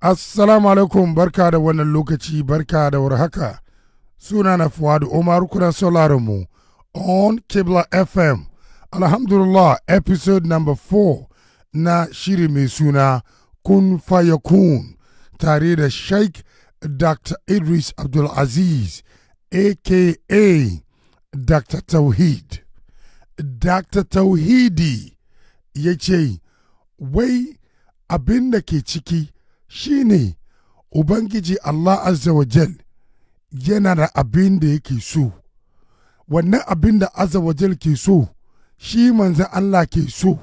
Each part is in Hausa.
Assalamu alaikum barka da wannan lokaci barka da warhaka suna na Fuad Omar kuna sauraron mu on Kibla FM Alhamdulillah episode number 4 na shiri mai suna Kun Fayakun tare da Sheikh Dr. Idris Aziz aka Dr. Tauhid. Dr. Tauhidi ya ce, Wai abin da ke ciki shi ne Ubangiji Allah Azza wa Jal yana da abin da yake so, wannan abin da Azza wa Jal ke so, shi manza Allah ke so,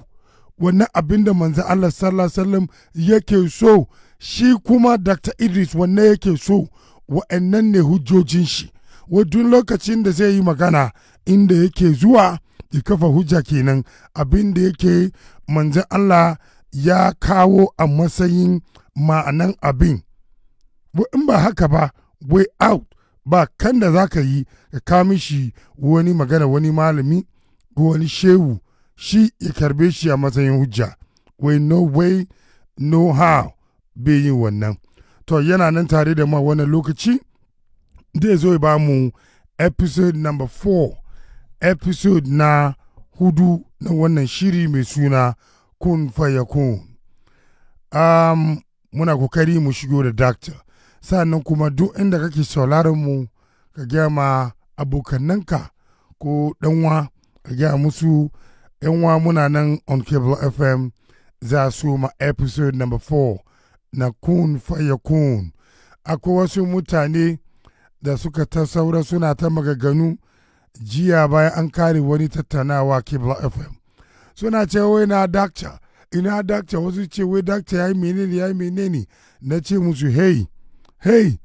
wannan abin da manza Allah sallallahu Alaihi yake so, shi kuma Dr. Idris wannan yake so, wa'annan ne hujjojin shi, wadun lokacin da zai yi magana inda yake zuwa ya kafa hujja kenan abin da yake manza Allah ya kawo a matsayin. ma'anan abin in ba haka ba way out ba kan da za ka yi ka kami shi wani magana wani malami ko wani shehu shi ya karbe shi a matsayin hujja way no way no how bai yin wannan to yana nan tare da ma wannan lokaci zai zo ba mu episode number 4 episode na hudu na wannan shiri mai suna kun faya muna kokari mu shigo da doctor sannan kuma duk inda kake sauraron mu ka gaya ma abokannanka ko danwa ka gaya musu yanwa muna nan on cable fm za su ma episode number 4 na kun fire kun akwai wasu mutane da suka ta saura suna ta magaganu jiya bayan an kare wani tattaunawa cable fm suna cewa na doctor ina dakta wasu ce wai dakta ya yi menene ya yi menene na ce musu hey hey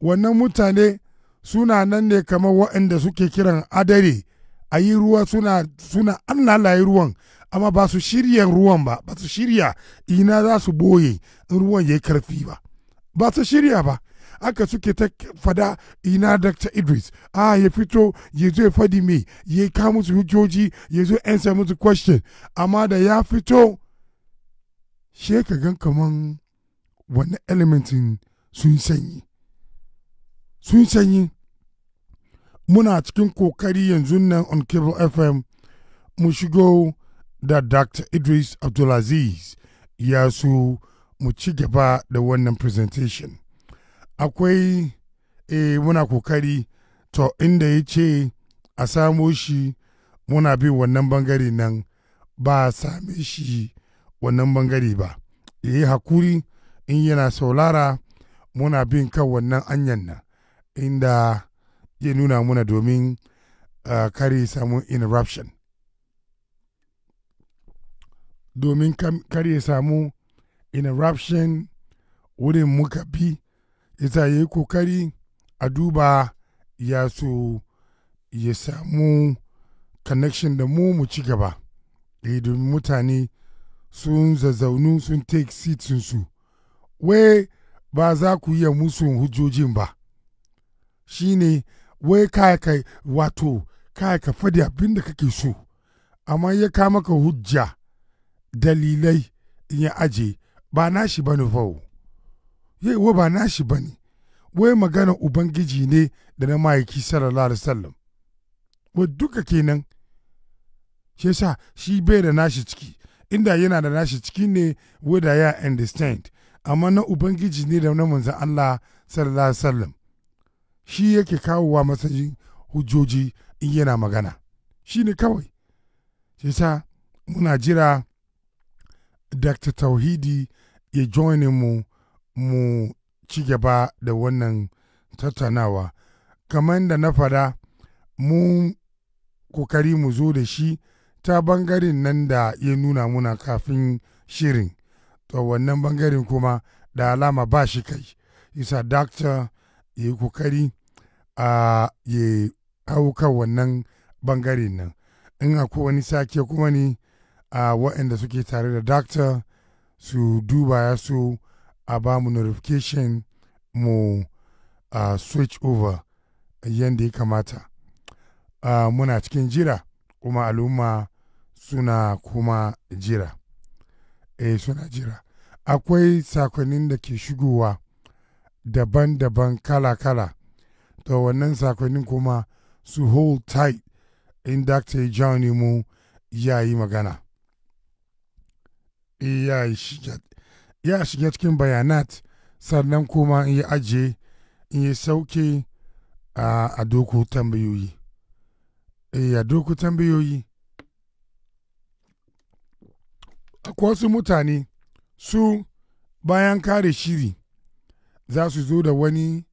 wannan mutane suna nan ne kamar waɗanda suke kiran adare a yi ruwa suna suna an lalaye ruwan amma ba su shirya ruwan ba ba su shirya ina za su boye in ruwan ya yi karfi ba ba su shirya ba aka suke ta fada ina Dr. Idris a ya fito ya zo fadi me ya ka musu hujjoji ya zo ansa musu question amma da ya fito she ka gan kaman wani elementin sun sanyi sun sanyi muna cikin kokari yanzu nan on cable fm mu shigo da dr idris abdulaziz ya so mu ci gaba da wannan presentation akwai e, muna kokari to inda ya ce a samo shi muna bin wannan bangare nan ba same shi wannan bangare ba ya yi hakuri in yana saurara muna bin kan wannan anyan nan inda ya nuna muna domin kare samu interruption domin kare samu interruption wurin muka bi yasa ya yi kokari a duba ya so ya samu connection da mu mu ci gaba eh, domin mutane sun zazzaunu sun take seat su wai ba za ku iya musu hujjojin ba shi ne wai kai kai wato kai ka fadi abin da kake so amma ya ka maka hujja dalilai in ya aje ba nashi ba ne fau yai wa ba nashi ba ne wai magana ubangiji ne da na ma'aiki sallallahu alaihi wasallam wa duka kenan shi sa shi bai da nashi ciki inda yana da nashi ciki ne wada ya understand amma na ubangiji ne da na manzan Allah sallallahu alaihi wasallam shi yake kawowa matsayin hujjoji in yana magana shi ne kawai sa muna jira Dr. Tauhidi ya join mu mu ci gaba da wannan tattaunawa kamar da na fada mu kokari mu zo da shi ta bangaren nan da ya nuna muna kafin shirin to wannan bangaren kuma da alama ba shi kai isa dakta ya yi kokari a ya hau kan wannan bangaren nan in akwai wani sake kuma ne a waɗanda suke tare da dakta su duba ya so a ba mu notification mu a switch over yadda ya kamata muna cikin jira kuma al'umma suna kuma jira e suna jira akwai sakonnin da ke shigowa daban-daban kala-kala to wannan sakonin kuma su hold tight in dr john mu ya yi magana eh, ya shiga cikin bayanat sannan kuma in yi ajiye in yi sauke a ah, doku a doku tambayoyi eh, akwai wasu mutane su bayan kare shiri za su zo da wani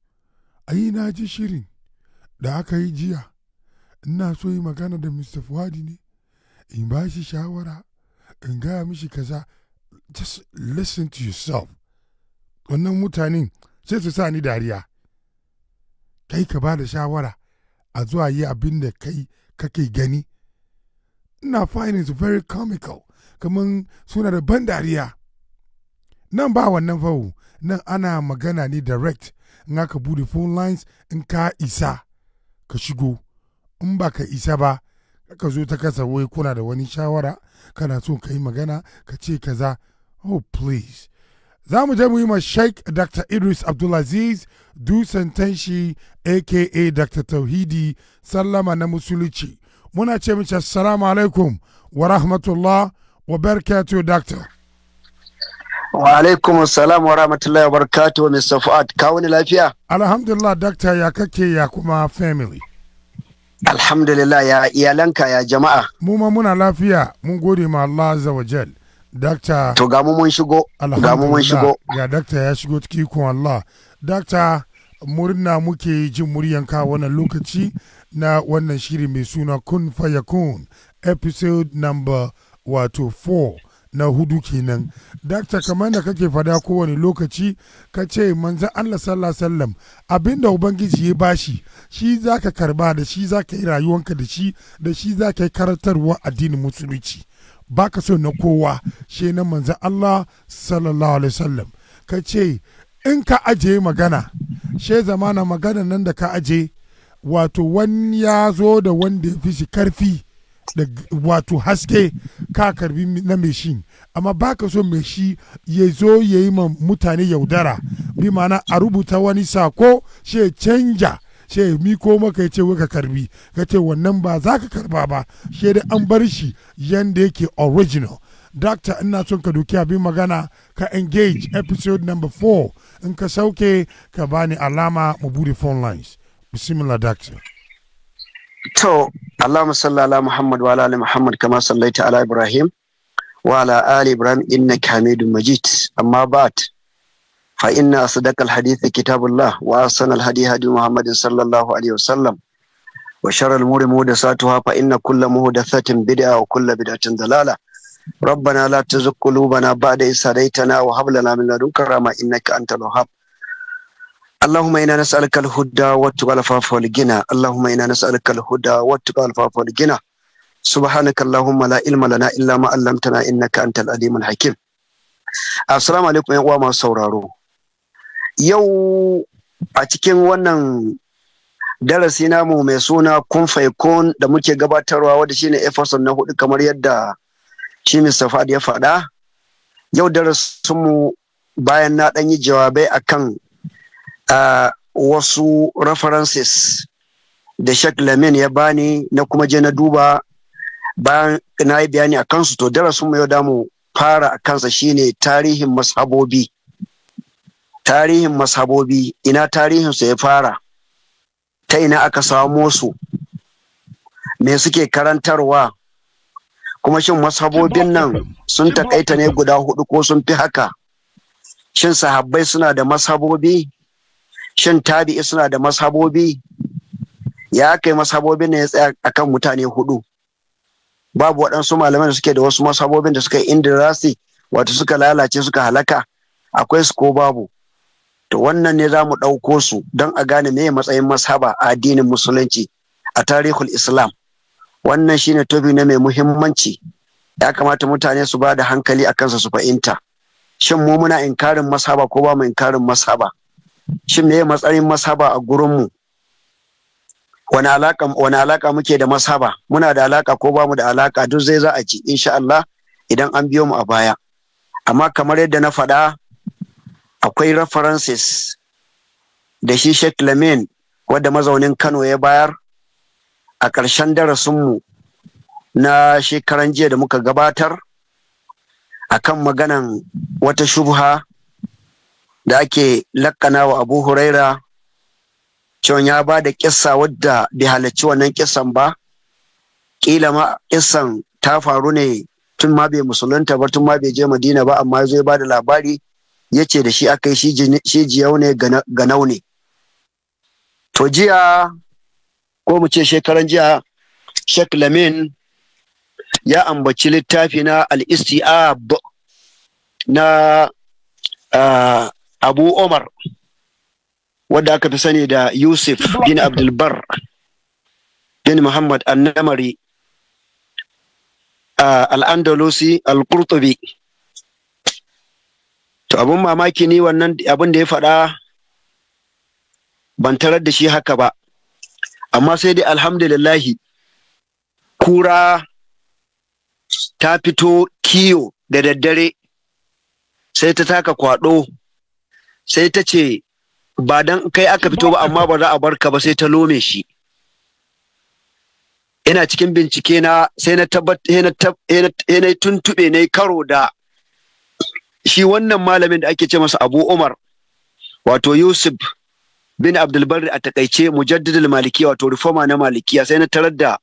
ayi na ji shiri da aka yi jiya ina so yi magana da mr fuhadi ne in ba shi shawara in gaya mishi kaza just listen to yourself wannan mutanen sai su sa ni dariya kai ka ba da shawara a zuwa yi abin da kai kake gani ina finding very comical kaman suna da ban dariya nan ba wannan fahu nan ana magana ne direct in aka bude phone lines in ka isa ka shigo in ba ka isa ba ka zo ta kasa wai kuna da wani shawara kana so ka yi magana ka ce kaza oh please za mu je mu yi ma sheikh dr idris abdulaziz tanshi aka dr tauhidi sallama na musulunci muna ce mace assalamu alaikum wa rahmatullah wa barakatuh doctor wa alaikum salam wa rahmatullahi wa barakatuh mr fuad ka wani lafiya alhamdulillah doctor ya kake ya kuma family alhamdulillah ya iyalanka ya jama'a mu ma muna lafiya mun gode ma Allah azza wa jal doctor to ga mu mun shigo ga mu mun shigo ya doctor ya shigo cikin ikon Allah doctor murna muke jin muryanka wannan lokaci na wannan shiri mai suna kun fayakun episode number wato 4 na hudu kenan dakta kamar da kake fada kowane lokaci ka ce manzan allah sallallahu sallam abinda ubangiji ya bashi shi za ka karba da shi za ka yi rayuwanka da shi da shi za ka yi karatarwa addinin musulunci ba ka so na kowa shi na manzan allah sallallahu alaihi sallam ka ce in ka ajiye magana shi zamana magana nan da ka aje wato wani ya zo da wanda ya fi shi karfi da wato haske ka karbi na meshin shi amma baka so meshi shi ya zo ya yi ma mutane yaudara bi mana a rubuta wani sako shi canja mi miko maka ce ka karbi ka ce wannan ba za ka karba ba shi da an bar shi yanda yake original Dr. ina son ka duki abin magana ka engage episode number 4 in ka sauke ka bani alama mu bude phone lines bismillah doctor To, Allahumma salli ala Muhammad wa ala ali Muhammad kama sallaita ala Ibrahim wa ala ali Ibrahim innaka Hamidum Majid. Amma ba'd. Fa inna asdaqal hadithi kitabullah wa ahsanal hadi hadi Muhammadin sallallahu alaihi wasallam. Wa sharral umuri muhdathatuha fa inna kulla muhdathatin bid'a wa kulla bid'atin dalala. ربنا لا تزغ قلوبنا بعد إذ هديتنا وهب لنا من لدنك رحمة إنك أنت الوهاب اللهم انا نسالك الهدى والتقى والعفاف والغنى اللهم انا نسالك الهدى والتقى والعفاف والغنى سبحانك اللهم لا علم لنا الا ما علمتنا انك انت العليم الحكيم assalamu alaikum yan masu sauraro yau a cikin wannan darasi namu mai suna kun faikon da muke gabatarwa wadda shine efeson na hudu kamar yadda shi Mr. Fad ya faɗa yau darasinmu bayan na ɗanyi jawabai akan a wasu references da Sheikh Lamin ya bani na kuma je na duba bayan na yi bayani a kansu to darasin mu yau da mu fara a kansa shine tarihin mashabobi tarihin mashabobi ina tarihin su ya fara ta ina aka samo su me suke karantarwa kuma shin mashabobin nan sun takaita ne guda hudu ko sun fi haka shin sahabbai suna da mashabobi shin tabi'i suna da mashabobi ya kai mashabobin ne ya tsaya akan mutane hudu babu waɗansu malamai da suke da wasu mashabobin da suka yi indirasi wato suka lalace suka halaka akwai su ko babu to wannan ne za mu ɗauko su don a gane meye matsayin mashaba a addinin musulunci a tarihul islam wannan shine tobi na mai muhimmanci ya kamata mutane su ba da hankali a kansa su fahimta shin mu muna inkarin mashaba ko ba mu inkarin mashaba shin me matsayin mashaba a gurinmu wani alaka muke da mashaba muna da alaka ko bamu da alaka duk zai za a ci insha Allah idan an biyo mu a baya amma kamar yadda na faɗa akwai references da shi Sheikh Lamin wadda mazaunin Kano ya bayar a ƙarshen darasinmu na shekaran jiya da muka gabatar akan maganan wata shubha da ake lakana wa abu huraira cewa ya ba da kissa wadda bai halarci wannan kissan ba kila ma kissan ta faru ne tun ma bai musulunta ba tun ma bai je madina ba amma zai ba da labari ya ce da shi aka yi shi jiyau ne ganau ne to jiya ko mu ce shekaran jiya Sheikh Lamin ya ambaci littafi na al-istiab na ah, abu omar wanda aka fi sani da yusuf bin abdulbar bin muhammad annamari al'andalusi al-qurtubi to abin mamaki ne wannan abin da ya faɗa ban tarar da shi haka ba amma sai dai alhamdulillahi kura ta fito kiyo da daddare sai ta taka kwaɗo sai ta ce ba dan kai aka fito ba amma ba za a barka ba sai ta lome shi ina cikin bincike na sai na na tuntube na karo da shi wannan malamin da ake ce masa Abu Umar wato Yusuf bin Abdulbari a takaice mujaddidul maliki wato reforma na malikiya sai na tarar da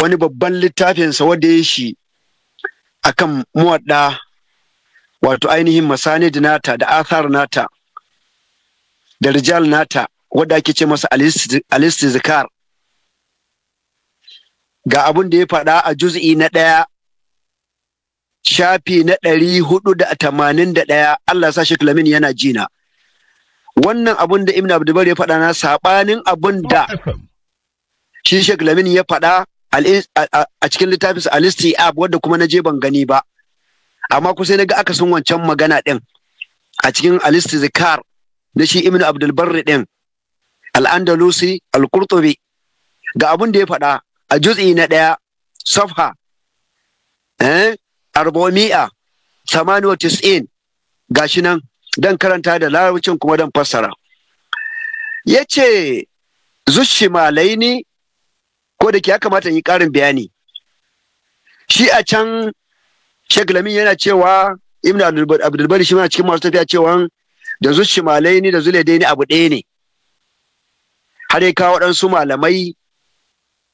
wani babban littafinsa wanda ya shi akan muwadda wato ainihin masanid nata da athar nata da rijal nata wadda ake ce masa alistizkar ga abin da ya faɗa a juz'i na ɗaya shafi na ɗari hudu da tamanin da ɗaya Allah sa Sheikh yana jina wannan abin da Ibn Abdulbar ya faɗa na saɓanin abin da shi Sheikh Lamin ya faɗa a cikin littafinsa Alistiab wadda kuma na je ban gani ba amma kusa na ga akasin wancan magana ɗin a cikin alistizikar na shi ibn abdulbarri ɗin al'andalusi al-qurtubi ga abin da ya faɗa a jutsi na ɗaya safha eh arba'mi'a samaniya tis'in shi nan dan karanta da larabcin kuma dan fassara Ya ce, yace ne ko da ke ya kamata yi ƙarin bayani shi a can Sheikh Lamin yana cewa Ibn Abdulbari shi ma cikin masu tafiya cewa da zu shimalai ne da zulai ne abu ɗaya ne. Har ya kawo waɗansu malamai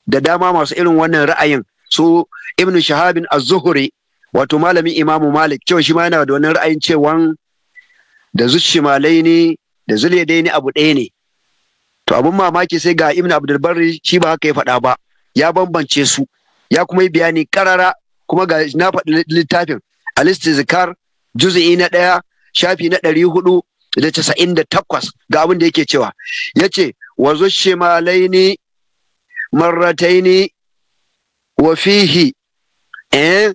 da dama masu irin wannan ra'ayin su Ibn Shahabin Az-Zuhri wato malamin Imamu Malik cewa shi ma yana da wannan ra'ayin cewa da zu shimalai ne da zulai ne abu ɗaya ne. To abin mamaki sai ga Ibn Abdulbari shi ba haka ya faɗa ba ya bambance su ya kuma yi bayani ƙarara kuma ga na faɗi littafin listi zikar juz'i na ɗaya shafi na ɗari hudu da casa'in da takwas ga abin da yake cewa ya ce wa zushimalaini marataini wa fihi eh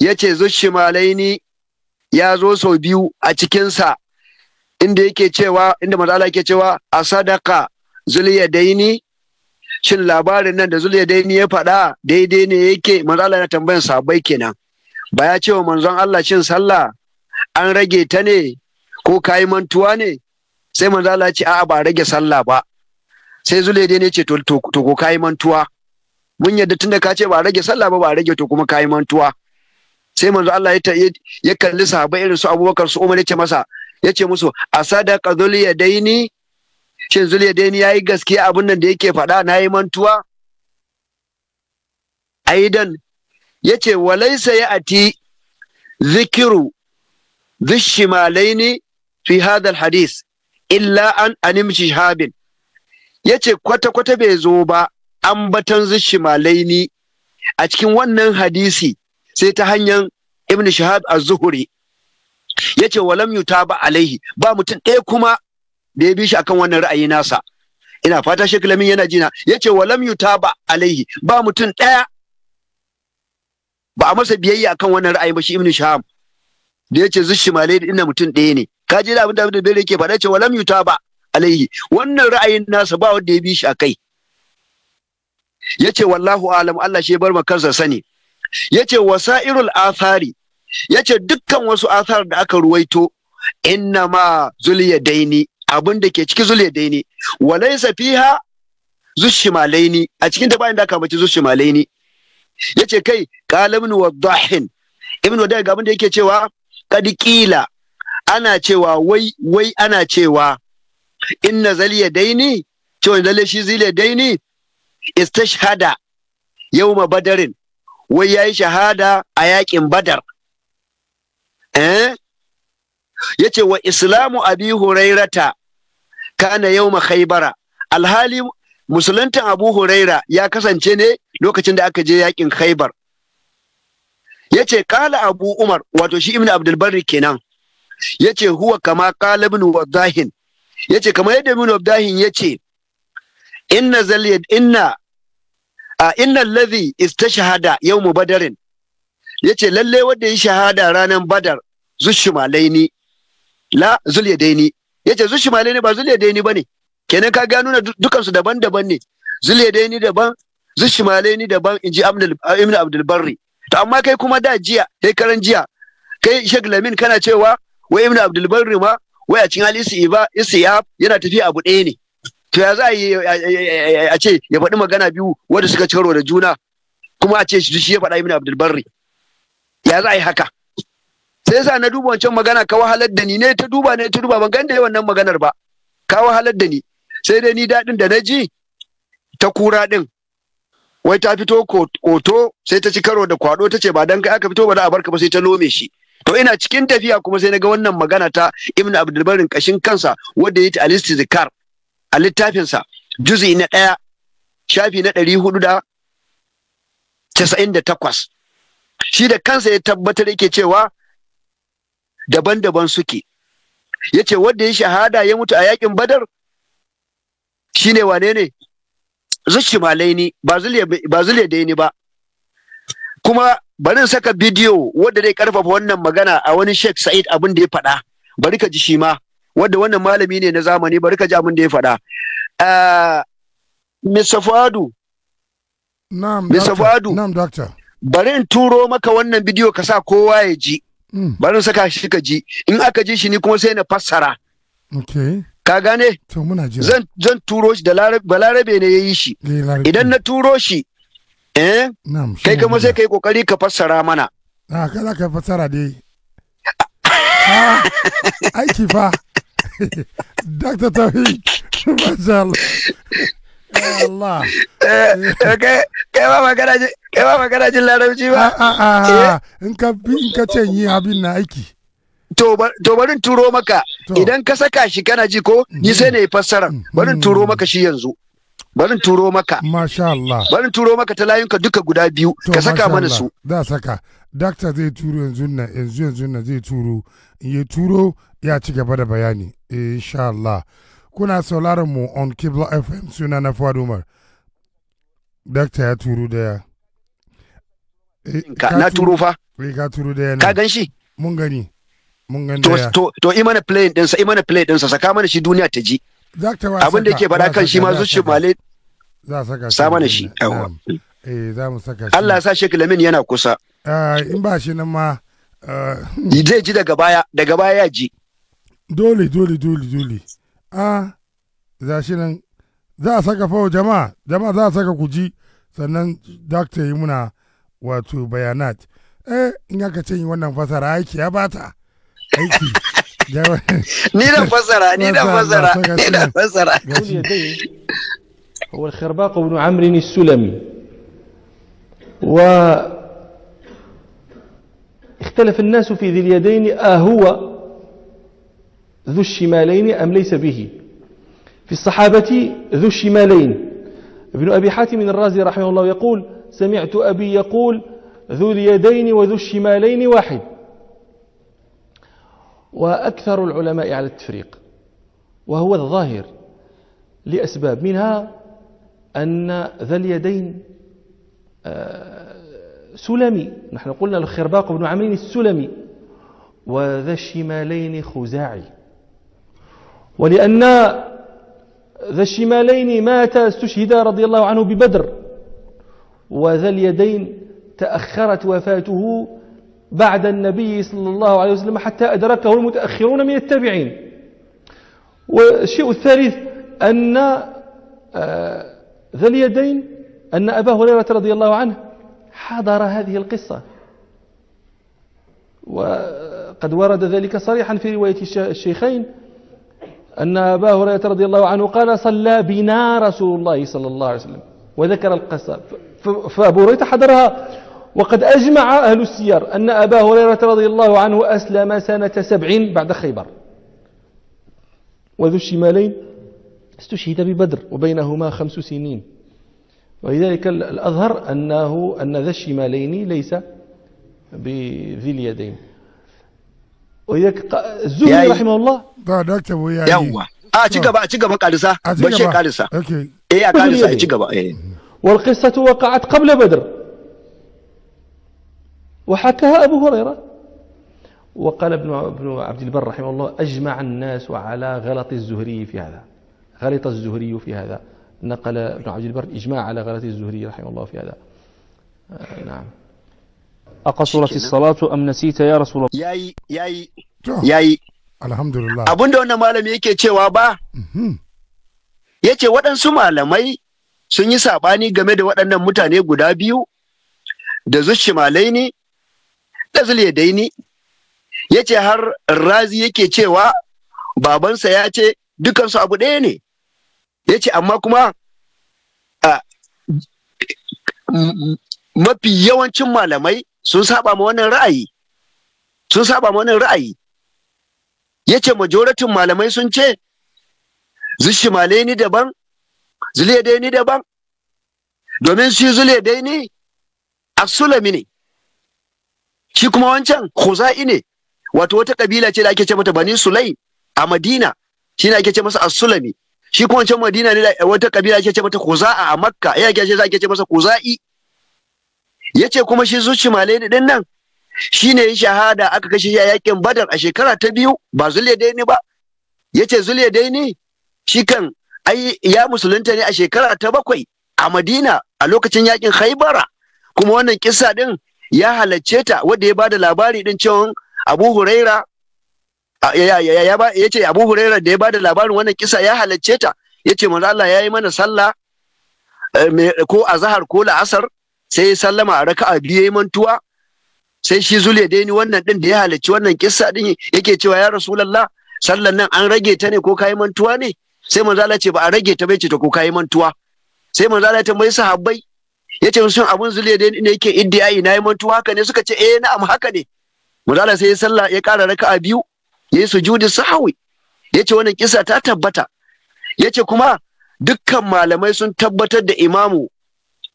ya ce zushimalaini ya zo sau biyu a cikinsa inda yake cewa inda mazala yake cewa a sadaka zuliyadaini shin labarin nan da ni ya faɗa daidai ne yake manzo Allah na tambayan sabai kenan ba ya cewa manzon Allah cin sallah an rage ta ne ko kayi mantuwa ne sai manzo Allah ce a'a ba rage sallah ba sai ne ce to ko kayi mantuwa mun yadda tunda ka ce ba rage sallah ba ba rage to kuma kayi mantuwa sai manzo Allah ya ya kalli sahabbai irin su Abubakar su Umar ya ce masa ya ce musu asadaqa yadaini shin dai ya yi gaske abin nan da yake faɗa na yi mantuwa aidan ya ce walaisa ya ati zikiru zishimalaini fi hadal hadis illa an anim shihabin ya ce kwata-kwata bai zo ba ambatan zushimalaini. a cikin wannan hadisi sai ta hanyar ibn shahab az-zuhri yace walam yuta ba alaihi ba mutum ɗaya kuma da ya bi shi akan wannan ra'ayi nasa ina fata shi Lamin yana jina yace walam yutaba alaihi ba mutum daya ba a masa biyayya akan wannan ra'ayi ba shi Ibn Shahab da yace malai da ina mutum daya ne ka ji da abin da abin da bai yake faɗa ce walam yutaba alaihi wannan ra'ayin nasa ba wanda ya bi shi akai yace wallahu alam Allah shi bar kansa sani yace wasairul athari yace dukkan wasu athar da aka ruwaito inna ma zuliya daini abin da ke ciki zule dai ne walaysa fiha zushimalai a cikin ta bayan da aka mace zushimalai ne yace kai qala ibn wadahin ibn wadah ga abin da yake cewa kad ana cewa wai wai ana cewa inna zaliya daini cewa lalle shi zile ne istashhada yawma badarin wai yayi shahada a yakin badar eh yace wa islamu abi hurairata kana yawma khaybara alhali musulantan abu huraira ya kasance ne lokacin da aka je yakin khaybar yace kala abu umar wato shi ibnu abdul barri kenan yace huwa kama kala ibn wadahin yace kama yadda ibn wadahin yace inna zalid inna a inna alladhi istashhada yawm badarin yace lalle wanda ya shahada ranar badar zushimalaini ni la zul ya yace zul ne ba zul ba bane kenan ka gano na dukansu su daban-daban ne zul daini daban zul ni daban inji ibn abdul barri to amma kai kuma da jiya kai karan jiya kai Sheikh Lamin kana cewa wai ibn abdul barri ma wai a cikin hadisi iba isiyab yana tafiya abu ɗaya ne to ya za a yi a ce ya faɗi magana biyu wanda suka ci da juna kuma a ce shi ya faɗa ibn abdul barri ya za a yi haka sai yasa na duba wancan magana ka wahalar da ni ne ta duba ne ta duba ban gan da wannan maganar ba ka wahalar da ni sai dai ni daɗin da na ji ta kura ɗin wai ta fito koto sai ta ci karo da kwado ta ce ba dan kai aka fito ba da a barka ba sai ta lome shi to ina cikin tafiya kuma sai na ga wannan magana ta ibn abdulbarin kashin kansa wanda ya ta alistizkar a littafinsa juzi na ɗaya shafi na ɗari hudu da casa'in da takwas shi da kansa ya tabbatar yake cewa daban-daban suke Ya ce wanda ya shahada ya mutu a yakin badar Shi ne, wane ne ni, ba zuliya ni ba kuma bari saka bidiyo wanda zai karfafa wannan magana a wani Sheikh Sa'id abin da ya faɗa bari ka ji shi ma wanda wannan malami ne na zamani bari ka ji abin da ya faɗa ah, Mr. Fadu bari in turo maka wannan bidiyo ka sa kowa ya ji Hmm. bari saka shi ka ji in aka ji shi ni kuma sai na fassara ka gane zan turo shi da balarabe ne ya yi shi eh, idan na turo shi eh kai kuma sai kai kokari ka fassara mana a ah, kada ka fassara dai ah, aiki fa Dr. Tawhid, masha Allah. Allah. Eh, eh, Kai ba ma jin jin larabci ba. Ah, ah, ah, eh? in ka in ka ce yi abin na aiki. To barin turo maka idan ka saka shi kana ji ko ni sai na yi fassara mm. barin turo mm. maka shi yanzu. barin turo maka masha Allah barin turo maka ta layunka duka guda biyu ka saka mana su za saka dakta zai turo yanzu na yanzu yanzu na zai turo in ya turo ya ci gaba da bayani insha Allah kuna sauraron mu on Kibla FM suna na fadu Umar. Dakta ya turu da eh, ka na turu fa eh, ka turu da ne ka gan shi mun gani mun gani to to to imana play din sa imana play din sa saka mana shi duniya ta ji dakta wa abin da yake faɗa kan shi ma zuci male za saka sa mana shi eh za mu saka shi Allah ya sa Sheikh Lamin yana kusa ah, in ba shi nan ma ah, zai ji daga baya daga baya ya ji dole dole dole dole a za shi nan za a saka fa jama'a jama'a za a saka ku ji sannan dakta yi muna wato bayanat eh in aka ce yi wannan fasara aiki ya bata aiki ni da fasara ni da fasara ni da fasara هو الخرباق بن عمرو السلمي و اختلف الناس في ذي اليدين أهو ذو الشمالين أم ليس به في الصحابة ذو الشمالين ابن أبي حاتم الرازي رحمه الله يقول سمعت أبي يقول ذو اليدين وذو الشمالين واحد وأكثر العلماء على التفريق وهو الظاهر لأسباب منها أن ذا اليدين آه، سلمي نحن قلنا الخرباق بن عمرين السلمي وذا الشمالين خزاعي ولأن ذا الشمالين مات استشهد رضي الله عنه ببدر وذا اليدين تأخرت وفاته بعد النبي صلى الله عليه وسلم حتى أدركه المتأخرون من التابعين والشيء الثالث أن آه، ذا اليدين أن أبا هريرة رضي الله عنه حضر هذه القصة وقد ورد ذلك صريحا في رواية الشيخين أن أبا هريرة رضي الله عنه قال صلى بنا رسول الله صلى الله عليه وسلم وذكر القصة فأبو هريرة حضرها وقد أجمع أهل السير أن أبا هريرة رضي الله عنه أسلم سنة سبع بعد خيبر وذو الشمالين استشهد ببدر وبينهما خمس سنين ولذلك الأظهر أنه أن ذا الشمالين ليس بذي اليدين وياك الزهري رحمه الله بعد اكتب وياي يوا اه a ci gaba a قالسا gaba karisa bashe karisa okay eh a karisa a وحكاها أبو هريرة وقال ابن ابن عبد البر رحمه الله أجمع الناس على غلط الزهري في هذا غلط الزهري في هذا نقل ابن عبد البر إجماع على غلط الزهري رحمه الله في هذا آه نعم aqasurat salatu am nasita ya rasulullah yayi yayi yayi alhamdulillah abinda wannan malami yake cewa ba yace waɗansu malamai sun yi sabani game da waɗannan mutane guda biyu da zushimalaini ne da zulyadaini yace har razi yake cewa babansa ya ce dukansu abu ɗaya ne yace amma kuma mafi yawancin malamai sun saba ma wannan ra'ayi sun saba ma wannan ra'ayi yace majoratin malamai sun ce zushimale ni daban zule dai ni daban domin shi zule dai ni asulami ne shi kuma wancan khuza'i ne wato wata kabila ce da ake ce mata bani sulai a madina shi ne ake ce masa asulami shi kuma wancan madina ne wata kabila ake ce mata khuza'a a makka ya ake ce masa khuza'i yace kuma shi zuci malai din nan shine ya shahada aka kashe shi a yakin badar a shekara ta biyu ba zuliya daini ba yace zuliya daini shi kan ai ya musulunta ne a shekara ta bakwai a madina a lokacin yakin haibara kuma wannan kisa din ya halacce ta wanda ya bada labari din cewa abu huraira ya ce abu huraira da ya bada labarin wannan kisa ya halacce ta ya ce manzo Allah ya yi mana sallah eh, ko a zahar ko la'asar sai ya sallama a raka'a biyu yayi mantuwa sai shi zule dai ni wannan din da ya halarci wannan kissa din yake cewa ya rasulallah sallan nan an rage ta ne ko kayi mantuwa ne sai manzo Allah ce ba a rage ta bai ce ta ko kayi mantuwa sai manzo Allah ya tambayi sahabbai yace musu abun zule dai ne yake na yi mantuwa haka ne suka ce eh na'am haka ne manzo Allah sai ya sallah ya kara raka'a biyu yayi sujudi sahwi yace wannan kissa ta tabbata yace kuma dukkan malamai sun tabbatar da imamu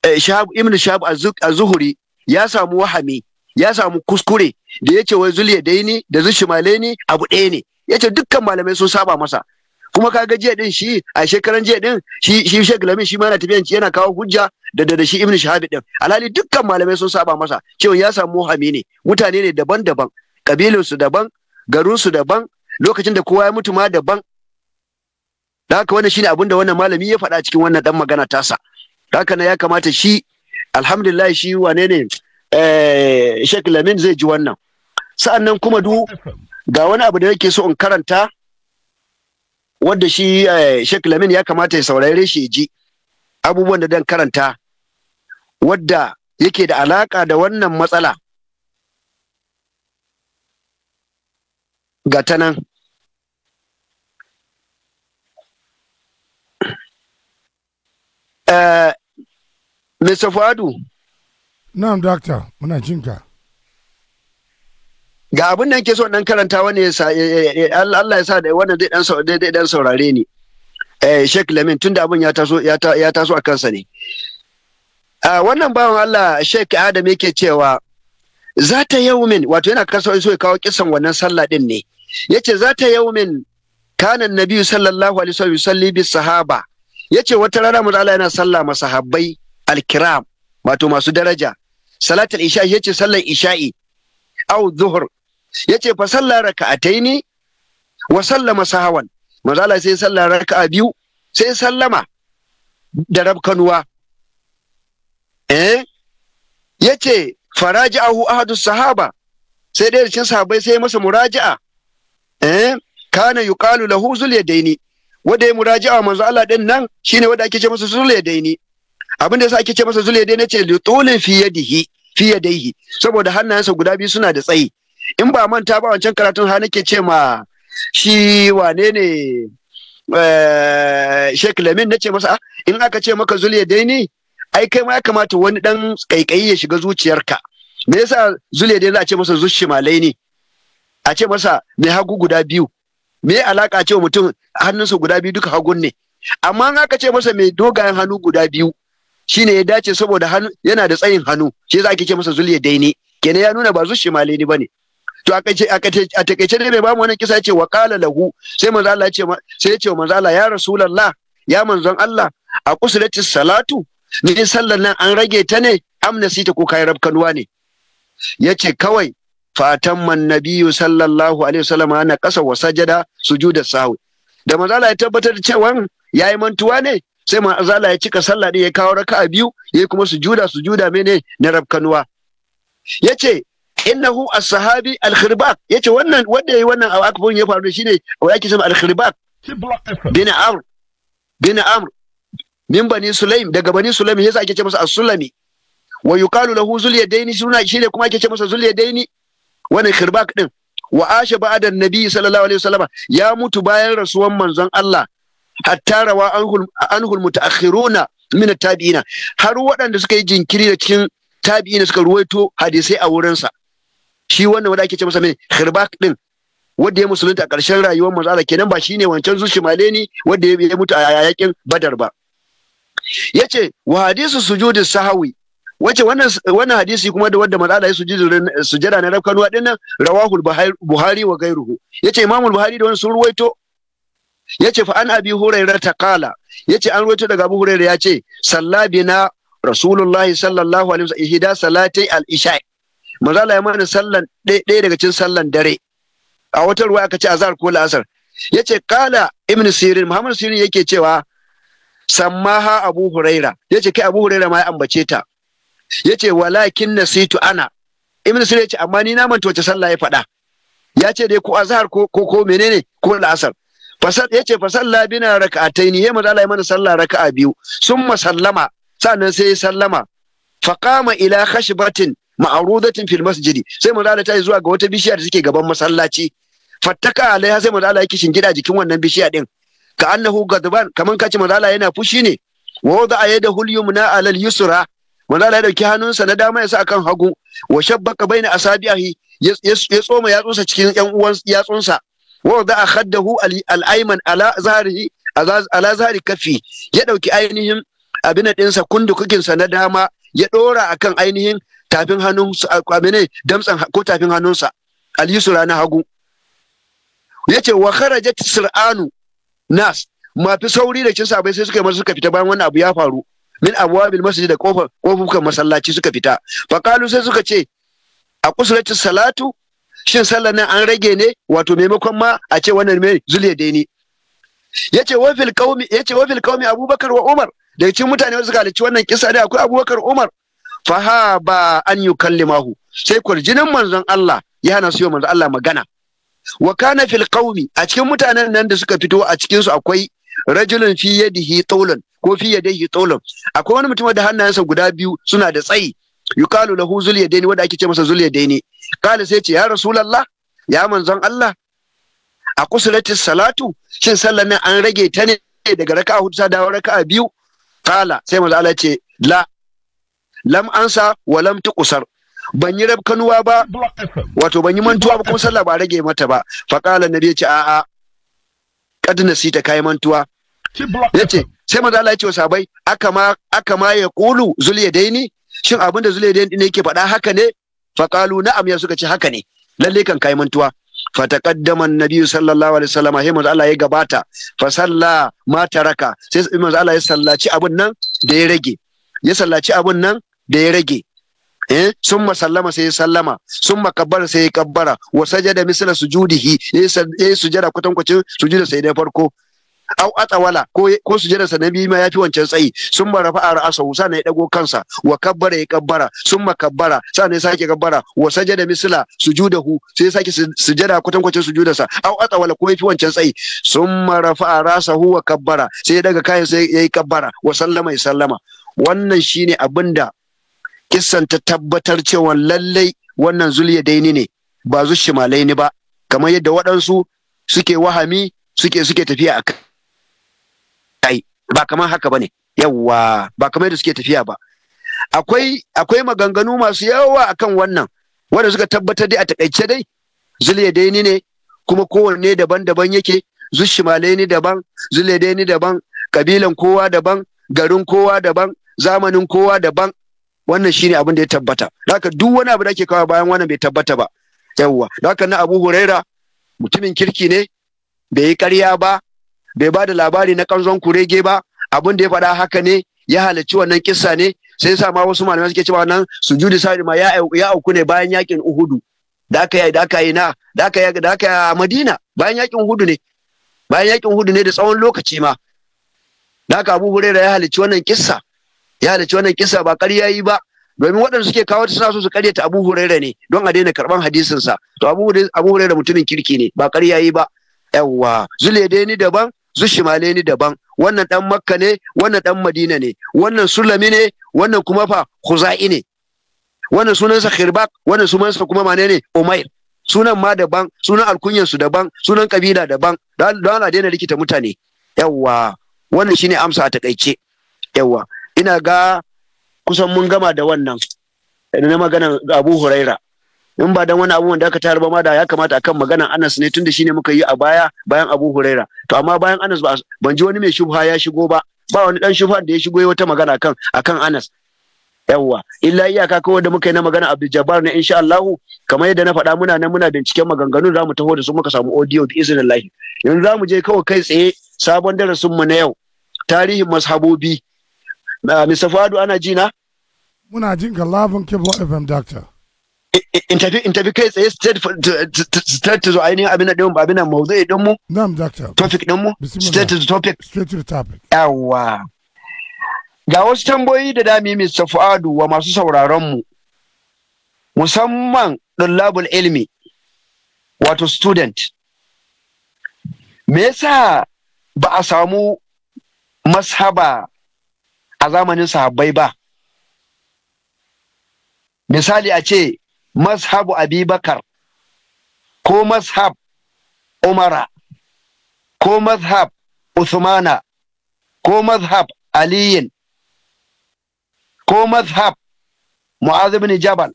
Eh, ibn shahab az-zuhri ya samu wahami ya samu kuskure da yace wai zuliya daini da zushimale ne abu ɗaya ne yace dukkan malamai sun saba masa kuma kaga jiya din shi a shekaran jiya din shi shi Sheikh Lamin shi ma yana tafiyan yana kawo hujja da da shi Ibn Shahab din alhali dukkan malamai sun saba masa cewa ya samu wahami ne mutane ne daban-daban kabilun su daban garin su daban lokacin da kowa ya mutu ma daban da haka wannan shine abin da wannan malami ya faɗa cikin wannan dan magana tasa haka ya kamata shi alhamdulillah shi wane ne eh, Sheikh Lamin zai ji wannan sa'an nan kuma du ga wani abu da yake so in karanta wadda shi eh, Sheikh Lamin ya kamata ya saurare shi ji abubuwan da dan karanta wadda yake da alaka da wannan matsala ga tanan Uh, eh, Mr. Fadu. Na'am, Doctor, muna jinka. Ga abin da ke so dan karanta wani ya sa Allah ya sa da wannan zai dan dai dan saurare ni. Eh Sheikh Lamin tunda abin ya taso ya taso a kansa ne. Ah, wannan bawon Allah Sheikh Adam yake cewa za ta yaumin wato yana kasa so ya kawo kisan wannan sallah din ne. Yace za ta yaumin kanan nabiyu sallallahu alaihi wasallam bi sahaba yace wata rana mu Allah yana sallah masahabbai alkiram wato masu daraja salatul isha'i yace sallar isha'i au zuhur yace fa sallar raka'ataini wa sallama sahawan mazala sai sallar raka'a biyu sai sallama da rabkanuwa eh yace faraja'ahu ahadu sahaba sai dai cikin sahabbai sai masa muraja'a eh kana yuqalu lahu zul yadaini wanda ya muraja'a manzo Allah din nan shine wanda ake ce masa zul yadaini abin da yasa ake ce masa zule dai nace li tulin fi yadihi fi yadaihi saboda hannayensa guda biyu suna da tsayi in ba manta ba wancan karatun ha nake ce ma shi wane ne eh, Sheikh Lamin nace masa ah, in aka ce maka zule dai ni ai kai ma ya kamata wani dan kaikayi ya shiga zuciyarka me yasa zule dai za a ce masa zushimalaini ne a ce masa mai hagu guda biyu me alaka ce mutum hannunsa guda biyu duka hagun ne amma in aka ce masa mai dogayen hannu guda biyu Shi ne ya dace saboda hannu yana da tsayin hannu shi za ake ce masa zuliya daini kenan ya nuna ba zu shimale ni bane to a takaice ne bai bamu wannan kisa ya ce wa kala lahu sai manzo ya ce sai ya ce manzo Allah ya rasulullah ya manzon Allah a kusulatis salatu ni sallar nan an rage ta ne amnasi ta ko kai rabkanuwa ne ce kawai fatan man nabiyyu sallallahu alaihi wasallam ana kasa wa sajada sujudar sahwi da manzo ya tabbatar da cewa yayi mantuwa ne sai ma azala ya cika sallah ne ya kawo raka'a biyu yayi kuma sujuda sujuda mene na rabkanuwa yace innahu as-sahabi al-khirbak yace wannan wanda yayi wannan abu akbun ya faru shine wa yake sama al-khirbak bin amr bin amr min bani sulaim daga bani sulaim yasa ake ce masa as-sulami wa yuqalu lahu zul yadaini suna shine kuma ake ce masa zul yadaini wannan khirbak din wa asha ba'da nabi sallallahu alaihi wasallama ya mutu bayan rasuwan manzon Allah hatta rawa anhul mutaakhiruna min tabi'ina har waɗanda suka yi jinkiri da cikin tabi'ina suka ruwaito hadisai a sa shi wannan wanda ake ce masa mai khirbak din wanda ya musulunta a ƙarshen rayuwar manzo Allah kenan ba shine wancan shimale ne wanda ya mutu a yakin Badar ba yace wa hadisu sujudi sahawi wace wannan wannan hadisi kuma da wanda manzo Allah ya sujudi sujada na rafkanuwa dinnan? rawahul buhari wa gairuhu yace imamul buhari da wannan sun ruwaito yace fa an abi hurairar ta ya yace an rawaito daga abu ya ce, Sallabi na rasulullahi sallallahu alaihi wasallam ihida salatai al-isha manzo Allah ya sallan ɗaya daga cikin sallan dare a wata ruwa aka ce azhar ko la'asar yace kala ibn sirin muhammad sirin yake cewa sammaha abu huraira yace kai abu huraira ma ya ambace ta yace walakin nasitu ana ibn sirin ce amma ni na manta wace sallah ya faɗa yace dai ko azhar ko ko menene ko la'asar fasal yace fasalla bina rak'ataini yayi manzo Allah ya mana sallah raka'a biyu summa sallama sannan sai sallama faqama ila khashbatin ma'rudatin fil masjid sai manzo Allah ta zuwa ga wata bishiya da take gaban masallaci fattaka alaiha sai manzo Allah yake shingida jikin wannan bishiya din ka annahu gadban kaman kace manzo Allah yana fushi ne wa wada ayda hul yumna ala al-yusra manzo Allah ya dauki hannunsa na dama ya sa akan hagu wa shabbaka baina asabihi ya tsoma tsosa cikin yan uwan yatsunsa wa da akhadahu al-ayman ala zari kafi ya ɗauki ainihin abin dinsa na dama ya ɗora a kan ainihin tafin hannunsa abinai damtsan ko tafin hannunsa alisu rana hagu hagu yace wa kharajat sir'anu nas mafi sauri da cinsa. Bai sai suka yi suka fita bayan wannan abu ya faru min abwabil masjid da kofar kofukan masallaci suka fita Fakalu sai suka ce a kusurati salatu shin sallar nan an rage ne wato maimakon ma a ce wannan mai zule daini yace wa qaumi yace wa fil qaumi abubakar wa umar daga cikin mutane wanda suka wannan kisa dai akwai abubakar umar fa ba an yukallimahu sai kurjinin manzon Allah ya hana su yi manzon Allah magana wa kana fil qaumi a cikin mutanen nan da suka fito a cikin su akwai rajulun fi yadihi tawlan ko fi yadihi tawlan akwai wani mutum da hannayensa guda biyu suna da tsayi yukalu lahu zul yadaini wanda ake ce masa zul yadaini kala sai ce ya rasulallah ya manzon Allah a kusurati salatu shin sallar nan an rage ta ne daga raka'a hudu ta dawo raka'a biyu kala sai manzon Allah ce la lam ansa wa lam tuqsar ban yi rabkanuwa ba wato ban yi mantuwa ba kuma sallah ba rage mata ba fa kala nabi ya ce a'a kad nasita kai mantuwa yace sai manzon Allah ya ce wa sabai aka ma aka ma ya qulu zuliyadaini shin abinda zuliyadaini zule yake faɗa haka ne Faƙalu na ya suka ce haka ne lalle kan kai mantuwa fataqaddama annabi sallallahu alaihi wasallam sai manzo Allah ya gabata fa salla ma taraka sai manzo Allah ya sallaci abun nan da ya rage ya sallaci abun nan da ya rage eh summa sallama sai ya sallama summa kabbara sai ya kabbara wa sajada misla sujudihi ya sujada kwatankwacin sujuda sai da farko au atawala ko ko su na sanabi ma yafi wancan tsayi sun mara fa'ar ra'asa husa ne ya dago kansa wa kabbara ya kabbara sun makabbara sa ne sake kabbara wa sajada misla sujudahu sai ya sake sujada kwatankwacin sujudarsa au atawala ko yafi wancan tsayi sun mara fa'ar ra'asa huwa kabbara sai ya daga kayan sai ya yi kabbara wa sallama ya sallama wannan shine abinda kissan ta tabbatar cewa lallai wannan zulya daini ne ba zu shimalai ni ba kamar yadda waɗansu suke wahami suke suke tafiya a ba kamar haka bane yawwa ba kamar yadda suke tafiya ba akwai akwai maganganu masu yawa akan wannan wanda suka tabbatar dai a takaice dai ni ne kuma kowanne daban-daban yake ni daban dai ni daban kabilan kowa daban garin kowa daban zamanin kowa daban wannan shine abin da ya tabbata haka duk wani abu da ake kawo bayan wannan bai tabbata ba yawwa haka na Abu Huraira mutumin kirki ne bai yi ƙarya ba bai ba da labari na kanzon kurege ba abin da ya faɗa haka ne ya halarci wannan kissa ne sai sa ma wasu malamai suke cewa nan su judi sa'id ma ya auku ne bayan yakin uhudu da aka yi da aka yi na da aka yi da aka yi madina bayan yakin uhudu ne bayan yakin uhudu ne da tsawon lokaci ma da aka abu Hurera ya halarci wannan kissa ya halarci wannan kissa ba ƙarya yi ba domin waɗanda suke kawo suna so su karyata Abu Huraira ne don a daina karɓan hadisinsa to Abu Hurera Huraira mutumin kirki ne ba ƙarya yi ba yawwa zule dai ni daban zushimale ni daban wannan dan makka ne wannan dan madina ne wannan sulami ne wannan kuma fa khuza'i ne wannan sunansa khirbak wannan sunansa kuma mane ne sunan ma daban sunan alkunyan su daban sunan kabila daban don Allah daina likita mutane yawa wannan shine amsa a takaice yawa ina ga kusan mun gama da wannan na maganan Abu Huraira in ba dan wani abubuwan da aka tayar ba ma da ya kamata akan magana Anas ne tunda shine muka yi a baya bayan Abu Huraira to amma bayan Anas ba ban ji wani mai shubha ya shigo ba ba wani dan shubha da ya shigo wata magana kan akan Anas yawwa illa iyaka kawai da muka yi na magana Abdul Jabbar ne insha Allah kamar yadda na faɗa muna nan muna binciken maganganun zamu taho da su muka samu audio bi iznillah yanzu zamu je kawai kai tsaye sabon darasin mu na yau tarihin mashabobi ah, Mr. Fadu ana jina? Muna jin ka labin FM Doctor. interview interview kai tsaye straight straight to ainihin abin din abin nan mawdu'i din mu na'am doctor topic din mu straight to topic straight to topic yawa ga wasu tambayoyi da dami Mr. Fuadu wa masu sauraron mu musamman dullabul ilmi wato student me yasa ba a samu mashaba a zamanin sahabbai ba misali a ce mazhabu abibakar ko Mashab umara ko mazhab usmana ko mazhab aliyin ko mazhab mu'azibin jabal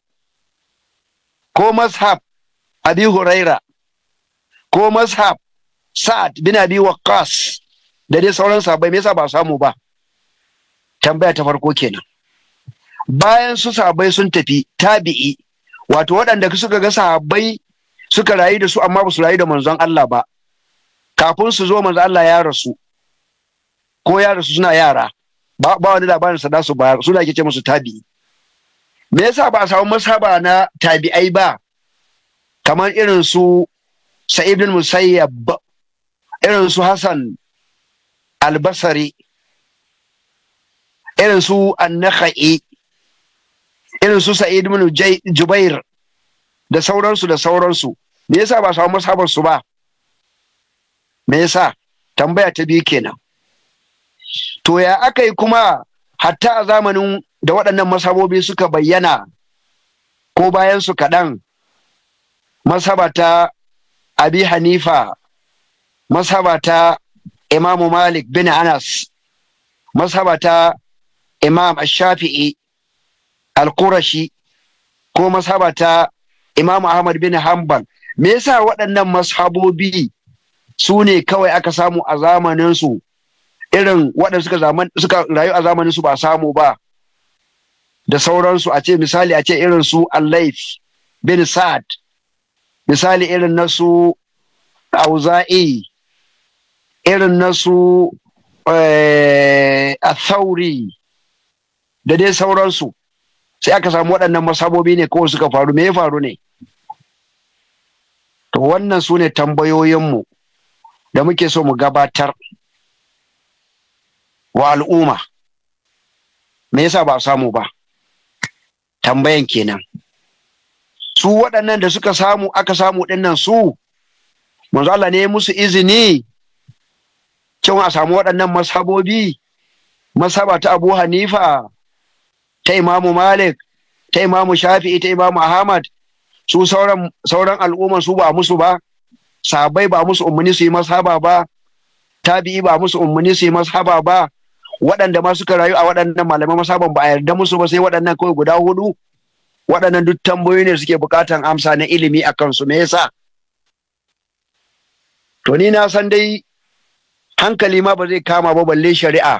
ko Mashab abi huraira ko Mashab sa'ad bin abi waqqas da dai sauran sabai me yasa ba samu ba tambaya ta farko kenan bayan su sabai sun tafi tabi'i wato waɗanda suka ga sahabbai suka rayu da su amma ba su rayu da manzon Allah ba kafin su zo manzon Allah ya rasu ko ya rasu suna yara ba ba wani labarin sa su bayar suna ke ce musu tabi. me yasa ba a samu masaba na tabi'ai ba kamar irin su sa'id bin musayyab irin su hasan albasari irin su annakha'i irin su Sa'id ibn Jubair da sauransu da sauransu me yasa ba samu sabon su ba me yasa tambaya ta biyu kenan to ya aka yi kuma hatta a zamanin da waɗannan masabobi suka bayyana ko bayan su kaɗan masaba ta abi hanifa masaba ta imamu malik bin anas masaba ta imam shafi'i alkurashi ko masaba ta Imam Ahmad bin Hanbal me yasa waɗannan mashabobi su ne kawai aka samu a zamaninsu? irin waɗanda suka rayu a zamaninsu ba ba samu ba da sauransu a ce misali a ce irin su al bin Sa'ad. misali irin na su Auza'i irin na su eh, a da dai sauransu sai aka samu waɗannan masabobi ne kawai suka faru me ya faru ne to wannan su ne tambayoyinmu da muke so mu gabatar wa al'umma me yasa ba samu ba tambayan kenan su waɗannan da suka samu aka samu ɗinnan su manzo Allah ne musu izini cewa a samu waɗannan masabobi masaba ta Abu Hanifa ta imamu malik ta imamu shafi'i ta imamu ahmad su sauran sauran al'umman su ba musu ba sahabbai ba musu ummuni su yi mashaba ba tabi'i ba musu ummuni su yi mashaba ba waɗanda ma suka rayu a waɗannan malaman masaban ba a yarda musu ba sai waɗannan kawai guda hudu waɗannan duk tambayoyi ne suke buƙatan amsa na ilimi a kansu me yasa to ni na san dai hankali ma ba zai kama ba balle shari'a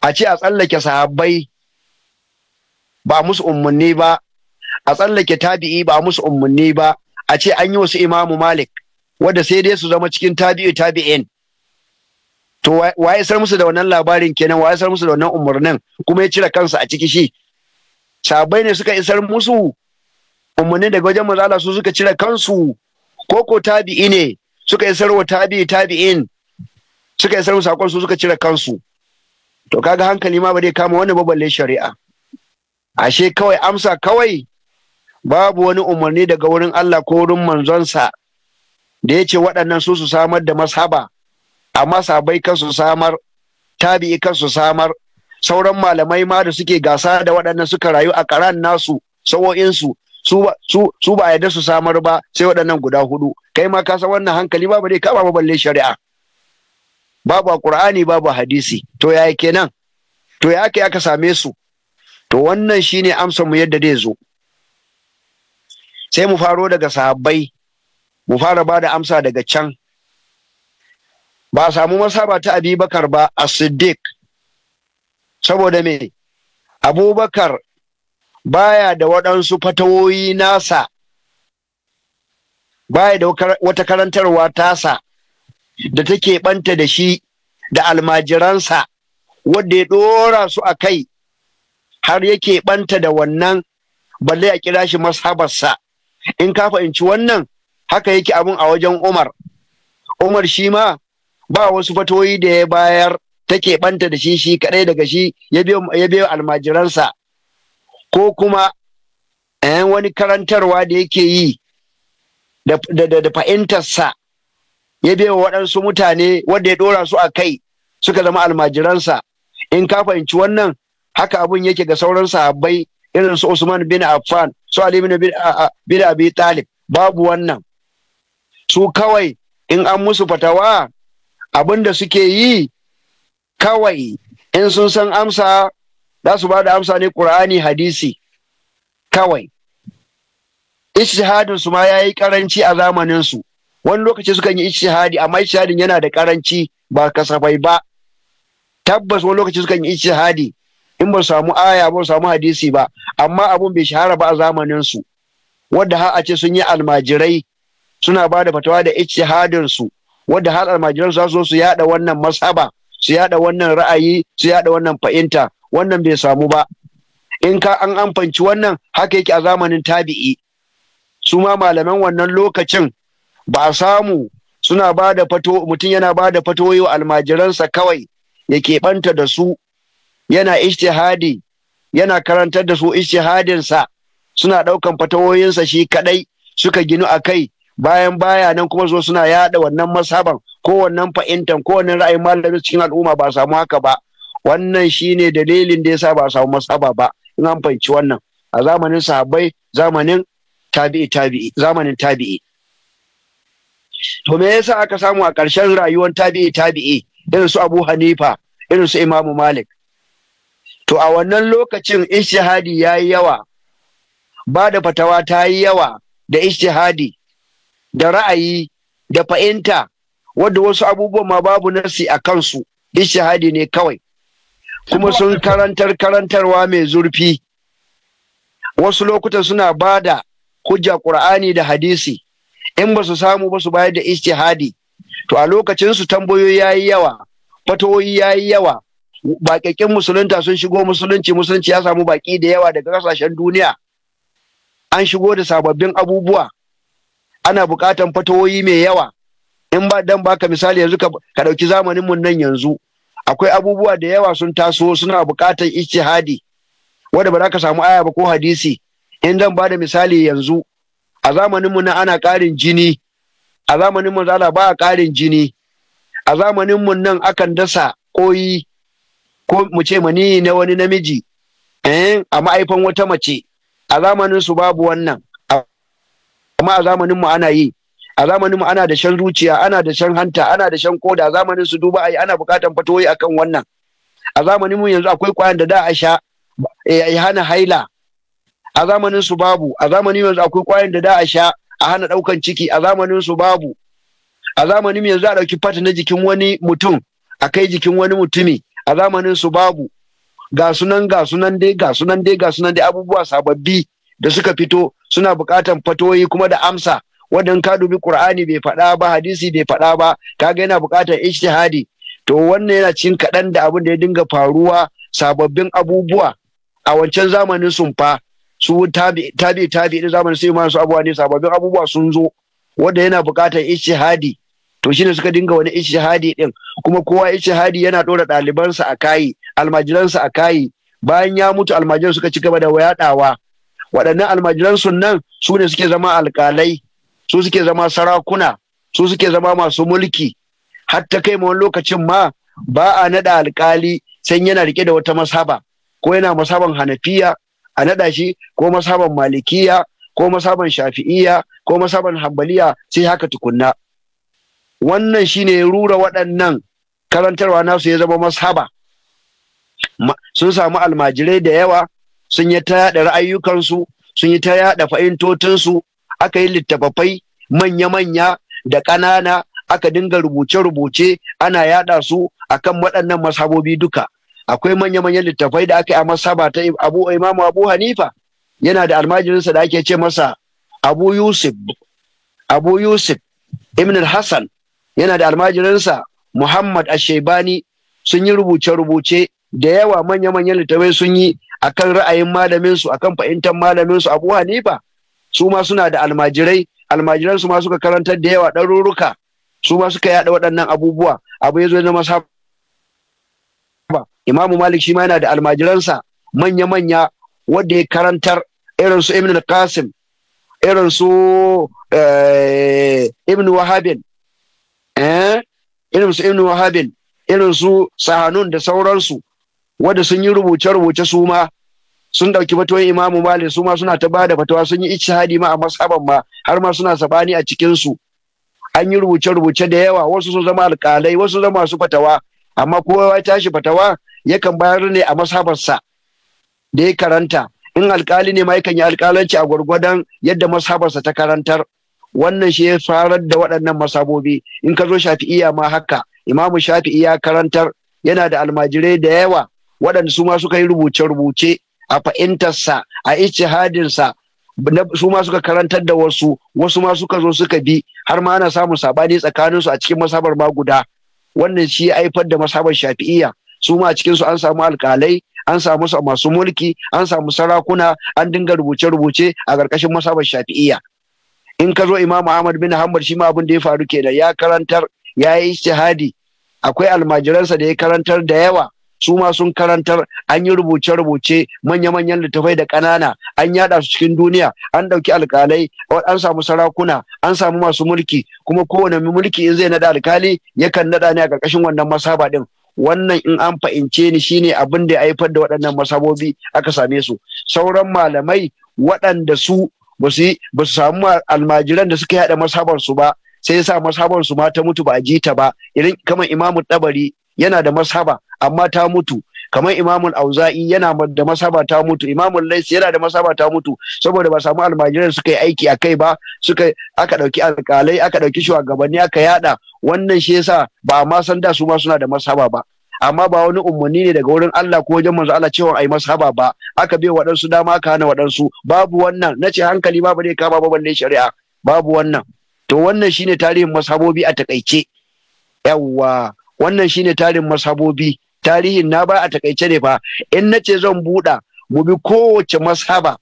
a ce a tsallake sahabbai ba musu ummanni ba a tsallake tabi'i ba musu ummanni ba a ce an yi wasu imamu malik wadda sai dai su zama cikin tabi'i tabi'in to waye sar musu da wannan labarin kenan waye sar musu da wannan umarnin kuma ya cire kansa a ciki shi sabai ne suka isar musu umarnin daga wajen manzo su suka cire kansu koko tabi'i ne suka isar wa tabi'i tabi'in suka isar musu akwai su suka cire kansu to kaga hankali ma ba zai kama wannan baballe shari'a ashe kawai amsa kawai babu wani umarni daga wurin Allah ko wurin manzonsa da ya ce waɗannan su su samar da mashaba amma sabai kan su samar tabi'i kan su samar sauran malamai ma da suke gasa da waɗannan suka rayu a karan nasu sawo'insu su ba yarda su samar ba sai waɗannan guda hudu kai ma ka san wannan hankali ba ba dai kama ba balle shari'a babu a qur'ani babu hadisi to yaya kenan to ya aka same su to wannan shine ne mu yadda zai zo sai mu faro daga sahabbai mu fara ba da amsa daga can ba a samu masaba ta abubakar ba a siddiq saboda me abubakar baya da waɗansu fatawoyi nasa baya da wata karantarwa tasa da take ɓanta da shi da almajiransa wadda ya ɗora su a kai har yake ɓanta da wannan balle a kira shi mashabarsa in ka fahimci wannan haka yake abin a wajen Umar Umar shi ma ba wasu fatoyi da ya bayar take ɓanta da shi shi kaɗai daga shi ya biya almajiransa ko kuma ‘yan eh, wani karantarwa da yake yi da fahimtarsa ya biya waɗansu mutane wanda ya ɗora su a kai suka zama almajiransa in ka fahimci wannan haka abun yake ga sauran sahabbai irin su Usman bin Affan su Ali bin bin Abi Talib babu wannan su kawai in an musu fatawa abin da suke yi kawai in sun san amsa za su ba da amsa ne Qur'ani hadisi kawai ishihadin su ma yi karanci a zamanin su wani lokaci sukan yi ishihadi amma ishihadin yana da karanci ba kasafai ba tabbas wani lokaci sukan yi ishihadi in ba samu aya ba samu hadisi ba amma abun bai shahara ba a zamanin su wadda har a ce sun yi almajirai suna ba da fatawa da ijtihadin su wadda har almajiran su zo su yada wannan masaba su yada wannan ra'ayi su yada wannan fahimta wannan bai samu ba in ka an amfanci wannan haka yake a zamanin tabi'i su ma malaman wannan lokacin ba a samu suna ba da fato mutum yana ba da fatoyi wa almajiransa kawai yake keɓanta da su yana ijtihadi yana karantar da su ijtihadinsa suna ɗaukan fatawoyinsa shi kaɗai suka ginu a kai bayan baya nan kuma zo suna yaɗa wannan masaban ko wannan fa'intan ko wannan ra'ayin malamin cikin al'umma ba samu haka ba wannan shine dalilin da yasa ba samu masaba ba in an fahimci wannan a zamanin sahabbai zamanin tabi'i tabi'i zamanin tabi'i to me yasa aka samu a ƙarshen rayuwar tabi'i tabi'i irin su Abu Hanifa irin su Imam Malik to a wannan lokacin ishtihadi ya yi yawa ba da fatawa ta yi yawa da ishtihadi da ra'ayi da fahimta wadda wasu abubuwan ma babu nasi a kansu ishtihadi ne kawai kuma sun karantar karantarwa mai zurfi wasu lokutan suna ba da hujja ƙur'ani da hadisi in ba su samu ba su bayar da istihadi to a lokacinsu su tambayoyi yi yawa ya yi yawa baƙaƙƙen musulunta sun shigo musulunci musulunci ya samu baki da yawa daga ƙasashen duniya an shigo da sababbin abubuwa ana buƙatan fatawoyi mai yawa in ba dan baka misali yanzu ka ɗauki zamanin mun nan yanzu akwai abubuwa da yawa sun taso suna buƙatan ijtihadi wanda ba za ka samu aya ba ko hadisi in dan ba da misali yanzu a zamanin mu na ana karin jini a zamanin mu ba a ƙarin jini a zamanin mu nan akan dasa koyi ko mu ce mani na wani namiji eh a ma'aifan wata mace a zamanin su babu wannan amma a zamanin mu ana yi a zamanin mu ana da shan zuciya ana da shan hanta ana da shan koda a zamanin su duba ai ana bukatan fatoyi akan wannan a zamanin mu yanzu akwai kwayan da da a sha ya hana haila a zamanin su babu a zamanin yanzu akwai kwayan da da a sha a hana daukan ciki a zamanin su babu a zamanin yanzu a dauki fata na jikin wani mutum a kai jikin wani mutumi a zamanin su babu ga sunan ga sunan dai ga sunan dai ga sunan dai abubuwa sababbi da suka fito suna buƙatan fatoyi kuma da amsa wadan ka dubi qur'ani bai faɗa ba hadisi bai faɗa ba kaga yana buƙatar ijtihadi to wannan yana cikin kaɗan da abin da ya dinga faruwa sababbin abubuwa a wancan zamanin sun fa su tabi tabi tabi zamanin sai masu abubuwa ne sababbin abubuwa sun zo wanda yana buƙatar ijtihadi to shine suka dinga wani ishihadi din kuma kowa ishihadi yana dora ɗalibansa a kayi almajiransa a kayi bayan ya mutu almajiran suka ci gaba da yaɗawa waɗannan almajiran nan su ne suke zama alƙalai su suke zama sarakuna su suke zama masu mulki har ta kai wani lokacin ma ba a naɗa alƙali san yana rike da wata masaba ko yana masaban hanafiya a naɗa shi ko masaban malikiya ko masaban shafi'iya ko masaban hambaliya sai haka tukunna wannan shine ya rura waɗannan karantarwa nasu ya zama mashaba sun samu almajirai da yawa sun yi ta yaɗa ra'ayyukansu sun yi ta yaɗa fahimtotinsu aka yi littafafai manya-manya da ƙanana aka dinga rubuce-rubuce ana yaɗa su akan waɗannan mashabobi duka akwai manya-manyan littafai da aka yi a mashaba ta abu imamu abu hanifa yana da almajirinsa da ake ce masa abu yusuf abu yusuf ibn hassan yana da almajiransa Muhammad Ashebani sun yi rubuce-rubuce da yawa manya-manyan littattafai sun yi akan ra'ayin malaminsu akan fahimtar malaminsu Abu Hanifa su ma suna da almajirai almajiransu ma suka karantar da yawa ɗaruruka su ma suka yaɗa waɗannan abubuwa abu ya zo zama Imamu Malik shi ma yana da almajiransa manya-manya Wadda ya karantar irin su Ibn qasim irin su eh, Ibn Wahabin Eh? irin su ibn wahabin irin su sahanun da sauransu wanda sun yi rubuce-rubuce su ma sun dauki fatuwar imamu malik su ma suna ta bada fatawa sun yi ijtihadi ma a mas'aban ma har ma suna sabani a cikin su an yi rubuce-rubuce da yawa wasu sun zama alƙalai wasu sun zama su fatawa amma kowa ya tashi fatawa yakan bayar ne a mas'abarsa da ya karanta in alkali ne ma yakan yi alƙalanci a gwargwadon yadda mas'abarsa ta karantar wannan shi ya farar da waɗannan masabobi in ka zo shafi'iya ma haka imamu shafi'i ya karantar yana da almajirai da yawa waɗanda su ma suka yi rubuce-rubuce a fa'intarsa a ijtihadinsa su ma suka karantar da wasu wasu ma suka zo suka bi har ma ana samun sabani tsakanin su a cikin masabar ma guda wannan shi ya haifar da masabar shafi'iyya su ma a cikin su an samu alƙalai, an samu masu mulki an samu sarakuna an dinga rubuce-rubuce a ƙarƙashin masabar shafi'iyya in ka zo Imam Ahmad bin Hamad shi ma abin da ya faru kenan ya karantar ya yi ijtihadi akwai almajiransa da ya karantar da yawa su ma sun karantar an yi rubuce-rubuce manya-manyan littafai da ƙanana an yada su cikin duniya an ɗauki alkalai an samu sarakuna an samu masu mulki kuma kowane mulki in zai nada alkali yakan naɗa ne a ƙarƙashin wannan masaba ɗin wannan in an fahimce ni shine abin da ya haifar da waɗannan masabobi aka same su sauran malamai waɗanda su ba su samu almajiran da suka yada mashabar su ba sai ya sa mashabar su ma ta mutu ba a ji ta ba irin kamar imamu dabari yana da mashaba amma ta mutu kamar imamul auza'i yana da masaba ta mutu imamul lais yana da masaba ta mutu saboda ba samu almajiran suka yi aiki a kai ba suka aka dauki alkalai aka dauki shugabanni aka yada wannan shi yasa ba ma san da su ma suna da masaba ba amma ba wani umarni ne daga wurin Allah ko wajen manzo Allah cewa ai masaba ba aka bai waɗansu dama aka hana waɗansu babu wannan na ce hankali ma ba zai kama ba balle shari'a babu wannan to wannan shine tarihin masabobi a takaice yawwa wannan shine tarihin mashabobi tarihin na ba a takaice ne fa in na ce zan buɗa mu bi kowace mashaba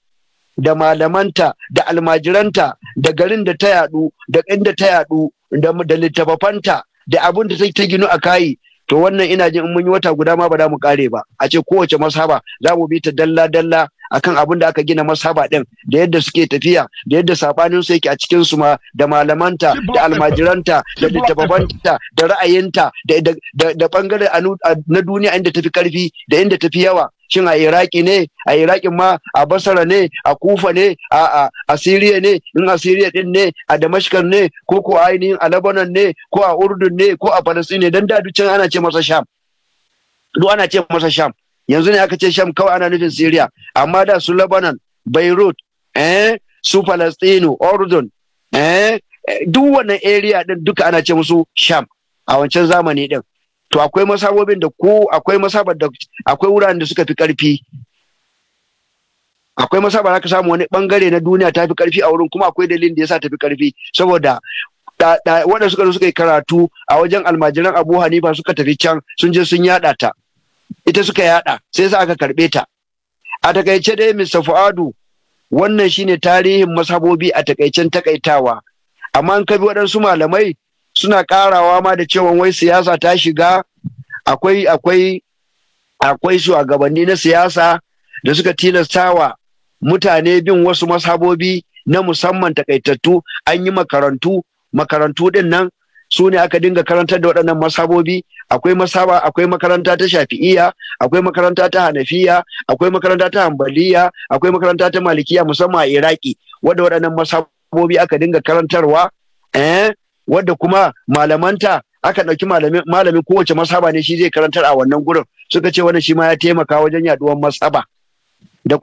da malamanta da almajiranta da garin da ta yaɗu da inda ta yadu da littafafanta da abin da ta ginu a kayi to wannan ina jin in mun yi wata guda ma ba za mu kare ba a ce kowace mashaba za mu bi ta dalla dalla akan abin da aka gina mashaba din da yadda suke tafiya da yadda sabanin su yake a cikin su ma da malamanta da almajiranta da littafanta da ra'ayinta da da bangare na duniya inda tafi karfi da inda tafi yawa shin a iraki ne a iraki ma a basara ne a kufa ne a a ne in a siriya din ne a damashkan ne ko ko ainihin a lebanon ne ko a urdun ne ko a falastin ne dan da can ana ce masa sham duk ana ce masa sham yanzu ne aka ce sham kawai ana nufin siriya amma da su lebanon beirut eh su falastinu urdun eh, eh duk wannan area din duka ana ce musu sham a wancan zamani din to akwai masabobin da ko akwai masabar da akwai wuraren da suka fi karfi akwai masabar aka samu wani bangare na duniya ta fi karfi a wurin kuma akwai dalilin da yasa ta fi karfi saboda waɗanda suka suka yi karatu a wajen almajiran abu hanifa suka tafi can sun je sun yada ta ita suka yada sai sa aka karbe ta a takaice dai mr fuadu wannan shine tarihin masabobi a takaicen takaitawa amma an kabi waɗansu malamai suna karawa ma da cewa wai siyasa ta shiga akwai akwai akwai gabanni na siyasa da suka tilastawa mutane bin wasu mashabobi na musamman takaitattu an yi makarantu makarantu din nan su ne aka dinga karantar da waɗannan masabobi akwai masaba akwai makaranta ta shafi'iya akwai makaranta ta hanafiya akwai makaranta ta hambaliya akwai makaranta ta malikiya musamman a iraki wadda waɗannan masabobi aka dinga karantarwa eh wadda kuma malamanta aka ɗauki malamin kowace masaba ne shi zai karantar a wannan gurin suka ce wannan shi ma ya taimaka wajen yaduwar masaba da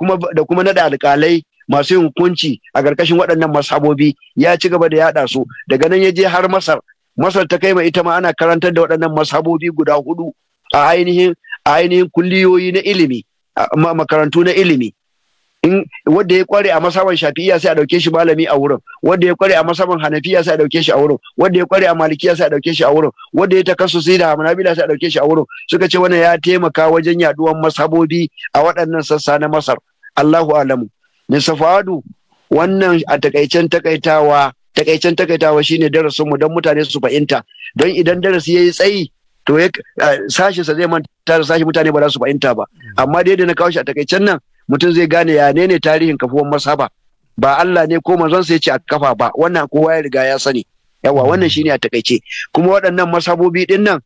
kuma naɗa alƙalai masu yin hukunci a ƙarƙashin waɗannan masabobi ya ci gaba da yaɗa su daga nan ya je har masar masar ta kai ma ita ma ana karantar da waɗannan masabobi guda hudu a ainihin a kulliyoyi na ilimi makarantu na ilimi in wanda ya kware a masaban shafi'iyya sai a dauke shi malami a wurin wanda ya kware a masaban hanafiya sai a dauke shi a wurin wanda ya kware a malikiya sai a dauke shi a wurin wanda ya sai da hanabila sai a dauke shi a wurin suka ce wannan ya taimaka wajen yaduwan masabobi a waɗannan sassa na masar Allahu alamu ne safadu wannan a takaicen takaitawa takaicen takaitawa shine darasin mu don mutane su fahimta don idan darasi yayi tsayi to eh, sa zai manta da sashi mutane ba za su fahimta ba mm. amma dai da na kawo shi a takaicen nan mutum zai gane ya ne ne tarihin kafuwan masaba ba Allah ne ko manzon sai ce a kafa ba wannan kowa ya riga ya sani yawa hmm. wannan shine a takaice kuma waɗannan masabobi din nan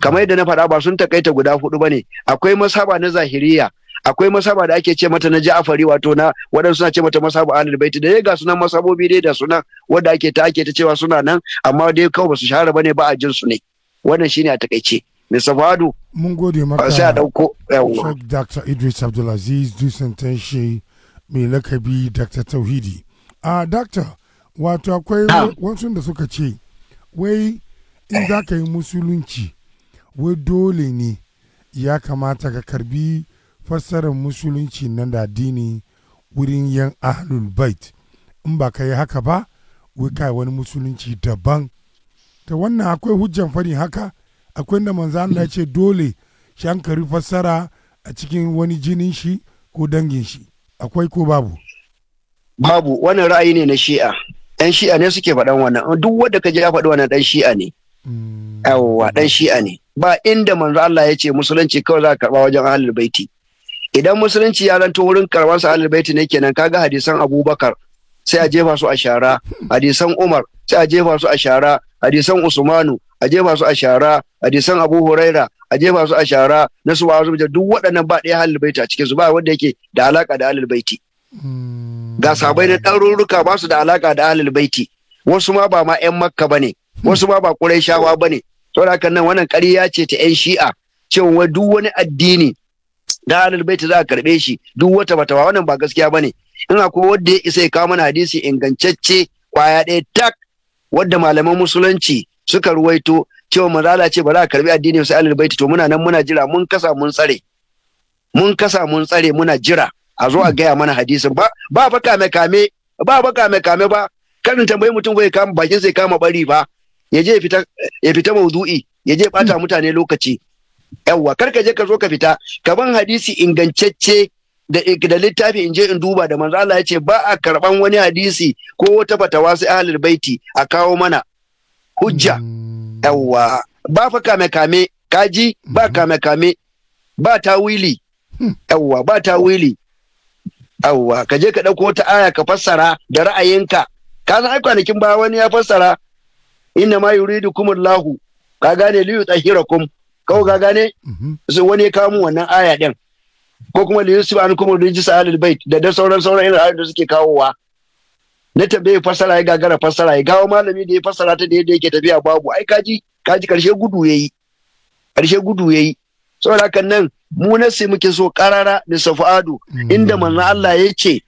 kamar yadda na faɗa ba sun takaita guda hudu bane akwai masaba na zahiriya akwai masaba da ake ce mata na ja'afari wato na waɗansu suna ce mata masaba ahlul baiti da ga sunan masabobi dai da sunan wanda ake ta ake ta cewa suna nan amma dai kawai ba su shahara bane ba a jin su ne wannan shine a takaice Mr. Wadu. Mun gode maka. Sai a ɗauko. Dr. Idris Abdulaziz Dusan mai lakabi Dr. Tauhidi. A ah, Dr. wato akwai ah. wasu da suka ce wai in za yi musulunci wai dole ne ya kamata ka karbi fassarar musulunci na da addini wurin yan ahlul bait in ba ka yi haka ba wai kai wani musulunci daban ta wannan akwai hujjan fari haka akwai da manzo Allah ya ce dole shankari fassara a cikin wani jinin shi ko dangin shi akwai ko babu babu wannan ra'ayi ne na shi'a ɗan shi'a ne suke faɗan wannan duk wanda ka ji ya faɗi wannan ɗan shi'a ne hmm. yawwa ɗan shi'a ne ba inda manzo Allah ya ce musulunci kawai za ka karɓa wajen ahlul baiti idan musulunci ya zanto wurin karɓar sa ahlul baiti ne kenan kaga hadisan Abubakar sai a jefa su a shara hadisan Umar sai a jefa su a shara hadisan usmanu a jefa su a shara hadisan abu huraira a jefa su a shara na su wa duk waɗannan ba ɗaya halil baiti a cikin su ba wanda yake da alaka da halil baiti hmm. ga sabai na ɗarurruka ba su da alaka da halil baiti wasu ma ba ma 'yan makka ba ne. wasu ma ba ƙurayshawa bane saboda kan nan wannan ƙarya ce ta 'yan shi'a cewa duk wani addini da halil baiti za a karɓe shi duk wata batawa wannan ba gaskiya ba ne. in akwai wanda ya isa ya kawo mana hadisi ingantacce kwaya ɗaya tak wadda malaman musulunci suka ruwaito cewa mu lalace ba za a karbi addinin sai alil baiti to muna nan muna jira mun kasa mun tsare mun kasa mun tsare muna jira a zo a gaya mana hadisin ba ba fa kame kame ba ba kame kame ba karin tambayi mutum bai kama bakin sai kama bari ba ya je ya fita maudu'i ya je bata mutane lokaci yawwa kar ka je ka zo ka fita ka ban hadisi ingantacce da littafi in je in duba da manzo Allah ya ce ba a karban wani hadisi ko wata fatawa sai ahlul baiti a kawo mana hujja hmm. yawwa ba fa kame kame kaji ba hmm. kame kame ba tawili hmm. yawwa ba tawili yawwa ka je ka dauko ta aya ka fassara da ra'ayinka ka san ai kwanakin ba wani ya fassara inna ma yuridukumullahu ka gane liyu tsahirakum kawo ka gane wani ya kawo wannan aya din ko kuma da yusuf an kuma rijisa ahlul bait da da sauran sauran yana da suke kawowa na tambaye fassara ya gagara fassara ya gawo malami da ya fassara ta da yadda yake tafiya babu ai kaji kaji karshe gudu yayi karshe gudu yayi saboda hakan nan mu na sai muke so karara da safu'adu mm. inda manzo Allah ya ce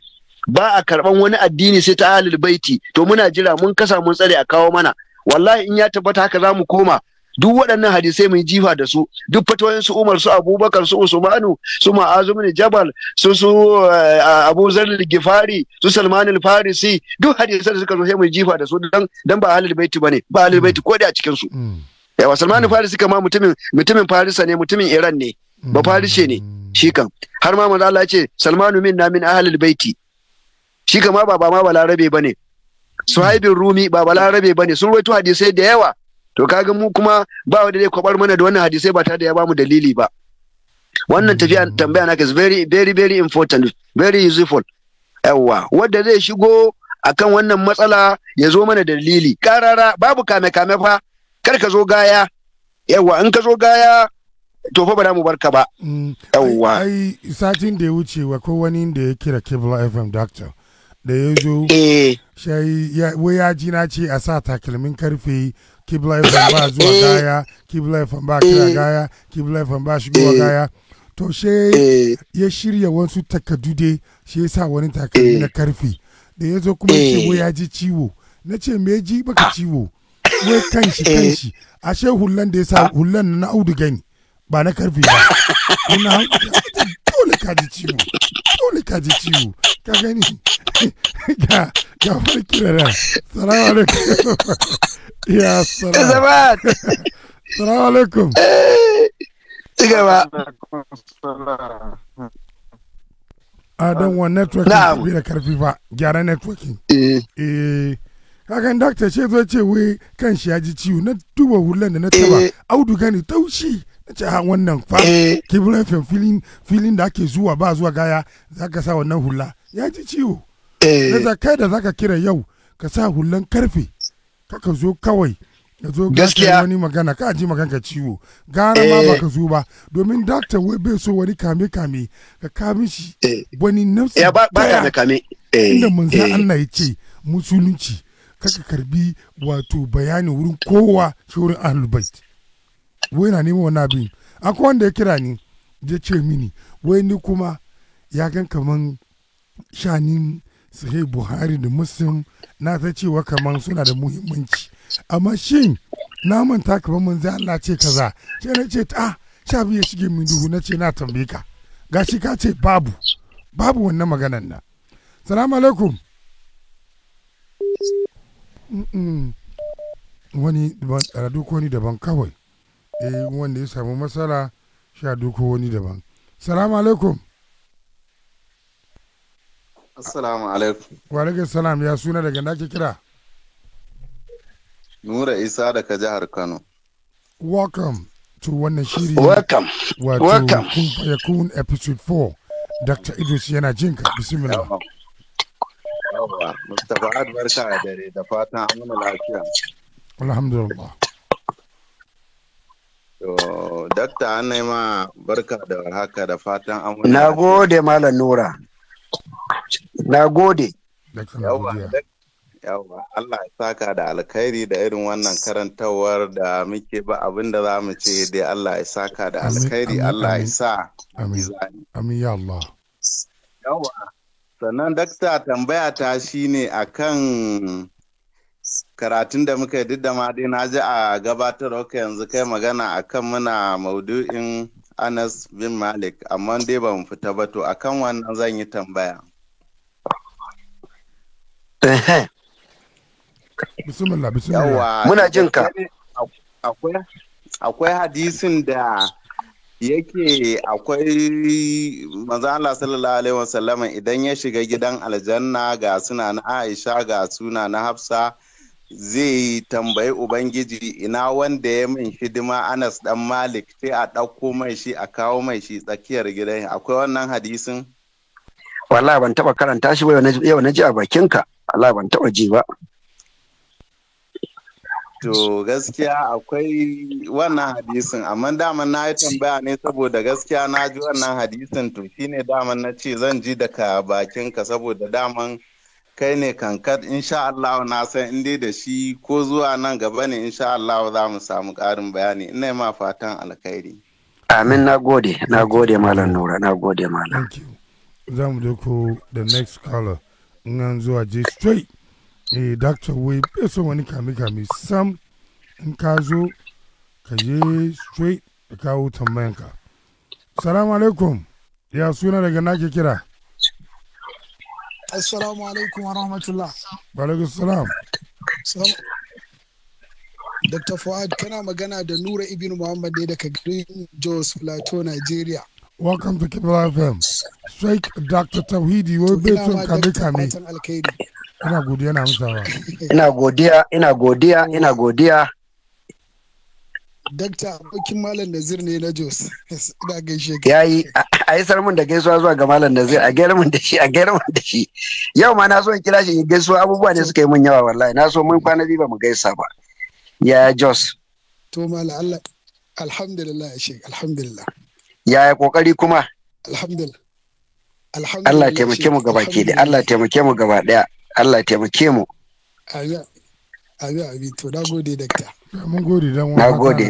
ba a karban wani addini sai ta ahlul baiti to muna jira mun kasa mun tsare a kawo mana wallahi in ya tabbata haka za mu koma duk waɗannan hadisai mun jifa da su duk fatoyin su Umar su Abubakar su Usmanu su Ma'azu bin Jabal su su eh, Abu Zar Gifari su Salman al-Farisi duk hadisai da suka zo sai mun jifa da su dan dan ba Ahlul Baiti bane ba Ahlul Baiti ko da a cikin su mm. yawa Salman mm. al-Farisi kama mutumin mutumin Farisa ne mutumin Iran ne ba mm. Farishe ne shi kan har ma manzo Allah ya ce Salmanu minna min Ahlul Baiti shi kama ba ba ma balarabe bane Suhaibin Rumi ba balarabe bane sun ruwaito hadisai da yawa to kaga mu kuma ba wanda zai kwabar mana da wannan hadisai ba tare da ya bamu dalili ba wannan mm. tafiya tambaya na is very very very important very useful yawwa wanda zai shigo akan wannan matsala ya zo mana dalili karara babu kame kame fa kar ka zo gaya yawwa in ka zo gaya to fa ba mu barka ba mm. yawwa ai satin da ya wuce wa ko wani da ya kira cable FM doctor da ya zo eh wai ya ji na ce a sa takalmin karfe life from ba zuwa gaya life from ba kira gaya life from ba shigowa gaya to she eh. ya shirya wasu takardu dai shi ya sa wani takardu eh. na karfe da ya zo kuma ce eh. wai ya ji ciwo na ce me ji baka ciwo wai kanshi kanshi ashe hullan da ya sa hullan na auduga ne ba na karfe ba ina dole ka ji ciwo dole ka ji ciwo ka gani Ya, ga wani kirara Salam alaikum ya salam. salamu salamu alaikum cigaba a don wa network na bi da karfi fa gyara networking eh Eh. kakan doctor ce zo ce we kan shi ya ji ciwo na duba hulan da na taba auduga ne taushi na ce ha wannan fa kibirin filin da ake zuwa ba zuwa gaya za ka sa wannan hula ya ji ciwo Kaza eh. kai da zaka kira yau ka sa hullan karfe kaka zo kawai ka zo gaskiya wani magana ka ji magana ka ciwo gara ma baka eh. zo ba domin doctor wai bai so wani kame kame ka kame shi eh. wani nafsi ya ba kame eh. inda manzo Allah ya ce musulunci kaka karbi wato bayani wurin kowa shi wurin wai na neman wani abin akwai wanda ya kira ni ya ce mini wai ni kuma ya gan kaman shanin sahih buhari da muslim na ta cewa kamar suna da muhimmanci amma shin na manta kamar mun zai Allah ce kaza sai na ce ta ah, sha biyu shige min duhu na ce na tambaye ka gashi ka ce babu babu wannan maganan na salamu alaikum wani duko wani daban kawai eh wanda ya samu matsala sha duko wani daban salamu alaikum Assalamu alaikum. Wa alaikum salam ya suna daga na ke kira. Nura Isa daga jihar Kano. Welcome to wannan shiri. Welcome. Wato Welcome. Kun Fayakun episode 4. Dr. Idris yana jin jinka. Bismillah. Mustapha Adwar sha dare da fatan an lafiya. Alhamdulillah. To, Dakta an barka da warhaka da fatan an lafiya. Na gode Malam Nura. na gode yawa Allah ya saka da alkhairi da irin wannan karantawar da muke ba abin da za mu ce dai Allah ya saka da alkhairi Allah ya sa amin ya Allah yawa sannan dakta tambaya ta a kan karatun da muka duk da ma dai na ji a gabatar gabatarwa yanzu kai magana a kan muna maudu'in Anas bin Malik amma dai ba mu fita ba to kan wannan zan yi tambaya bismillah bismillah yawa muna jin ka akwai akwai hadisin da yake akwai manzo Allah sallallahu alaihi wasallam idan ya shiga gidan aljanna ga suna na Aisha ga suna na Hafsa zai tambayi ubangiji ina wanda ya min hidima Anas dan Malik sai a ɗauko mai shi a kawo mai shi tsakiyar gidan akwai wannan hadisin wallahi ban taba karanta shi ba yau na ji a bakinka Allah ban taɓa ji ba. To gaskiya akwai wannan hadisin amma daman na yi tambaya ne saboda gaskiya na ji wannan hadisin to ne daman na ce zan ji daga bakinka saboda daman kai ne kankat insha Allah na san inda da shi ko zuwa nan gaba ne insha Allah za mu samu ƙarin bayani ina ma fatan alkhairi. Amin na gode, na gode Malam Nura, na gode Malam. Thank you. Za mu da next caller. nan zuwa je straight eh doctor wai bai son wani kame-kame sam in ka zo ka je straight ka kawo tambayanka salamu alaikum ya suna daga nake kira assalamu alaikum wa rahmatullah alaikum salam dr fuad kana magana da nura ibn muhammad ne daga green jos plateau nigeria Welcome to Kibla FM. Sheikh Dr. Tawhidi wai bai son kame kame. Ina godiya na amsawa. Ina godiya, ina godiya, ina godiya. Dr abokin Malam Nazir ne na Jos. Ina gaishe ka. Yayi a yi sarmin da gaisuwa zuwa ga Malam Nazir a gaira mun da shi a gaira mun da shi. Yau ma na so in kira shi gaisuwa abubuwa ne suka yi mun yawa wallahi na so mun kwana biyu ba mu gaisa ba. Ya Jos. To Malam Allah alhamdulillah Sheikh alhamdulillah. yaya kokari kuma alhamdulillah Allah taimake mu gaba ke da Allah taimake mu gaba daya Allah taimake mu abi abi to na gode dakta mun gode dan wani na gode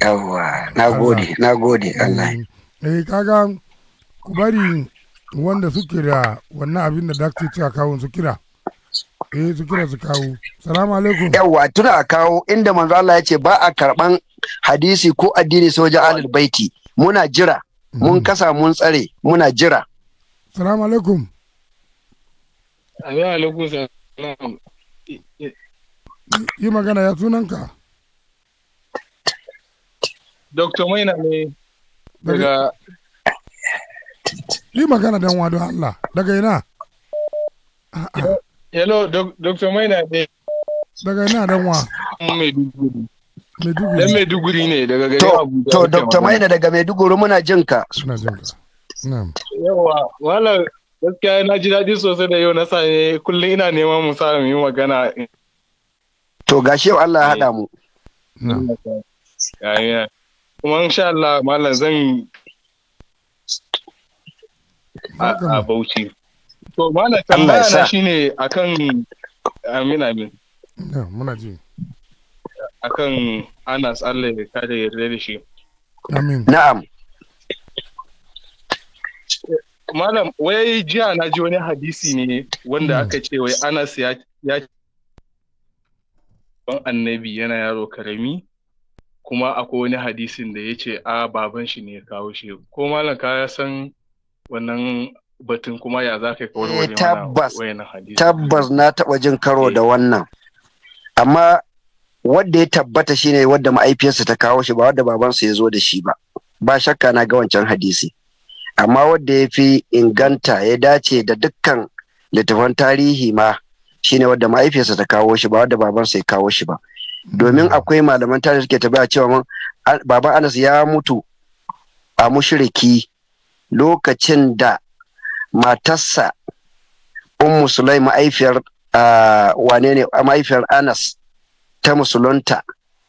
yawa na gode na gode eh, Allah eh kaga ku bari wanda su kira wannan abin da dakta ce a kawo su kira eh su kira su kawo salamu alaikum yawa tuna a kawo inda manzo Allah ya ce ba a karban hadisi ko addini sai wajen ahlul baiti muna jira mun mm. kasa mun tsare muna jira salamu alaikum alaikum salam yi magana ya sunanka dr maina ne daga yi magana dan wado Allah daga ina ah, ah. hello dr maina ne daga ina dan wa Dan Maiduguri ne daga gari Abuja. To, Dr. Maina daga Maiduguri muna jin ka. Suna jin ka. Yawa, wala gaskiya na ji daɗi sosai da yau na sa ne kullum ina neman mu sa yi magana. To, gashi yau Allah ya haɗa mu. Kuma insha Allah malam zan a Bauchi. To, malam tambaya na shine akan Amin Amin. Muna ji. akan Anas Allah ya kada yarda da shi. Amin. Na'am. Malam, wai jiya na ji wani hadisi ne wanda hmm. aka ce wai Anas ya ya ban annabi yana yaro karami kuma akwai wani hadisin da ya ce a baban shi ne ya kawo shi ko malam ka san wannan batun kuma ya za ka yi kawo wani hadisi tabbas na taɓa jin karo da eh. wannan amma wadda ya tabbata shine wadda ma'aifiyarsa ta kawo shi ba wadda babansa ya zo da shi ba ba shakka na ga wancan hadisi amma wadda ya fi inganta ya dace da dukkan littafan tarihi ma shine wadda ma'aifiyarsa ta kawo shi ba wadda babansa ya kawo shi ba domin hmm. akwai malaman tarihi suke tabbata cewa baban Anas ya mutu a mushiriki lokacin da matarsa ummu sulai ma'aifiyar wane ne ma'aifiyar Anas ta musulunta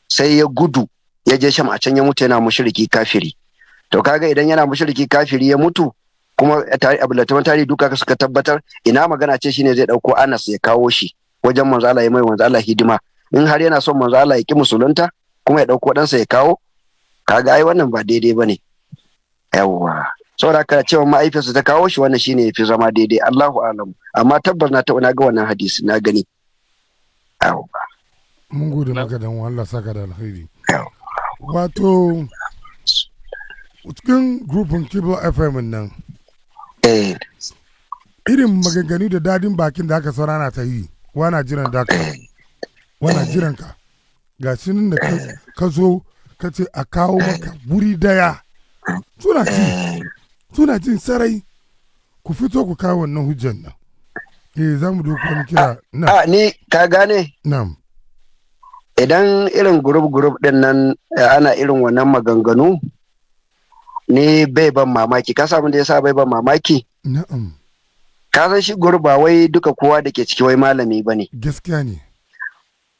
sai ya gudu ya je sham a can ya mutu yana mushriki kafiri to kaga idan yana mushriki kafiri ya mutu kuma abulataman tarihi duka suka tabbatar ina magana ce shine zai dauko anas ya kawo shi wajen manzo Allah ya mai manzo Allah hidima in har yana son manzo Allah ya ki musulunta kuma ya dauko ɗansa ya kawo kaga ai wannan ba daidai bane yawwa saboda haka cewa ma'aifinsa ta kawo shi wannan shine yafi zama daidai Allahu alam amma tabbas na ta na ga wannan hadisi na gani yawwa mun gode maka dan Allah saka da alheri wato cikin grupin kibo fm nan eh. irin maganganu da dadin bakin da aka saurana ta yi wana jiran da eh. wana jiran ka ga shi da eh. ka zo ka ce a kawo maka wuri daya suna ji suna jin sarai ku fito ku kawo wannan hujjan nan eh za mu doka wani kira na ah, ni ka gane na'am idan irin gurub-gurub din nan eh, ana irin wannan maganganu ne bai ban mamaki ka samu da yasa bai ban mamaki ka san shi gurub ba wai duka kowa da ke ciki wai malami ba ne gaskiya ne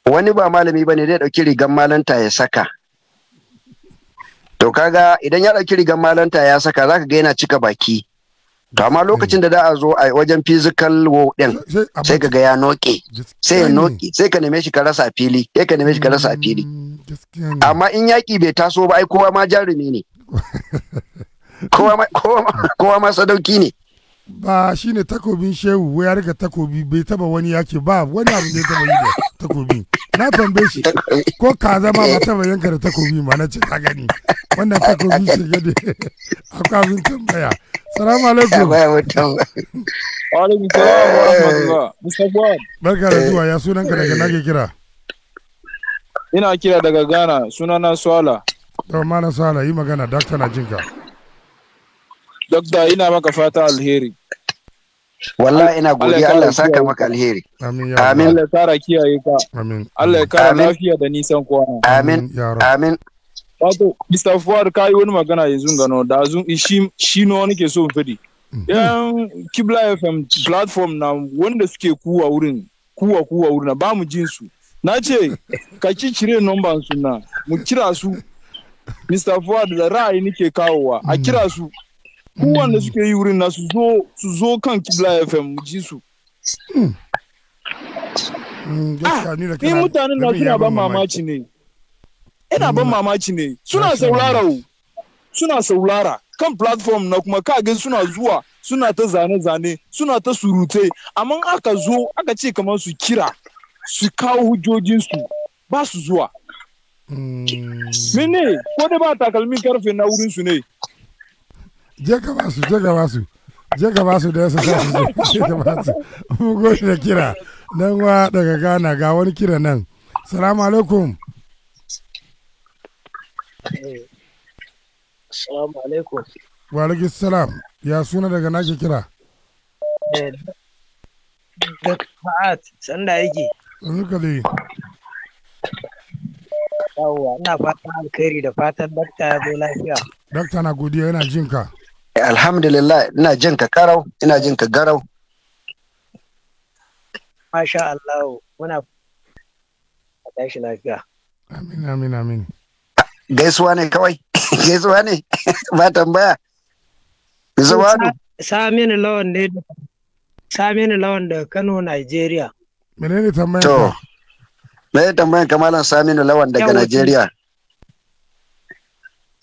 wani ba malami ba ne zai ɗauki rigan malanta ya saka to kaga idan ya ɗauki rigan malanta ya saka zaka ga yana cika baki to amma lokacin da za a zo a wajen physical wo din sai ka ga ya noke sai ya noke sai ka neme shi ka rasa fili sai ka neme shi ka rasa mm, fili amma in yaki bai taso ba ai kowa ma jarumi ne kowa ma sadauki ne ba shine takobin shehu wai ya riga takobi bai taba wani yake ba wani abin da ya taba yi da takobi na tambaye shi ko ka zama ba taba yanka da takobi ma na ce ta gani wannan takobi shi gade akwai abin tambaya salamu alaikum alaikum salam wa barka da zuwa ya sunan ka daga nage kira ina kira daga ghana sunana swala to mana swala yi magana dakta na jinka Dokta ina maka fata alheri. Wallahi ina godiya Allah ya saka maka alheri. Amin. Allah ya tsara kiyaye ka. Amin. Allah ya kara lafiya da nisan kowa. Amin. Amin. Wato, Mr. Fuad ka yi wani magana yanzu gano da azun shi no nake so fadi. Mm. Yan Kibla FM platform na wanda suke kuwa wurin kuwa kuwa wurin ba mu jin su. Na ce ka ci cire number su na mu kira su Mr. Fuad da ra'ayi nake kawowa a mm. kira su. kowanne suke yi wurin nasu su zo kan kibla fm mu ji su hmm. Hmm, ah, ni mutanen na suna ban mamaci ne ina ban hmm. mamaci ne suna saurara suna saurara kan platform na kuma kagin suna zuwa suna ta zane-zane suna ta surute amma aka zo aka ce kamar su kira su kawo hujjojinsu ba su zuwa mene ko da ba takalmin karfe na wurinsu ne je ka ba su je ka ba su je ka ba su da yasa sa su je ka ba su Mun goyi da kira nan wa daga gana, ga wani kira nan salamu alaikum salamu alaikum wa alaikum salam ya suna daga nake kira eh, Dr. Fa'at sanda yake Zuka dai yawwa ina fatan alkhairi da fatan dakta ya zo lafiya dakta na godiya yana jinka Alhamdulillah ina jin ka karau, ina jin ka garau. Masha Allah, muna tashi lafiya. Amin, amin, amin. Gaisuwa ne kawai, gaisuwa ne, ba tambaya. Zuwanu. Saminu lawan ne Saminu lawan da Kano, Nigeria. Menene tambayan? To, me tambayan kamalan Saminu lawan daga Nigeria?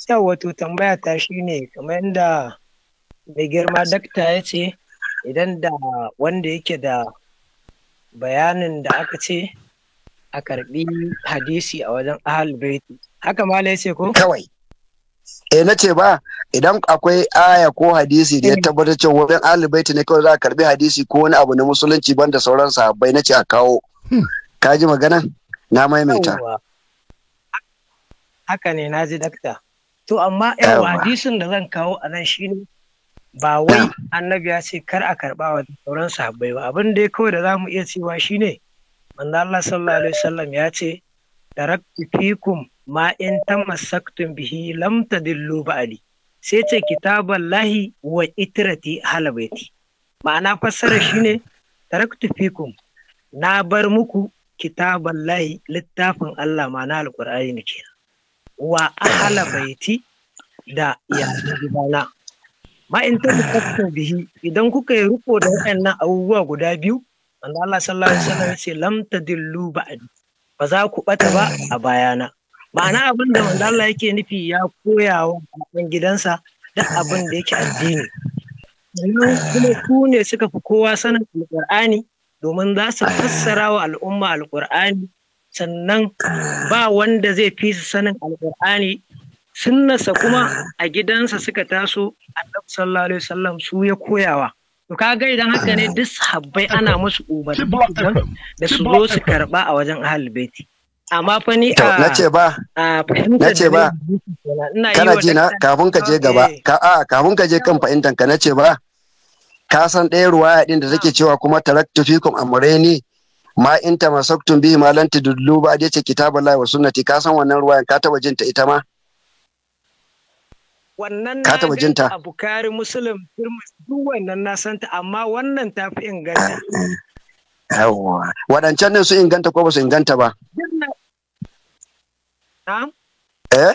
yau wato tambaya ta shi ne kamar yadda mai girma dakta ya ce idan da wanda yake da bayanin da aka ce a karbi hadisi a wajen ahal haka mala ya ce ko kawai eh na ce ba idan akwai aya ko hadisi da ya eh. tabbatar cewa wajen ahal baiti ne kawai za a karbi hadisi ko wani abu na musulunci banda sauran sahabbai na ce a kawo hmm. ka ji magana na maimaita haka ne na ji dakta to amma yawa hadisin da zan kawo a nan shi ne, ba wai annabi ya ce kar a karba wa sauran sahabbai ba abin da kawai da za mu iya cewa shine manzo Allah sallallahu alaihi wasallam ya ce taraktu fikum ma in tamassaktum bihi lam tadillu ba'di sai ce kitaballahi wa itrati halabaiti ma'ana fassara shine taraktu fikum na bar muku kitaballahi littafin Allah ma'ana alqur'ani kenan wa ahala baiti da iyalan gidana ma in ta bukatun bihi idan kuka yi riko da waɗannan abubuwa guda biyu wanda Allah sallallahu alaihi wasallam ce lam tadillu ba'd ba za ku bata ba a bayana ma'ana abin da wanda Allah yake nufi ya koya wa ɗan gidansa duk abin da yake addini kuma ku ne suka fi kowa sanin alƙur'ani domin za su fassara wa al'umma alƙur'ani sannan ba wanda zai fi su sanin alƙur'ani sunnarsa kuma a gidansa suka taso annabi sallallahu alaihi wasallam su ya koyawa to ka ga idan haka ne duk sahabbai ana musu ubar da su zo su karba a wajen ahlul baiti amma fa ni a nace ba nace ba kana ji na kafin ka je gaba eh. ka a kafin ka je kan fahimtan ka ce ba ka san ɗaya ruwaya din da take cewa kuma taraktu fikum amrayni ma in tamassaktum bihi ma lan tudillu ba dai ce lahi wa sunnati ka san wannan ruwayan ka taba jinta ita ma wannan na taba jinta a bukari muslim duk wannan na santa amma wannan ta fi inganta eh, eh. yawa waɗancan ne su inganta ko ba su inganta ba eh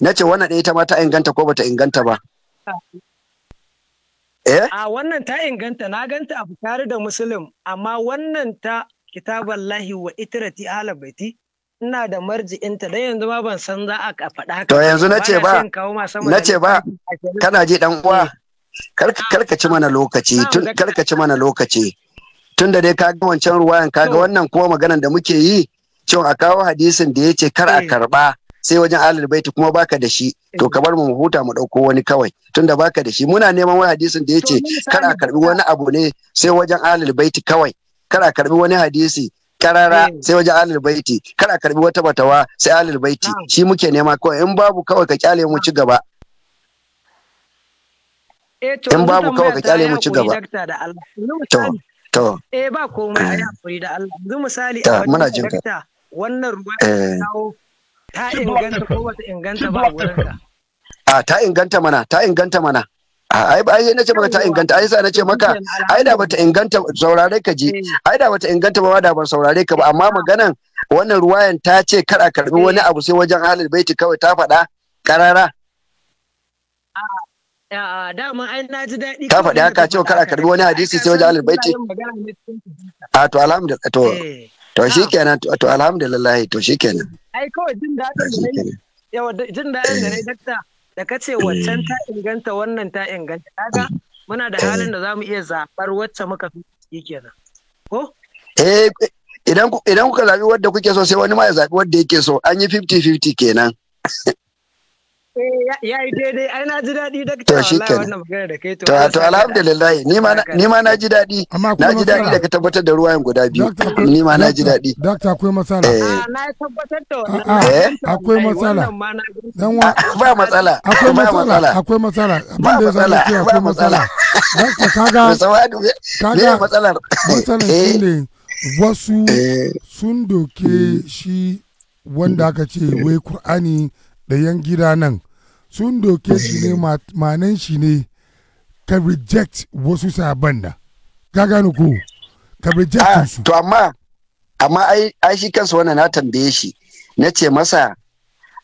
na ce wannan ita ma ta inganta ko ba ta inganta ba Eh? A wannan ta inganta na ganta a bukari da Muslim, amma wannan ta kitaballahi wa itirati ala baiti ina da marji'inta dan yanzu ma ban san za a faɗa haka to yanzu nace ba nace ba kana ji dan uwa karkaci mana lokaci tun karkaci mana lokaci tun da dai ka ga wancan ruwayan Ga wannan kuma maganan da muke yi cewa a kawo hadisin da yace kar a eh. karba sai wajen alil baiti kuma baka da shi to ka eh. bar mu mu huta mu dauko wani kawai tunda baka da shi muna neman wani hadisin da yace kar a karbi wani abu ne sai wajen alil baiti kawai kada karbi wani hadisi karara eh. sai waje alil baiti kada karbi wata batawa sai alil baiti ah. shi muke nema kawai in babu kawai ka kyale mu ci gaba eh, in babu kawai ka kyale mu ci gaba to to eh ba komai ya eh. hakuri da Allah yanzu misali a wajen dakta wannan ruwa ta inganta ko wata inganta ba wurinka a ta inganta mana ta inganta mana ai ai na ce maka ta inganta ai sa na ce maka ai da bata inganta saurare ka ji eh. ai da bata inganta ba da ban saurare ka ba amma maganan wannan ruwayan ta ce kar a karbi wani eh. abu sai wajen halin baiti kawai ta faɗa karara ah, ah, Ta faɗi haka cewa kar a karbi wani hadisi sai wajen halin baiti a to alhamdulillah eh. to to shikenan to alhamdulillah to shikenan ai kawai jin daɗin da jin daɗin da ne dakta da ka ce waccan ta eh. inganta wannan ta inganta kaga muna da halin da mu iya zabar wacce muka fi kenan ko eh idan kuka zabi wadda kuke so sai wani ma ya zabi wadda yake so an yi 50-50 kenan Eh, ya yi daidai ai na ji daɗi da ta wallahi wannan magana da kai to to alhamdulillah ni ma na ji daɗi na ji daɗi da ka tabbatar da ruwayan guda biyu ni ma na ji daɗi dakta akwai matsala eh ah, na tabbatar da wannan ah, ah, eh? akwai matsala dan wa ba matsala akwai matsala akwai matsala abin da ya zama akwai matsala dakta kaga kaga matsala matsala eh. shine wasu sun doke shi wanda aka ce mm. wai qur'ani da yan gida nan sun doke shi ne eh. manan shi ne ka reject wasu sabon da ka gano ko ka reject ah, su to amma amma ai shi kansa wannan na tambaye shi na ce masa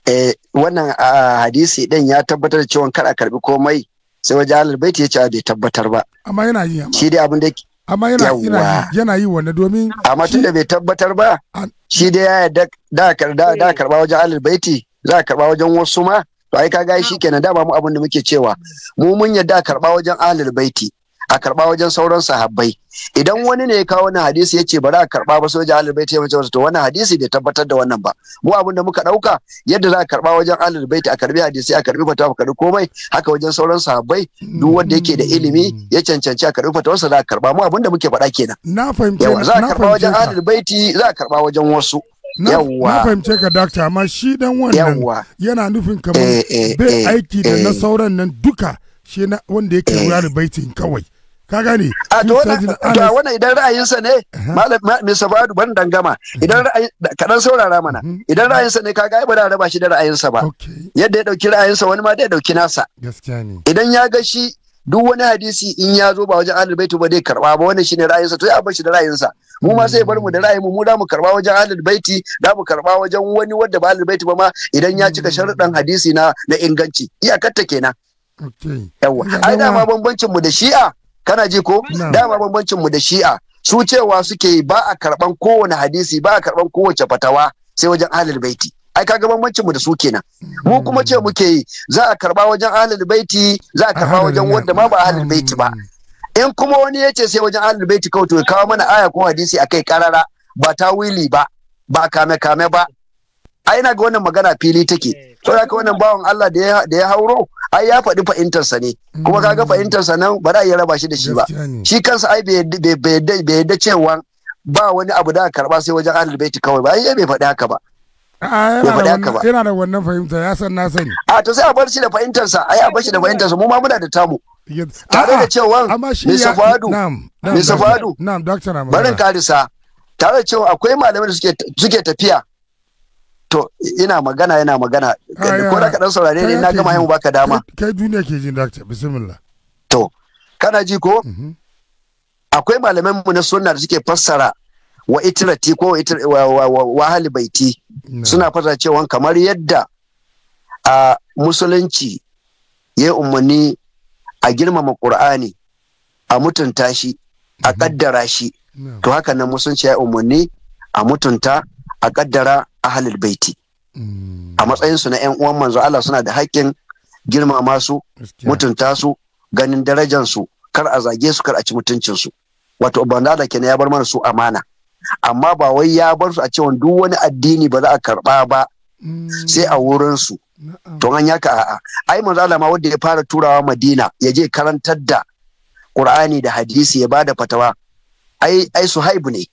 eh, wannan ah, hadisi din ya tabbatar cewa kar a karbi komai sai wajen alalbait ya ce ah, bai tabbatar ba amma yana yi shi dai abin da amma yana yana yi wannan domin amma tunda da bai tabbatar ba shi dai ya yarda da karba da eh. karba wajen alalbaiti za a karba wajen wasu ma to ai kaga shi kenan dama mu abin da muke cewa mu mun yadda a karba wajen ahlul baiti a karba wajen sauran sahabbai idan wani ne ya kawo wani hadisi ya ce ba za a karba ba soja ahlul baiti ya mace to wani hadisi bai tabbatar da wannan ba mu abin da muka dauka yadda za a karba wajen ahlul baiti a karbi hadisi a karbi fatawa karbi komai haka wajen sauran sahabbai duk wanda yake da ilimi ya cancanci a karbi fatawa za a karba mu abin da muke faɗa kenan na fahimci za a karba wajen ahlul baiti za a karba wajen wasu na fahimce ka dakta amma shi dan wannan yana nufin kamar eh, eh, bai eh, aiki da na sauran nan duka shi na wanda yake wuya baitin kawai ka gane a to wannan idan ra'ayinsa ne malam Mr. Fadu ban dangama idan ra'ayi kadan saurara mana mhm. idan ra'ayinsa ne kaga ai ba raba shi da ra'ayinsa ba yadda ya dauki ra'ayinsa wani ma da ya dauki nasa gaskiya ne idan ya ga shi duk wani hadisi in ya zo ba wajen ahlul baiti ba zai karba ba wannan shine ra'ayinsa to ya bar shi da ra'ayinsa mu ma sai bar mu da ra'ayin mu mu da mu karba wajen ahlul baiti da mu karba wajen wani wanda ba ahlul baiti ba ma idan ya cika sharuɗan hadisi na na inganci iyakar ta kenan yawa ai dama bambancin mu da shi'a kana ji ko dama bambancin mu da shi'a su cewa suke ba a karban kowane hadisi ba a karban kowace fatawa sai wajen ahlul baiti ai kaga bambancin mu da su kenan mu mm. kuma ce muke yi za a karba wajen ahlul baiti za a karba wajen wanda ma ba ahlul baiti ba mm. in kuma wani ya ce sai wajen ahlul baiti kawai to ya kawo mana aya ko hadisi akai karara ba wili ba ba kame kame ba ai ina ga wannan magana fili take eh, to ka wannan bawan Allah da ya hauro ai ya faɗi fahimtarsa ne kuma kaga mm. fahimtarsa nan ba za a iya raba shi da shi ba shi kansa ai bai yadda cewa ba wani abu da karba sai wajen ahlul baiti kawai ba ai bai faɗi haka ba yana da wannan fahimta ya san na sani a to sai a bar shi da fahimtarsa ai a bar shi da fahimtarsa mu ma muna da tamu tare da cewa mai safadu mai safadu na'am doctor Amara barin karisa tare da cewa akwai malamai da suke suke tafiya to ina magana yana magana ah, ko da ka dan saurare ne na gama yin baka dama kai duniya ke jin doctor bismillah to kana ji ko mm-hmm. akwai malamai mu na sunna da suke fassara wa itirati ko wa wa halibaiti suna fata cewa kamar yadda a musulunci ya yi umarni a girmama ƙur'ani a mutunta shi a ƙaddara mm-hmm. shi to haka nan musulunci ya yi umarni a mutunta a ƙaddara a halin baiti mm. a matsayinsu na 'yan uwan manzo Allah suna da haƙƙin girmama su mutunta su ganin darajansu kar a zage su kar a ci mutuncinsu wato Banda da kenan ya bar mana su amana amma ba wai ya bar su a cewa duk wani addini ba za a karba ba sai a wurin su to an yaka a'a ai manzo Allah ma wanda ya fara turawa Madina ya je karantar da Qur'ani da hadisi ya bada fatawa ai ai Suhaib ne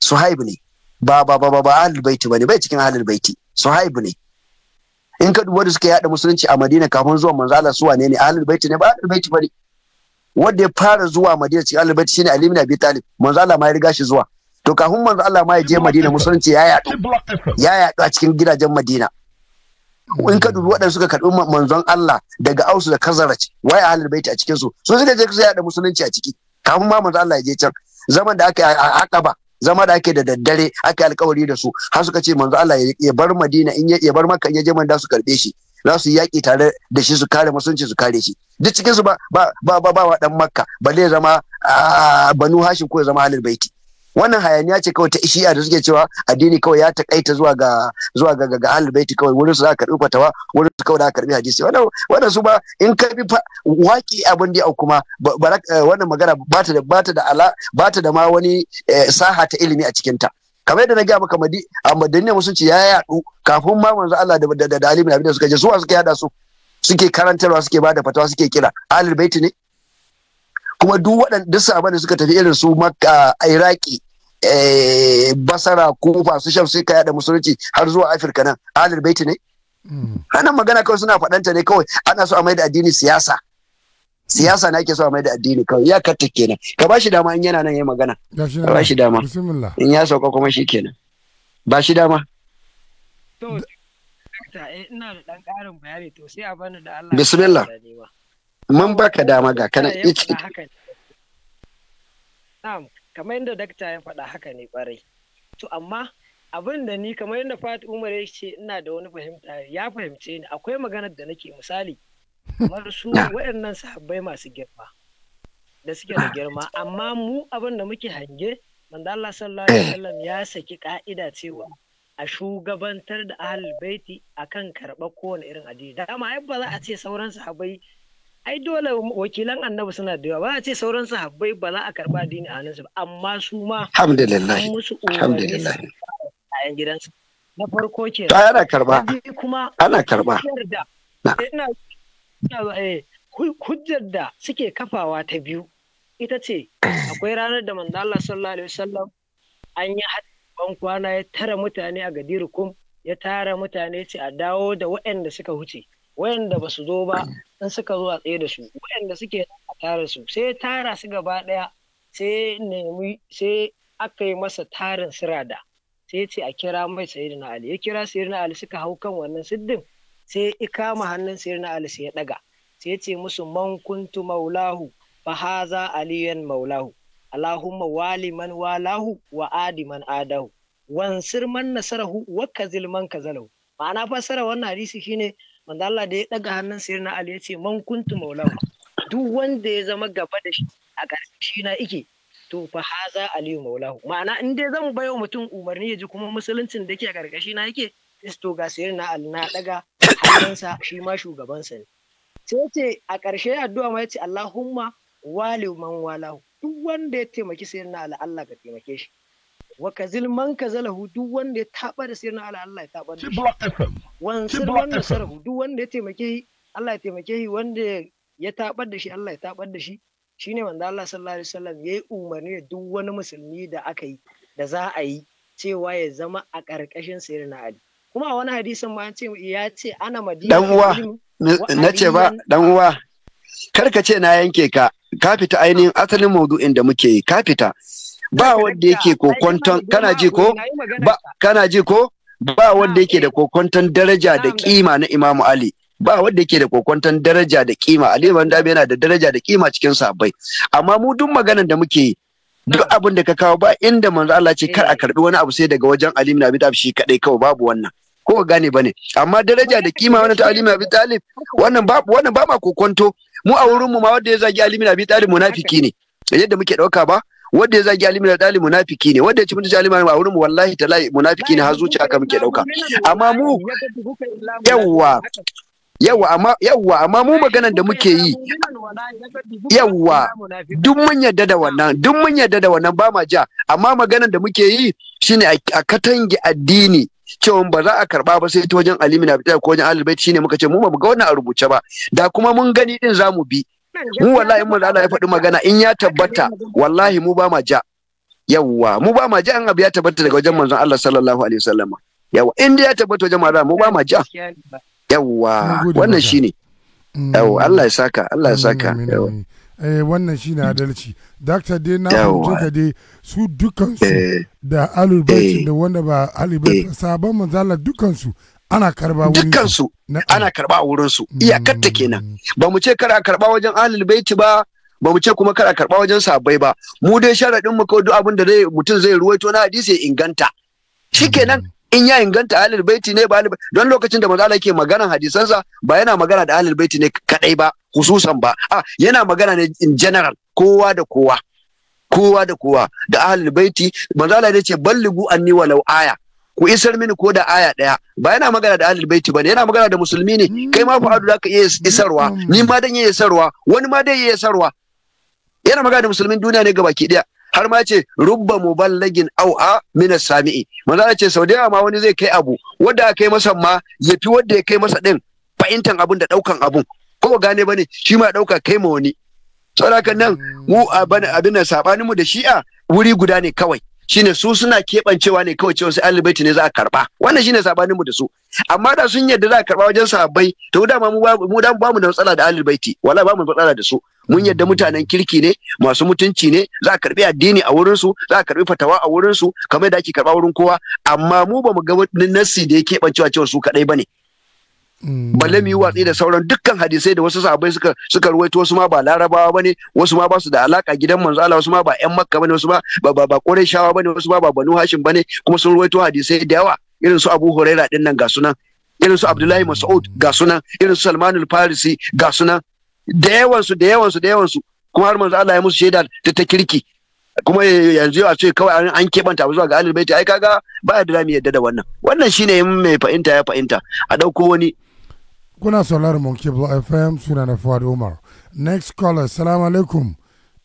Suhaib ne ba ba ba ba ahlul baiti bane bai cikin ahlul baiti Suhaib ne in ka duba da suka yada musulunci a Madina kafin zuwa manzo Allah suwa ne ne ahlul baiti ne ba ahlul baiti bane wanda ya fara zuwa Madina cikin ahlul baiti shine Ali ibn Abi Talib manzo Allah ma ya riga shi zuwa to kafin manzo Allah ma ya je Madina musulunci ya yaɗu ya yaɗu a cikin gidajen Madina in ka dubi waɗanda suka karɓi manzon Allah daga Ausu da Kazaraj wai ahlul baiti a cikin su Sun suka je su yaɗa musulunci a ciki kafin ma manzo Allah ya je can zaman da aka a Aqaba zama da ake da daddare aka alkawari da su har suka ce manzo Allah ya bar Madina in ya bar Makka in ya je Madina su karbe shi za su yaƙi tare da shi su kare musulunci su kare shi duk cikin su ba ba ba ba dan Makka balle zama Banu Hashim ko ya zama Ahlul Baiti wannan hayaniya ce kawai ta ishiya da suke cewa addini kawai ya takaita zuwa ga zuwa ga ga albaiti kawai wurin su za ka karbi fatawa wurin su kawai za ka karbi hadisi wannan wannan su ba in ka bi waki abin da kuma eh, wannan magana ba ta da ba ta da ala ba ta da ma wani eh, saha ta ilimi a cikin ta kamar yadda na gaya maka madi a madinne musulunci ya yaɗu kafin ma manzo Allah da da da suka je suwa suka yada su suke karantarwa suke bada fatawa suke kira ahlul ne kuma duk waɗanda sahaban da suka tafi irin su maka a iraki eh, basara kufa su shan sai ka yada musulunci har zuwa afirka nan alir baiti ne ranar hmm. magana kawai suna faɗanta ne kawai ana so a mai da addini siyasa siyasa na ke so a mai da addini kawai ya katta kenan ka ba shi dama in yana nan ya magana ka ba shi dama in ya sauka kuma shi kenan ba shi dama eh, ina da ɗan ƙarin bayani to sai a bani da Allah bismillah mun baka dama ga kana ice na'am kamar yadda dakta ya faɗa haka ne kwarai to amma abin da ni kamar yadda Fati Umar ya ce ina da wani fahimta ya fahimce ni akwai maganar da nake misali kamar su waɗannan sahabbai masu girma da suke da girma amma mu abin da muke hange manzo Allah eh. ya saki ka'ida cewa a shugabantar da ahlul baiti kan karɓar kowane irin addini dama ai ba za a ce sauran sahabbai ai dole wakilan annabi suna da yawa ba a ce sauran sahabbai ba za a karba dini a hannunsu ba amma su ma alhamdulillah alhamdulillah ayan gidansu na farko ke to ana karba kuma ana karba eh, ina eh, hujjar da suke kafawa ta biyu ita ce akwai ranar da manzo Allah sallallahu alaihi wasallam an yi ban kwana ya tara mutane a gadirukum ya tara mutane ce a dawo da waɗanda suka huce wayanda ba su zo ba in suka zo a tsaye da su wayanda suke tare su sai tara su gaba ɗaya sai nemi sai aka yi masa tarin sirada sai ce a kira mai sayyidina ali ya kira sayyidina ali suka hau kan wannan siddin sai ya kama hannun sayyidina ali sai ya daga sai ce musu man kuntu maulahu fa haza aliyan maulahu allahumma wali walahu wa adi adahu wansir man nasarahu wa kazil man kazalahu ma'ana fassara wannan hadisi shine wanda Allah da ya daga hannun na Ali ya ce man kuntu maulahu duk wanda ya zama gaba da shi a ƙarshe na ike to fa haza aliyu maulahu ma'ana in dai zan bayo mutum umarni ya ji kuma musuluncin da ke a ƙarƙashi na yake to ga na Ali na daga hannunsa shi ma shugabansa ne sai ce a ƙarshe addu'a ma ya ce Allahumma wali man walahu duk wanda ya taimaki na Ali Allah ka taimake shi wa kazil man kazalahu duk wanda ya taɓa da sirrin ala Allah ya taɓa da shi Wansu wanda sarahu duk wanda ya taimake shi Allah ya taimake shi wanda ya taɓa da shi Allah ya taɓa da shi shi ne wanda Allah sallallahu alaihi wasallam yi umarni da duk wani musulmi da aka yi da za a yi cewa ya zama a ƙarƙashin sirrin Ali kuma a wani hadisin ma ce ya ce ana madina dan uwa na ce ba dan uwa karka ce na yanke ka ka fita ainihin asalin maudu'in da muke yi ka fita ba wanda yake kokonton kana ji ko ba kana ji ko ba wanda yake eh. da kokonton daraja da kima na Imam Ali ba wanda yake da kokonton daraja da kima Ali ban yana da daraja da kima cikin sahabbai amma mu duk maganar da muke duk abin da ka kawo ba inda manzo Allah ce kar a eh. karbi wani abu sai daga wajen Ali ibn Abi Talib shi kadai kawai babu wannan ko gane bane amma daraja da kima wannan ta Ali ibn Abi Talib wannan ba wannan ba ma kokonto mu a wurin mu ma wanda ya zagi Ali ibn Abi Talib munafiki ne yadda muke dauka ba wanda ya zagi da dali munafiki ne wanda ya ci mutunci alimi a wurin wallahi ta talahi munafiki ne har zuciya ka muke dauka amma mu yawwa yawwa amma yawwa amma mu maganan da muke yi yawwa duk mun yadda da wannan duk mun yadda da wannan ba ma ja amma maganan da muke yi shine a katange addini cewa ba za a karba ba sai ta wajen alimin abi ko wajen alibait shine muka ce mu ba ga wannan a rubuce ba da kuma mun gani din zamu bi mu wallahi mu Allah ya faɗi magana in ya tabbata wallahi mu ba ma ja yawwa mu ba ma ja an abu ya tabbata daga wajen manzon Allah sallallahu alaihi wasallama yawwa in ya tabbata wajen manzon mu ba ma ja yawwa wannan shine mm. yawwa Allah ya saka Allah ya saka yawwa eh, wannan shine adalci dr dai na fahimci ka dai su su eh. da alubaitin eh. da wanda ba alubaitin eh. sabon manzala su ana karba dukkan su ana karba a wurin su iyakar ta mm. kenan ba mu ce kar a karba wajen ahlul baiti ba ba mu ce kuma kar karba wajen sahabbai ba mu dai sharadin mu kawai duk abin da zai mutum zai ruwaito na hadisi ya inganta shikenan mm. in ya inganta ahlul baiti ne ba don lokacin da manzo Allah yake maganan hadisansa ba yana magana da ahlul baiti ne kadai ba hususan ba a yana magana ne in general kowa da kowa kowa da kowa da ahlul baiti manzo Allah ya ce balligu anni walau aya ku isar mini ko da aya ɗaya ba yana magana da ahlul baiti bane yana magana da musulmi ne mm. kai ma fa'adu ka iya isarwa mm. ni ma dan iya isarwa wani ma dai iya isarwa yana magana da musulmin duniya ne gabaki daya har ma ce rubba muballagin au a min sami'i manzo ce sau ma wani zai kai abu wanda aka kai masa ma ya fi wanda ya kai masa din fahimtan abun da daukan abun ko ba gane bane shi ma dauka kai ma wani saboda nan mu abin da sabanin mu da shi'a wuri guda ne kawai shine su suna keɓancewa ne kawai cewa sai alibaiti ne za a karɓa wannan shine sabanin mu da su amma da sun yadda za a karɓa wajen sahabbai to dama mu mu da ba mu da matsala da alibaiti wala ba mu da matsala da su mun yadda mutanen kirki ne masu mutunci ne za a karɓi addini a wurinsu, za a karɓi fatawa a wurin su kamar da ake karɓa wurin kowa amma mu ba mu ga nassi da ya keɓancewa cewa su kaɗai ba ne balle mu yi watsi da sauran dukkan hadisai da wasu sahabbai suka suka ruwaito wasu ma ba larabawa bane wasu ma ba su da alaka gidan manzo Allah wasu ma ba ƴan makka bane wasu ma ba ba ba qurayshawa bane wasu ma ba banu hashim bane kuma sun ruwaito hadisai da yawa irin su abu huraira din nan ga sunan irin su abdullahi mas'ud ga sunan irin su al farisi ga sunan da yawan su da yawan su da yawan su kuma har manzo Allah ya musu shaida ta ta kirki kuma yanzu a ce kawai an keɓanta zuwa ga ahlul baiti ai kaga ba da mu yadda da wannan wannan shine mai fahimta ya fahimta a ɗauko wani kuna sauraron mun Kibla FM suna na Fuad Umar. Next caller, salamu alaikum.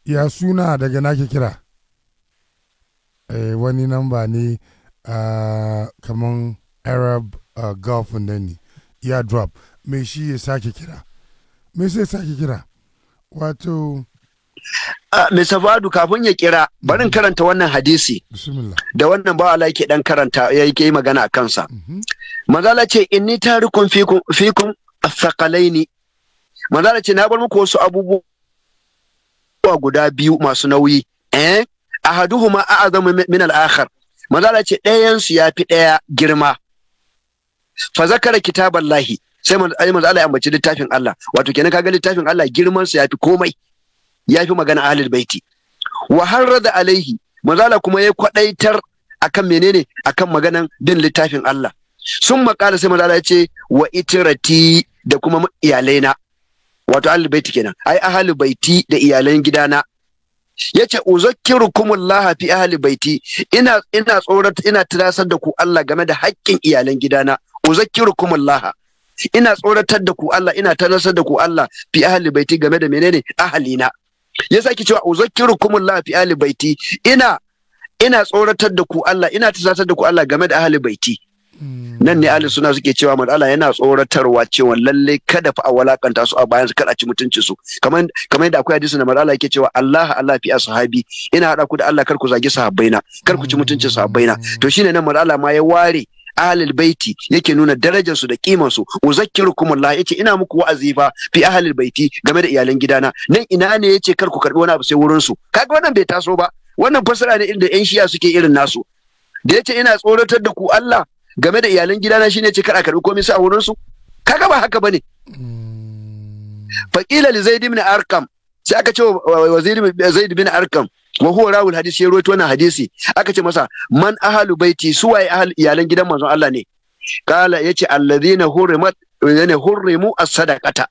Ya suna daga nake kira. Eh, wani namba ne uh, kaman Arab uh, Gulf ne Ya drop. Me shi ya sake kira. Me sai sake kira? Wato mai sabadu Fadu kafin ya kira barin mhm. karanta wannan hadisi da wannan ba Allah yake dan karanta ya yi magana a kansa. Mhm. Mazala ce inni tarikun fikun athaqalaini manzala ce na bar muku wasu abubuwa guda biyu masu nauyi eh ahaduhuma a'azamu min al-akhar manzala ce ɗayan su yafi ɗaya girma fa zakara kitaballahi sai Manzala Allah ya ambaci littafin Allah wato kenan kaga littafin Allah girman su yafi komai yafi magana ahlul baiti wa harrada alaihi manzo kuma ya kwadaitar akan menene akan maganan bin littafin Allah sun makala sai manzala ya ce wa itirati da kuma iyalaina wato ahlul baiti kenan ai ahlul baiti da iyalan gidana yace uzakkirukumullah fi ahli baiti ina ina tsorata ina tirasar da ku Allah game da haƙƙin iyalan gidana uzakkirukumullah ina tsoratar da ku Allah ina tunasar da ku Allah fi ahli baiti game da menene ahalina yasa ki cewa uzakkirukumullah fi ahli baiti ina ina tsoratar da ku Allah ina tirasar da ku Allah game da ahli baiti nan ne ahli suna suke cewa Allah yana tsoratarwa cewa lalle kada fa a walakanta su a bayan su kada ci mutuncin su kamar kamar yadda akwai na da Allah yake cewa Allah Allah fi ashabi ina hada ku da Allah kar ku zagi sahabbaina kar ku ci mutuncin sahabbaina to shine nan Allah ma ya ware ahlul baiti yake nuna darajar su da kiman su uzakkirukum Allah yace ina muku wa'azi fa fi ahlul baiti game da iyalan gidana nan ina ne yace kar ku karbi wani abu sai wurin su kaga wannan bai taso ba wannan fasara ne inda yan shiya suke irin nasu da yace ina tsoratar da ku Allah game da iyalan gidana shine ce kada karbi komai su a wurin su kaga ba haka bane hmm. faqila li zaid ibn arqam sai aka ce wa zaid ibn arqam wa huwa rawul hadisi ya rawaito wannan hadisi aka ce masa man ahalu baiti su waye ahal iyalan gidan manzon Allah ne kala yace alladhina hurimat yana hurimu as-sadaqata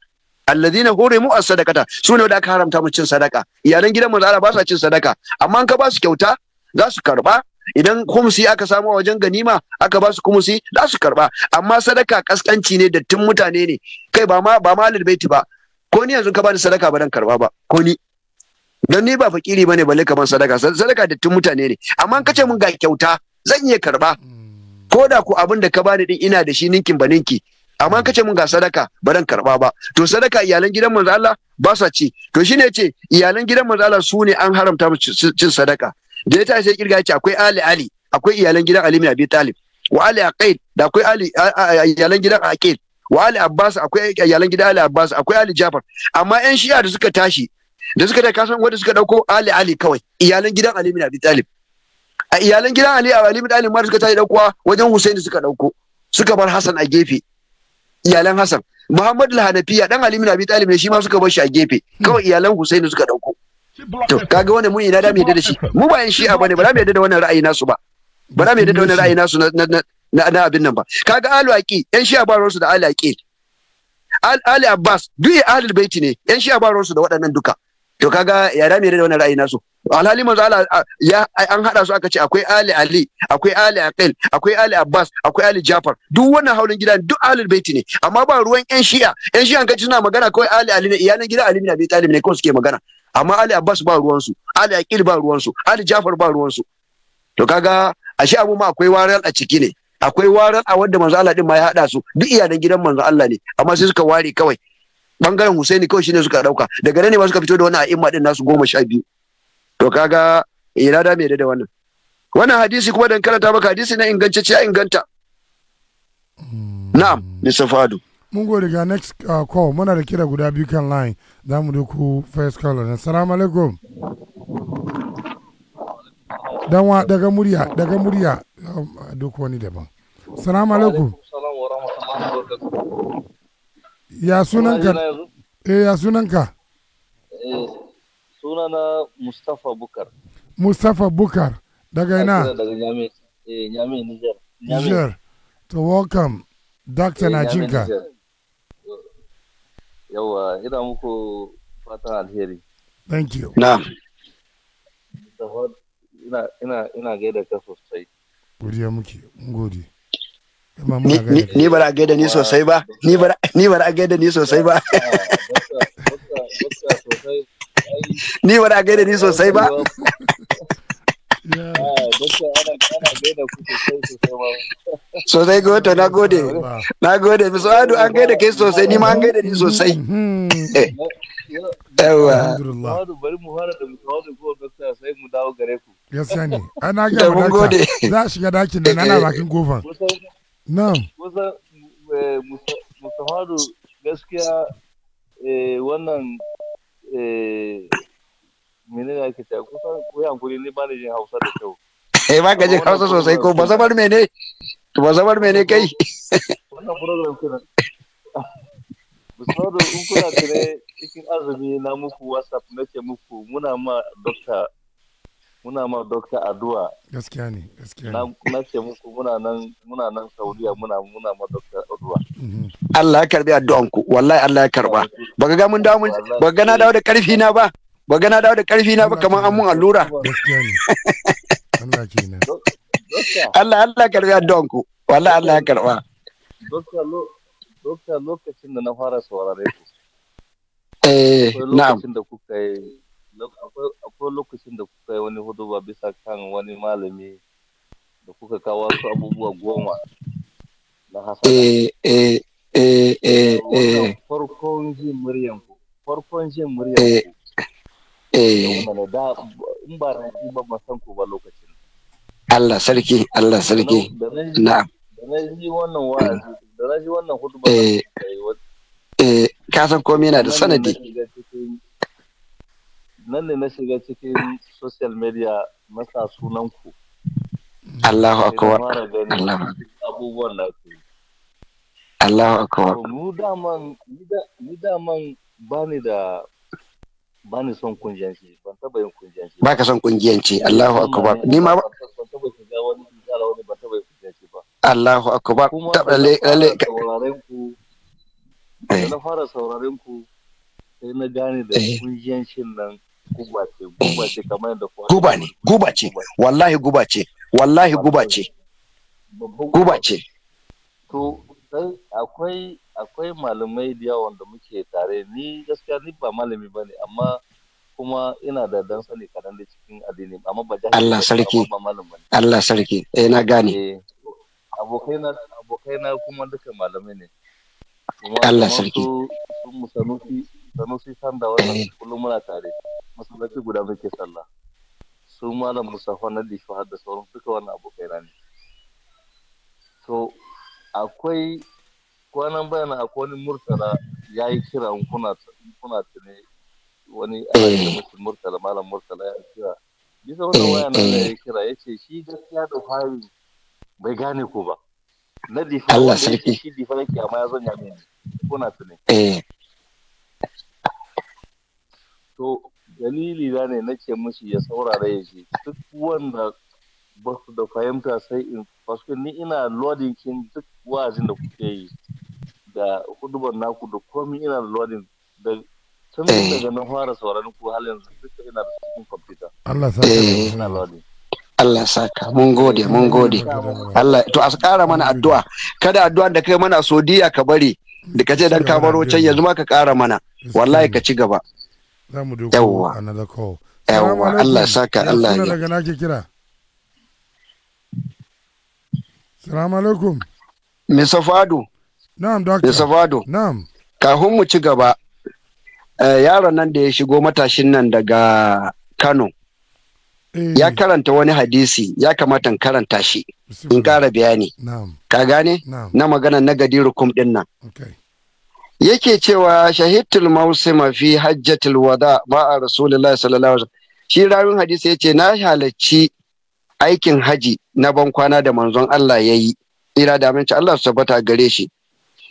alladhina hurimu as-sadaqata su ne da aka haramta mu cin sadaka iyalan gidan manzon Allah ba sa cin sadaka amma an ka ba su kyauta za su karba idan kumsi aka samu a wajen ganima aka ba su kumsi za su karba amma sadaka kaskanci ne dattin mutane ne kai ba ma ba ma ba ko ni yanzu ka bani sadaka ba dan karba ba ko ni dan ni ba fakiri bane balle kaman sadaka sadaka dattin mutane ne amma ka ce mun ga kyauta zan iya karba ko da ku abin da ka bani din ina da shi ninkin ba ninki amma ka ce mun ga sadaka ba dan karba ba to sadaka iyalan gidan manzo Allah ba sa ci to shine ce iyalan gidan manzo Allah su ne an haramta mu cin sadaka da ya tashi kirga ce akwai ali ali akwai iyalan gidan ali bin abi talib wa ali aqid da akwai ali iyalan gidan aqid wa ali abbas akwai iyalan gidan ali abbas akwai ali jafar amma yan shi'a da suka tashi da suka da kasan wanda suka dauko ali ali kawai iyalan gidan ali bin abi talib a iyalan gidan ali ali bin talib ma suka tashi daukowa wajen husaini suka dauko suka bar hasan a gefe iyalan hasan Muhammadu al-hanafiya dan ali bin abi talib ne shi ma suka bar shi a gefe kawai iyalan husaini suka dauko to kaga wannan mun ina da mu yadda da shi mu ba yan shi'a bane ba za mu yadda da wannan ra'ayi nasu ba ba za mu yadda da wannan ra'ayi nasu na na abin nan ba kaga alwaki yan yan shi'a ba ruwansu da alaki al ali abbas duk ahlul baiti ne yan shi'a ba ruwansu da waɗannan duka to kaga ya da mu da wannan ra'ayi nasu alhali manzo Allah ya an hada su aka ce akwai Ali Ali akwai Ali Aqil akwai Ali Abbas akwai Ali Jafar duk wannan haulin gidan duk ahlul baiti ne amma ba ruwan yan shi'a yan shi'a kace suna magana kawai Ali Ali ne iyalan gidan Ali bin Abi Talib ne kawai suke magana amma Ali Abbas ba ruwansu Ali Aqil ba ruwansu Ali Jafar ba ruwansu to kaga ashe abu ma akwai warar a ciki ne akwai warar a wanda manzo Allah din ma ya hada su duk iyalan gidan manzo Allah ne amma sai suka ware kawai bangaren Husaini kawai shine suka dauka daga nan ne ma suka fito da wannan a'imma din nasu goma sha biyu to kaga ina eh, da me da wannan wannan hadisi kuma dan karanta maka hadisi na ya inganta hmm. na'am safadu mun gode ga next uh, call muna da kira guda biyu kan line za mu duku first na salamu alaikum danwa daga murya daga murya um, duk wani daban salamu alaikum ya sunanka eh ya sunanka eh, sunana mustafa bukar mustafa bukar daga ina daga nyame eh nyame niger niger to welcome doctor eh, najinka yawa ina muku fatan alheri thank you na ina ina ina gaida ka sosai godiya muke gode ni bara gaida ni sosai ba ni bara ni bara gaida ni sosai ba ni bara gaida ni sosai ba sosai goto na gode na gode bisu adu an gaida kai sosai ni ma an gaida ni sosai yawa bari mu fara da mutawadu ko dokta sai mu dawo gare ku gaskiya ne ana gaya mu gode za a shiga dakin nan ana bakin kofar na'am kusa eh, mutawadu gaskiya eh, wannan eh, mene ake ko hankuri ne ba Hausa da kyau eh ba ka Hausa sosai ko ba zabar mene kai wannan program in cikin azumi na muku WhatsApp nake muku muna ma dokta adu'a na muku muna nan muna muna ma dokta adu'a. Mhm. Allah ya karbi addu'anku wallahi Allah ya karba baka ga mun dawo baka ga na dawo da karfi na ba ba gana dawo da karfi na ba kamar an mun allura Allah Allah karbi addu'an ku wallahi Allah ya karba Dokta lokacin da na fara saurare ku eh na'am lokacin da kuka yi akwai lokacin da kuka yi wani huduba bisa kan wani malami da kuka kawo su abubuwa goma na hasana eh eh eh eh, eh farkon jin muryan ku farkon jin muryan eh. ku Eh. lokacin Allah sarki Allah sarki na'am da na ji wannan wa'azi da na ji wannan hutuba eh eh ka san komai yana da sanadi nan ne na shiga cikin social media na sa sunan ku Allahu akbar Allahu abubuwan da ku Allahu akbar mu daman ni da ba ni son kungiyanci ban taba yin kungiyanci ba ka son kungiyanci Allahu akbar ni ma ba taba shiga wani tsara wani ba taba yin kungiyanci ba Allahu akbar lalle lalle sauraren ku eh. na fara sauraren ku sai na gane da eh. kungiyancin nan guba ce guba eh. ce kamar yadda guba ne guba ce wallahi guba ce wallahi guba ce guba ce to akwai akwai malamai da yawa wanda muke tare ni gaskiya ni ba malami ba ne amma kuma ina da dan sani kadan da cikin addini amma ba jahili Allah sarki Allah sarki eh na gane eh, abokai na abokai na kuma duka malamai ne Allah sarki sun musanusi sanusi da wannan eh. kullum muna tare masallaci guda muke sallah su malam musafa na dishu har sauran duka wannan abokai na ne to akwai kwanan bayan a wani murtala ya yi kira kuna kuna tune wani eh. mutum murtala malam murtala ya kira bisa wani eh, waya nan da eh. ya kira ya ce shi gaskiya da fari bai gane ko ba na difa shi difa amma ya zanya mai kuna tune to dalili da ne nake mushi ya saurara ya ce duk wanda ba su da fahimta sai in paske ni ina lodin kin duk wa'azin da kuke yi da hudubar naku da komi ina da lodin da tun eh. daga nan fara sauran ku hal yanzu duka ina da cikin kwamfuta. Allah sa eh. ina lodin. Allah sa ka mun gode eh, mun gode Allah to a kara mana addu'a kada addu'an da kai mana sodiya ka bari da kace dan ka baro can yanzu ma ka kara mana wallahi ka ci gaba zamu another call yawwa Allah sa ka Allah ya daga nake kira Assalamu alaikum Mr. Fadu Na'am, Doctor. Yusufado. Na'am. Kafin mu ci gaba, eh, yaron nan da ya shigo matashin nan daga Kano. Eh. Ya karanta wani hadisi ya kamata in karanta shi in ƙara bayani. Ka gane? Na magana na gadiru kum din nan. Yake cewa shahidul mausima fi hajjatul wada ba a Rasulullahi sallallahu alaihi Shi rawin hadisi ya ce na halacci aikin haji na ban kwana da manzon Allah yayi yi. Ira da Allah su tabbata gare shi.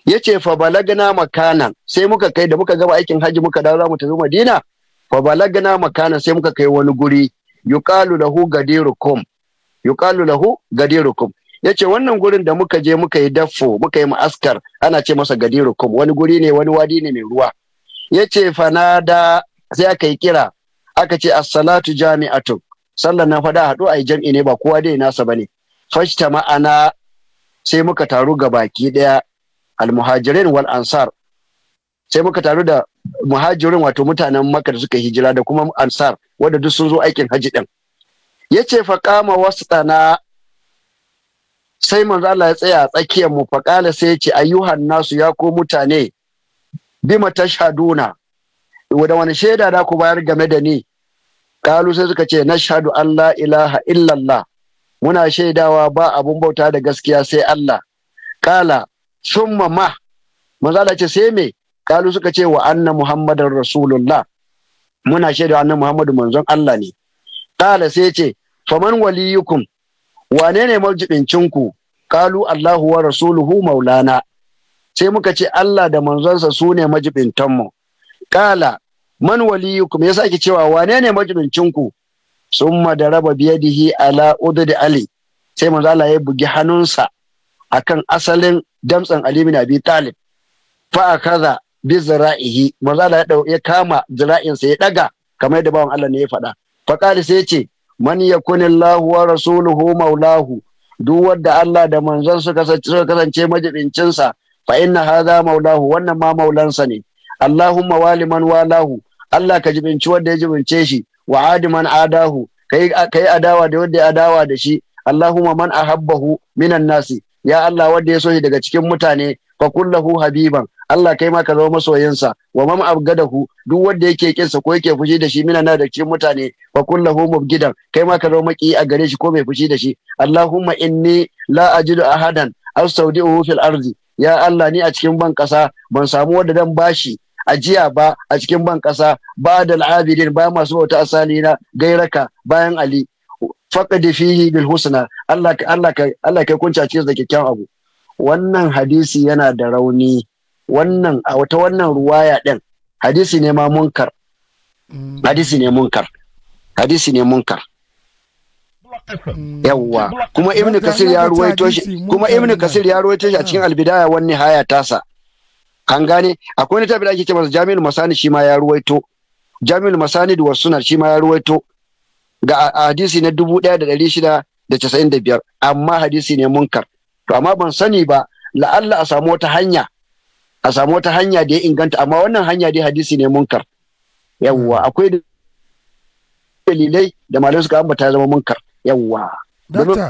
ya ce fa balagana makanan sai muka kai da muka gaba aikin hajji muka dawo za mu tafi madina fa balagana makanan sai muka kai wani guri yuqalu lahu gadirukum yuqalu lahu gadirukum yace wannan gurin da muka je muka yi daffo muka yi ma'askar ana ce masa gadirukum wani guri ne wani wadi ne mai ruwa yace da sai aka yi kira aka ce as-salatu jami'atu sallan na fada hadu a jam'i ne ba kowa dai nasa bane fashta ma'ana sai muka taru ga baki daya almuhajirin wal ansar sai muka taru da muhajirin wato mutanen makka da suka hijira da kuma ansar wanda duk sun zo aikin haji din yace fa wasu tsana sai manzo Allah ya tsaya a tsakiyar mu fa Kala sai yace ayyuhan nasu ya ko mutane bima tashhaduna da wani shaida da ku bayar game da ni kalu sai suka ce nashhadu alla ilaha illallah muna shaidawa ba abun bauta da gaskiya sai Allah kala summa ma manzo Allah ce sai me kalu suka ce wa anna muhammadar rasulullah muna shaida annan muhammadu manzon Allah ne kala sai ce faman waliyukum wane ne ku kalu Allahu wa rasuluhu maulana sai muka ce Allah da manzonsa su ne majibintanmu kala man waliyukum ya sake cewa wane ne majibincinku summa da raba biyadihi ala udud ali sai manzo Allah ya bugi hannunsa akan asalin damtsan Ali bin Abi Talib fa akaza bi zira'ihi manzo Allah ya kama sa ya daga kamar yadda bawan Allah ne ya faɗa fa kali sai ce man yakunillahu wa rasuluhu maulahu duk wanda Allah da manzon suka kasance majibincin sa fa inna hadha maulahu wannan ma maulansa ne Allahumma wali man walahu Allah ka jibinci wanda ya jibince shi wa adiman adahu kai kai adawa da wanda ya adawa da shi Allahumma man ahabbahu minan nasi ya Allah wanda ya so daga cikin mutane fa kullahu habiban Allah kai ma ka zama masoyinsa wa mam abgadahu duk wanda yake kinsa ko yake fushi da shi mina na da cikin mutane fa kullahu mubgidan kai ma ka zama maki a gare shi ko mai fushi da shi Allahumma inni la ajidu ahadan astawdi'uhu fil ardi ya Allah ni a cikin ban kasa ban samu wanda dan bashi ajiya ba a cikin ban kasa ba da al'abidin ba masu bauta asali na gairaka bayan ali faqad fihi bil husna Allah ka Allah ka Allah kai kunci ce da kyakkyawan abu wannan hadisi yana da rauni wannan a wata wannan ruwaya din hadisi ne ma munkar mm. hadisi ne munkar hadisi ne munkar mm. yawwa kuma ibnu kasir ya ruwaito shi kuma ibnu kasir ya ruwaito shi a cikin albidaya wan nihaya tasa kan gane akwai wani tabi da ake ce masa jami'ul masani shi ma ya ruwaito jami'ul masani da wasu shi ma ya ruwaito ga hadisi na dubu ɗaya da ɗari shida da casa'in da biyar amma hadisi ne munkar to amma ban sani ba la'alla a samu wata hanya a samu wata hanya da ya inganta amma wannan hanya dai hadisi ne munkar yawwa akwai dalilai da malai suka ambata zama munkar yawwa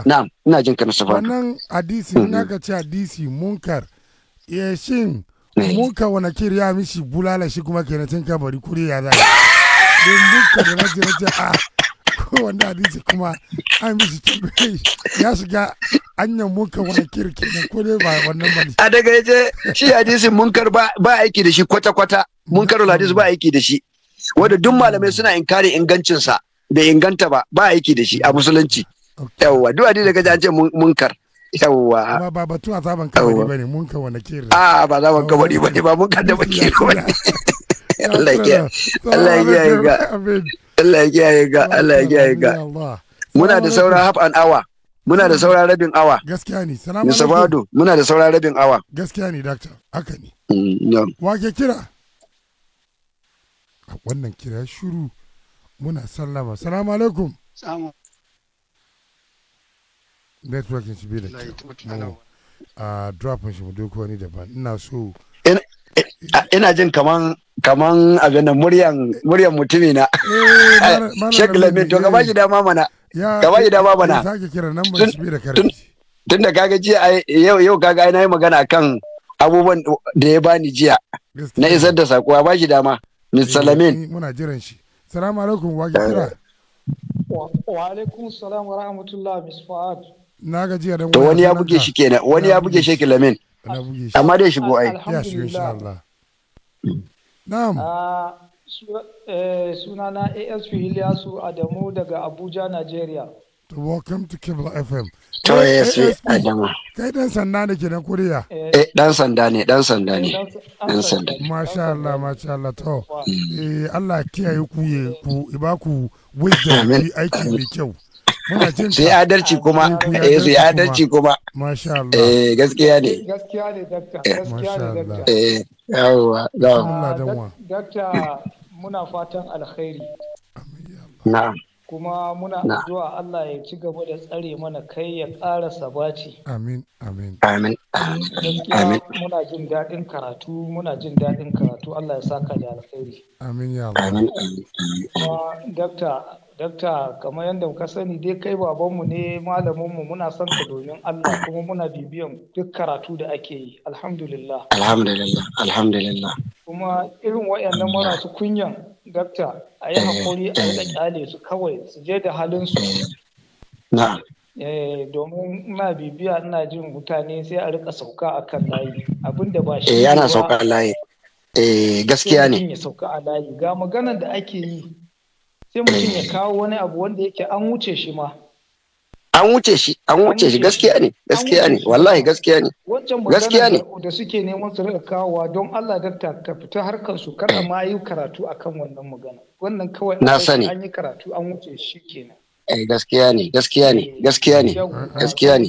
na'am ina jin ka na wannan hadisi na ga ce hadisi munkar ya eh, shin eh. munkar wani kiri ya mishi bulala shi kuma kenan cin kabari kuri ya zai da a wanda hadisi kuma an mishi tambayi ya shiga anyan muka wani kirki ne ko dai ba wannan ba A daga yace shi hadisi munkar ba aiki da shi kwata-kwata munkar munkarul hadisi ba aiki da shi wanda duk malamai suna inkari ingancinsa bai inganta ba ba aiki da shi a musulunci. Yawwa duk hadisi daga an ce munkar. yawwa ba ba batun azaban kabari bane mun wani kiri a ah, ba azaban kabari bane ba mun ka da bakiri bane Allah ya Allah ya ga Allah ya kiyaye ga Allah ya kiyaye ga muna da saura half an hour muna da saura rabin awa gaskiya ne salamu alaikum muna da saura rabin awa gaskiya ne doctor haka ne mm, wa ke kira wannan kira shuru muna sallama salamu alaikum networking shi bai da kyau a drop shi mu duk wani daban ina so ina jin kaman kaman abin nan muryan muryan mutumi na eh, eh, Sheikh Lamin to gaba shi dama mana gaba shi dama mana tun da kaga jiya yau yau kaga ai nayi magana akan abubuwan da ya bani jiya na isar da sako ba shi dama Mr. Eh, Lamin muna jiran shi assalamu alaikum wa kira wa alaikum salam wa rahmatullah Miss Fa'ad na ga jiya da wani ya buge shi kenan wani ya buge Sheikh Lamin amma dai shigo ai ya shigo insha Allah Na'am. Ah, eh, sunana AS Ilyasu Adamu daga Abuja, Nigeria. To welcome to Kibla FM. To ASP Adamu. Kai dan sanda ne ke na Kuriya? Eh, eh dan sanda ne, dan sanda ne. Dan sanda. Masha Allah, masha Allah to. Eh Allah kiyaye ku ye ku ibaku wisdom ku aiki mai kyau. sai adalci kuma eh su adalci kuma masha Allah eh gaskiya ne gaskiya ne dakta eh, gaskiya ne dakta eh yawa dakta muna fatan alkhairi na'am kuma muna addu'a Allah ya ci gaba da tsare mana kai ya ƙara sabaci. Amin, amin. Amin, amin. Muna jin daɗin karatu, muna jin daɗin karatu, Allah ya saka da alkhairi. Amin, ya Allah. Amin, amin. Dakta, Dakta kamar yadda ka sani dai kai babanmu ne malaminmu muna son ka domin Allah kuma muna bibiyan duk karatu da ake yi alhamdulillah. Alhamdulillah alhamdulillah. Kuma irin waɗannan marasu kunyan dakta a yi hakuri a yi eh, eh. ƙyale su kawai su je da halin su. Eh, na'am. domin ina bibiya ina jin mutane sai a rika sauka a kan layi abinda ba shi. Eh yana sauka a layi. Eh gaskiya ne. Ya sauka a layi ga maganar da ake yi. sai mutum ya kawo wani abu wanda yake an wuce shi ma an wuce shi an wuce shi gaskiya ne gaskiya ne wallahi gaskiya ne gaskiya ne da suke neman su rika kawowa don Allah da ta fita harkar su kada ma yi karatu akan wannan magana wannan kawai na sani an yi karatu an wuce shi kenan eh gaskiya ne gaskiya ne eh, gaskiya ne gaskiya ne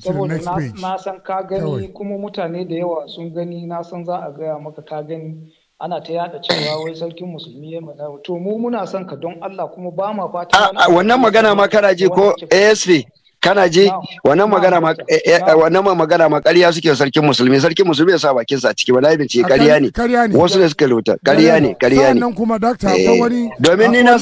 saboda na san ka gani kuma mutane da yawa sun gani na san za a gaya maka ka gani ana ta yada cewa wai sarkin musulmi ya mana to mu muna son ka don Allah kuma ba ma fata wannan magana ma kana ji ko ASP kana ji wannan magana ma eh, eh, wannan ma magana ma ƙarya suke sarkin musulmi sarkin musulmi ya sa bakin sa ciki wallahi ce ƙarya ne wasu ne suka rubuta ƙarya ne ƙarya ne sannan kuma doctor akwai eh, wani domin ni na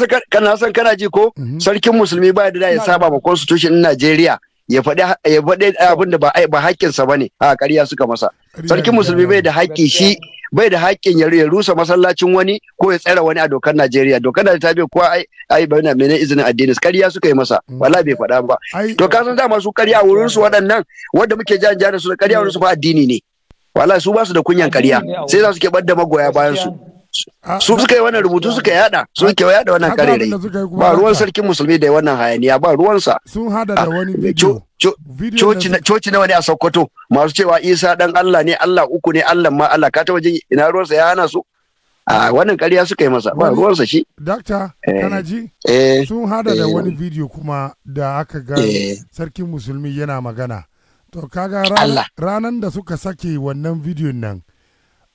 san kana ji ko mhm. sarkin musulmi ba da ya saba ba constitution na Najeriya ya faɗi ya faɗi abin da ba ba ne bane a ƙarya suka masa sarkin musulmi bai da haƙƙi shi bai da haƙƙin ya rusa masallacin wani ko ya tsara wani a dokar Najeriya dokar da ta bi ko ai ai na izinin addini ƙarya suka yi masa mm. wala bai faɗa ba to ka san dama su ƙarya wurin su waɗannan wanda muke jan jan su ƙarya wurin su fa addini ne wala su ba su da kunyan ƙarya sai za su ke bar da magoya bayan su su suka yi wannan rubutu suka yada su suka yada wannan karere ba ruwan sarkin musulmi da wannan hayaniya ba ruwansa sun hada da ah, wani video eh, coci nawa ne a sokoto masu cewa isa dan allah ne allah uku ne allah ma allah ka taba jin ina ruwansa ya hana su a wannan kariya suka yi masa ba ruwansa shi dakta eh, kana ji eh, sun hada da wani video kuma da aka ga sarkin musulmi yana magana to kaga ranan da suka sake wannan bidiyon nan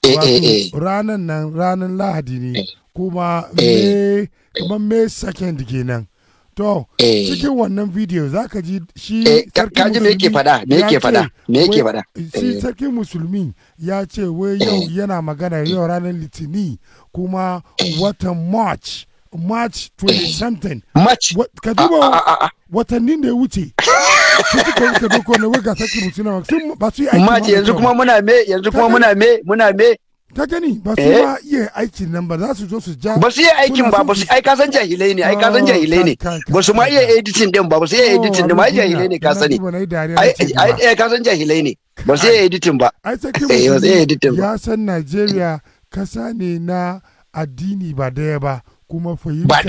Eh, wato eh, eh. ranar nan ranar lahadi ne kuma me kuma me second kenan to cikin wannan video za ka ji shi sarki me yake fada me yake fada me yake fada shi sarki musulmi ya ce wai yau yana magana yau ranar litini kuma watan march march 20 eh, something march ka ah, duba ah, ah, watannin da ya wuce march yanzu kuma muna me yanzu kuma muna me muna me ka gani ba su eh? ma iya aikin nan ba za su zo su ja ba su iya aikin ba ba su ai kasan jahilai ne ai kasan jahilai ne ba su ma iya editing din ba ba su iya oh, editing din ma jahilai ne ka sani ai ka jahilai ne ba su iya editing ba ai sai eh, ya san Najeriya kasa ne na addini ba daya ba kuma fayi ba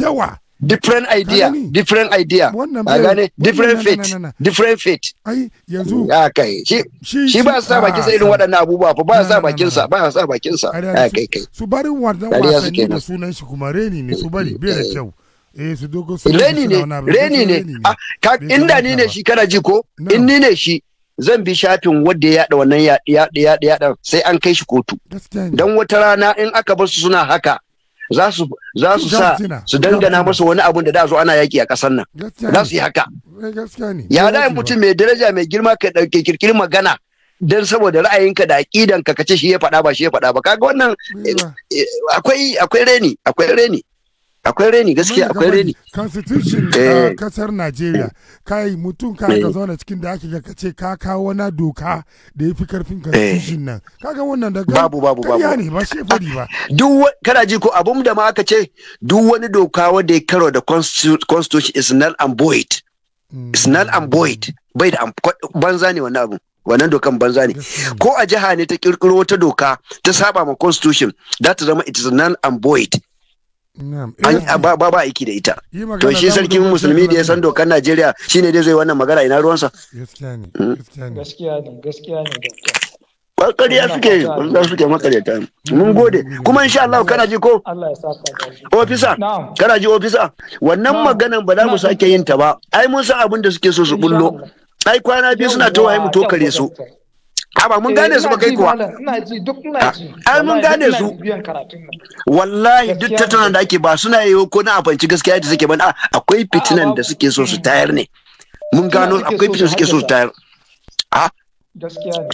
yawa different idea different idea a gane different fit. different fit. ai yanzu kai shi ba sa bakin sa irin waɗannan abubuwa fa ba sa bakin sa ba sa bakin sa kai kai su bari wannan wasanni da sunan shi kuma reni ne su bari bai da eh. kyau eh su dogo su reni ne reni ne ah, ka inda ni ne shi kana ji ko in ni ne shi zan bi shafin wanda ya wannan ya ya sai an kai shi kotu dan wata rana in aka bar su suna haka za su sa su dangana masa wani abun da da zo ana yaki a kasar nan za su yi haka eh, ya da mutum mai daraja mai girma ka dauke kirkirin magana dan saboda ra'ayinka da ka kace shi ya faɗa ba shi ya faɗa ba kaga wannan eh, eh, akwai akwai reni akwai reni akwai reni gaskiya akwai reni constitution na uh, eh. kasar Najeriya kai mutum ka ga eh. zauna cikin da ake ga kace ka kawo wani doka da yafi karfin constitution eh. nan kaga wannan da babu babu babu ne ba shi fadi ba duk kana ji ko abun da ma aka ce duk wani doka wanda ya karo da constitution is null and void mm. is null and void bai da banza ne wannan abun wannan dokan banza ne ko a jiha ne ta kirkiro wata doka ta saba ma constitution that is zama it is null and void Eh, ba ba aiki da ita to shi sarkin musulmi da ya san dokar Najeriya shi ne dai zai wannan magana ina ruwansa gaskiya ne hmm? gaskiya ne gaskiya ne ƙarya suke za suke mun gode kuma insha Allah kana ji ko ofisa kana ji ofisa wannan maganan ba za mu sake yin ta ba ai mun san abin da suke so su bullo ai kwana biyu suna ta waye mu tokare su ba mun eh, gane su ba kai kuwa ina ji duk ina ji ai mun gane su wallahi duk tattauna da ake ba suna yi ko na abanci gaskiya da suke ban akwai fitinan da suke so su hmm. tayar ne mun gano akwai fitinan suke so su tayar a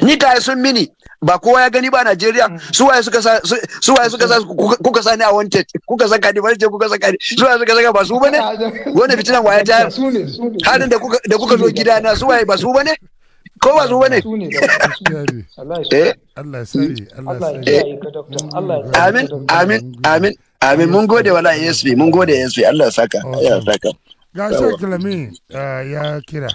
ni ta sun mini ba kowa ya gani ba Najeriya hmm. su waye suka sa su waye suka sa kuka sa ni a wanted kuka saka ni wanted kuka saka ni su waye suka saka ba su bane wannan fitinan waye ta harin da kuka da kuka zo gidana su waye ba su bane ko ba su bane amin amin amin amin mun gode wala yasbi mun gode yasbi Allah saka Allah saka ga shekulami uh, ya kira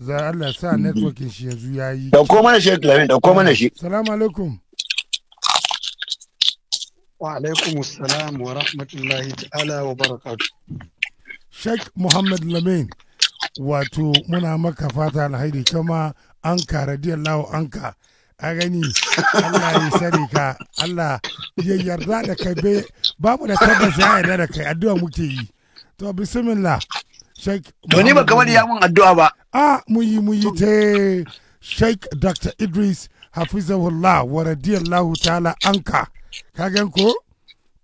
za Allah sa mm-hmm. networking shi yanzu ya yi dauko mana da dauko mana shi assalamu alaikum wa alaikum assalam wa rahmatullahi ta'ala wa barakatu Sheikh Muhammad Lamin wato muna maka fata alhairi kama anka radiyallahu anka a gani Allah ya sani ka Allah ya yarda da kai be ba mu da tabbas ya yarda da kai addu'a muke yi to bismillah shek to ni ba kamar ya mun addu'a ba a mu yi mu yi te Sheikh Dr Idris hafizahullah wa radiyallahu ta'ala anka ka gan ko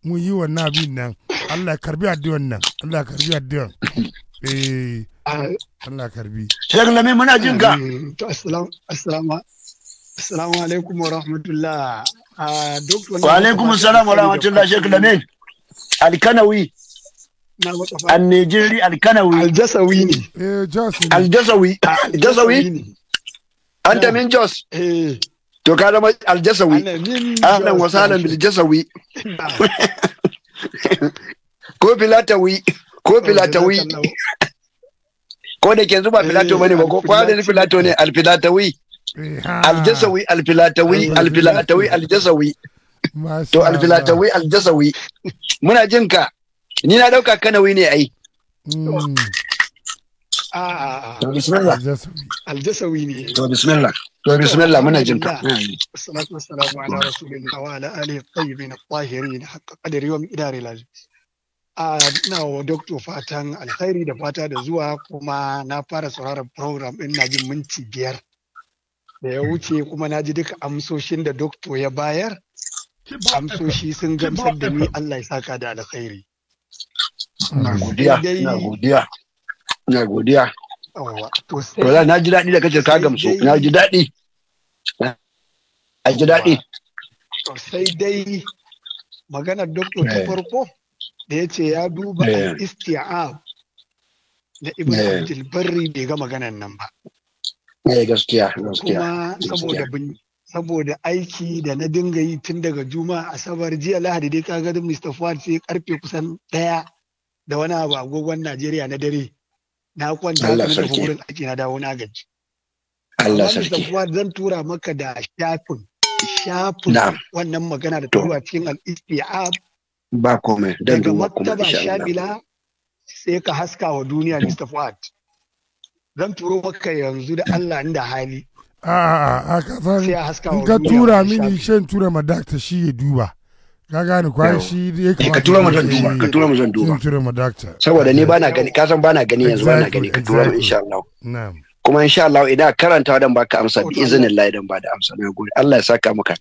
mu yi wannan abin nan Allah karbi addu'an nan Allah karbi addu'an eh Ah. Allah karbi. Sheikh Lami muna jin ka. assalamu alaikum wa rahmatullah. Ah, wa alaikum assalam wa rahmatullah Sheikh Lami. Alkanawi. al Nigeria Alkanawi. Aljasawi ne. Eh Jos. Aljasawi. Aljasawi. Ah, An ta min eh. Jos. To ka zama Aljasawi. Ahlan wa sahlan bil Jasawi. Ko filatawi. Ko filatawi. ko da ke yanzu ba filato eh, bane ba ko kwanan filato ne alfilatawi eh, aljasawi alfilatawi alfilatawi aljasawi to alfilatawi aljasawi muna jin ka ni na dauka kanawi ne ai to hmm. bismillah aljasawi ne to bismillah to bismillah muna jin ka wassalatu wassalamu ala rasulillah wa ala alihi tayyibin at-tahirin haqqa qadri wa miqdari lazim Uh, na wa Dokto fatan alkhairi da fata da zuwa kuma na fara sauraron program ɗin na jin minti biyar da ya wuce kuma na ji duka amsoshin da Dokto ya bayar amsoshi sun gamsar da ni Allah ya saka da alkhairi. Na godiya, na godiya, na godiya. sai na ji daɗi da kace ka gamsu, na ji daɗi. Na ji daɗi. Sai dai maganar Dokto ta eh. farko. da ya ce ya duba eh. istia'a na ibn eh. abdul barri bai ga maganan nan ba eh, gaskiya gaskiya saboda saboda aiki da na dinga yi tun daga juma asabar jiya lahadi dai kaga da mr fuad sai karfe kusan daya da wani abu agogon najeriya na dare na kwanta na tafi wurin aiki na dawo na gaji Allah sarki zan tura maka da shafin shafin wannan magana da tura cikin al ba komai dan duba kuma daga shabila sai ka haska wa duniya hmm. Mr. Fuad zan turo maka yanzu da Allah inda hali a'a a ka san in ka tura mini shan tura ma dakta shi ya duba ka gane kwai shi eh, ya kamata ka tura ma zan duba ka tura ma zan duba tura ma dakta saboda ni bana gani ka san bana gani yanzu bana gani ka tura ma insha Allah na'am kuma insha Allah idan karanta dan baka amsa bi izinin Allah idan ba da amsa na gode Allah ya saka maka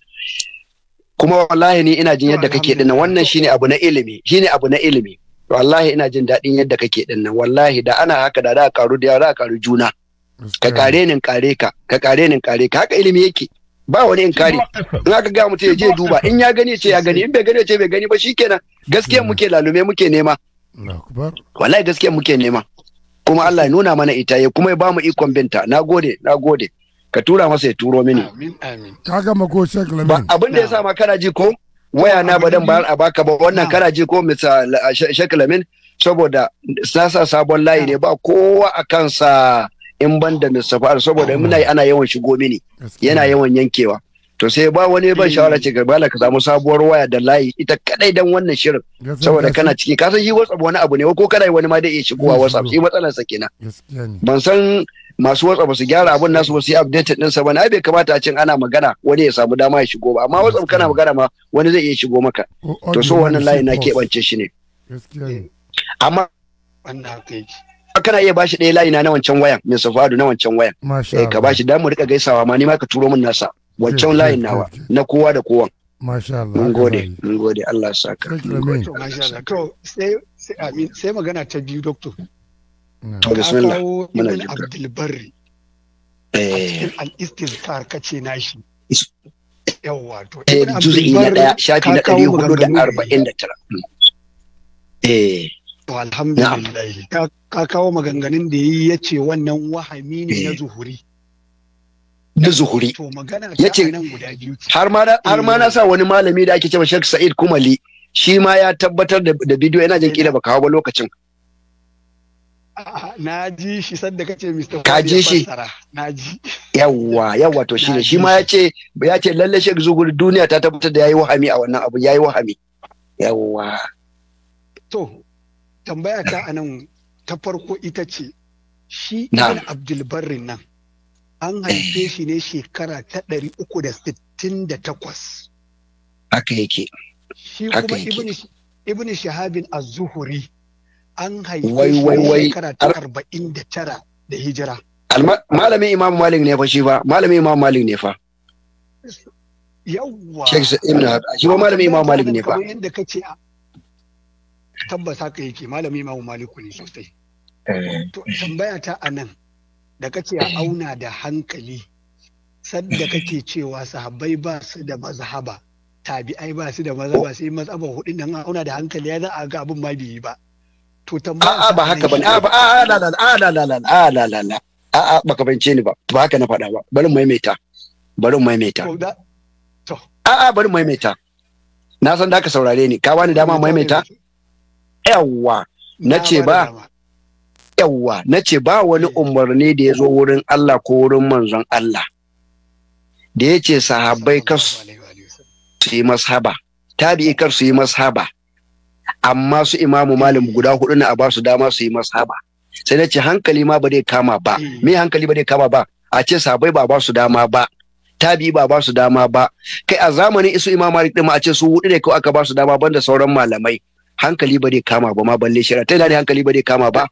kuma wallahi ni ina jin yadda kake dinnan wannan shine abu na ilimi shine abu na ilimi wallahi ina jin daɗin yadda kake dinnan wallahi da ana haka da da karu da yara karu juna ka kare nin kare ka ka kare nin kare ka haka ilimi yake ba wani in kare in aka ga mutum ya je duba in ya gani ce ya gani in bai gani ce bai gani ba shikenan gaskiya muke lalume muke nema wallahi gaskiya muke nema kuma Allah ya nuna mana ita ya kuma ya bamu ikon binta nagode nagode ka tura masa ya turo mini abin da ma kana ji ko waya na ba dan bayan a baka ba wannan kana ji ko mr shek amin saboda sasa sabon layi ne ba kowa a kansa in ban da mr fa'ar saboda muna ana yawan shigo mini yana yawan yankewa to sai ba wani ban eh. shawara ce gaba ka samu sabuwar waya da layi ita kadai dan wannan shirin saboda kana ciki ka san shi WhatsApp wani abu ne ko kana wani ma da iya shigowa WhatsApp shi matsalar sa kenan ban san masu WhatsApp ba su gyara abun nasu ba su yi updated ɗinsa ba na bai kamata a cin ana magana wani ya samu dama ya shigo ba amma WhatsApp kana magana ma wani zai iya shigo maka to so wannan layi na keɓance shi ne amma kana iya bashi ɗaya layi na na wancan wayan mai safadu na wancan wayan eh, ka bashi mu rika gaisawa ma ni ma ka turo min nasa wancan layin nawa na kowa da kowan Masha Allah. Mun gode, mun gode Allah ya saka. Masha Allah. To sai sai magana ta biyu doctor. bismillah eh. al eh, shafi na hmm. eh. to alhamdulillah ka kawo maganganun da yi ce wannan wahami ne na zuhuri na zuhuri ya ce har ma na sa wani malami da ake cewa Sheikh Sa'id Kumali shi ma ya tabbatar da bidiyo yana jin kila ba kawo ba lokacin na ji shi sadda kace Mr. Ka ji shi na ji yawa yawa to shine shi ma yace yace lalle Sheikh Zugur duniya ta tabbatar da yayi wahami a wannan abu yayi wahami yawa to tambaya ta anan ta farko ita ce shi Ibn Abdul Barri nan an haife shi ne shekara ta 368 haka yake shi kuma Ibn Ibn Shahabin Az-Zuhri an haifi wai shekara ta arba'in da tara da hijira. Malamin Imam Malik ne fa shi ba, malamin Imam Malik ne fa. Yawwa. Sheikh Ibn Hajar, shi ba malamin Imam Malik ne fa. Kamar yadda ka ce tabbas haka yake malamin Imam Malik ne sosai. Eh. To tambaya ta a nan da ka ce a auna da hankali sadda kake cewa sahabbai ba su da mazhaba tabi'ai ba su da mazhaba sai mazhaba hudun nan auna da hankali ya za a ga abin ma biyu ba. to tambaya ba haka bane a A'a la la la aa la a la la la a a baka bance ni ba ba haka na faɗa ba bari maimaita bari maimaita a a bari maimaita na san da ka saurare ni ka bani dama maimaita yawwa na ce ba yawwa na ce ba wani eh. umarni da ya zo wurin Allah ko wurin manzon Allah da ya ce sahabbai kar su yi mashaba tabi'i kar su yi mashaba amma su imamu malam guda hudu na a ba su dama su yi masaba sai na ce hankali ma ba zai kama ba hmm. me hankali ba zai kama ba a ce sabai ba ba su dama ba tabi ba ba su dama ba kai a zamanin isu imam malik din ma a ce su hudu ne ko aka ba su dama banda sauran malamai hankali ba zai kama ba ma balle shari'a ta ne hankali ba zai kama ba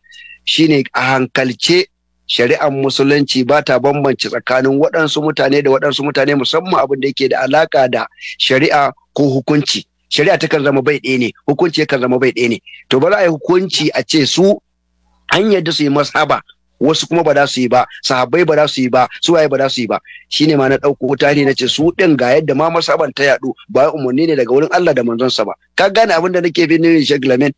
shine a hankalce shari'ar musulunci ba ta bambance tsakanin waɗansu mutane da waɗansu mutane musamman abin da yake da alaka da shari'a ko hukunci shari'a ta kan zama bai ɗaya ne hukunci ya kan zama bai ɗaya ne to ba za a yi hukunci a ce su an yadda su yi masaba wasu kuma ba za su yi ba sahabbai ba za su yi ba su waye ba za su yi ba shine ma na ɗauko tarihi na ce su ɗin ga yadda ma masaban ta yaɗu ba umarni ne daga wurin Allah da manzonsa ba ka gane abin da nake fi ne Sheikh Lamin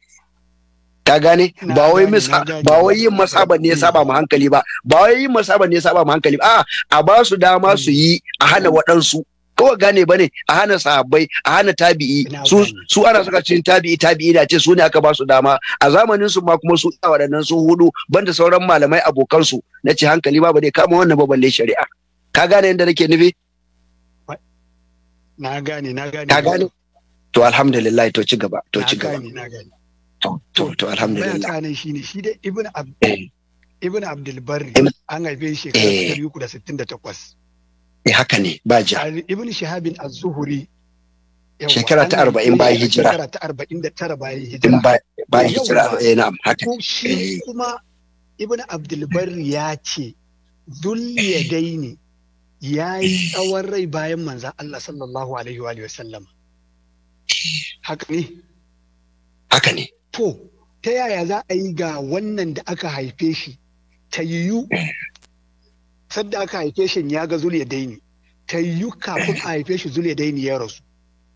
ka gane ba wai misa ba wai yin masaban ne ya saba mu hankali ba ba wai yin masaban ne ya saba mu hankali a a ba su dama su yi a hana waɗansu ko gane ba ne a hana sahabbai a hana tabi'i su su ana saka cin tabi'i tabi'i da ce su ne aka ba su dama a zamanin su ma kuma su a waɗannan su hudu banda sauran malamai abokan su na ce hankali ba ba dai kama wannan ba balle shari'a ka gane yadda nake nufi na gane na gane ka gane to alhamdulillah to ci gaba to ci gaba na gane to to to alhamdulillah bayan shine shi dai ibnu abd eh. ibnu abdul barri an haife shi eh. shekara 368 E haka ne ba ja. Ibn Shihabin az-Zuhuri shekara ta arba'in bayan hijira. Shekara ta arba'in da tara bayan hijira. Bayan hijira eh na'am haka. Shi eh. kuma Ibn Abdulbarri ya ce zulliya daini ya yi tsawon rai bayan manzan Allah sallallahu alaihi wa sallam. Haka ne? Haka ne. To, ta yaya za a yi ga wannan da aka haife shi ta yiwu eh. sadda aka haife shi ya ga zuliya daini ta yi kafin a haife shi zuliya daini ya rasu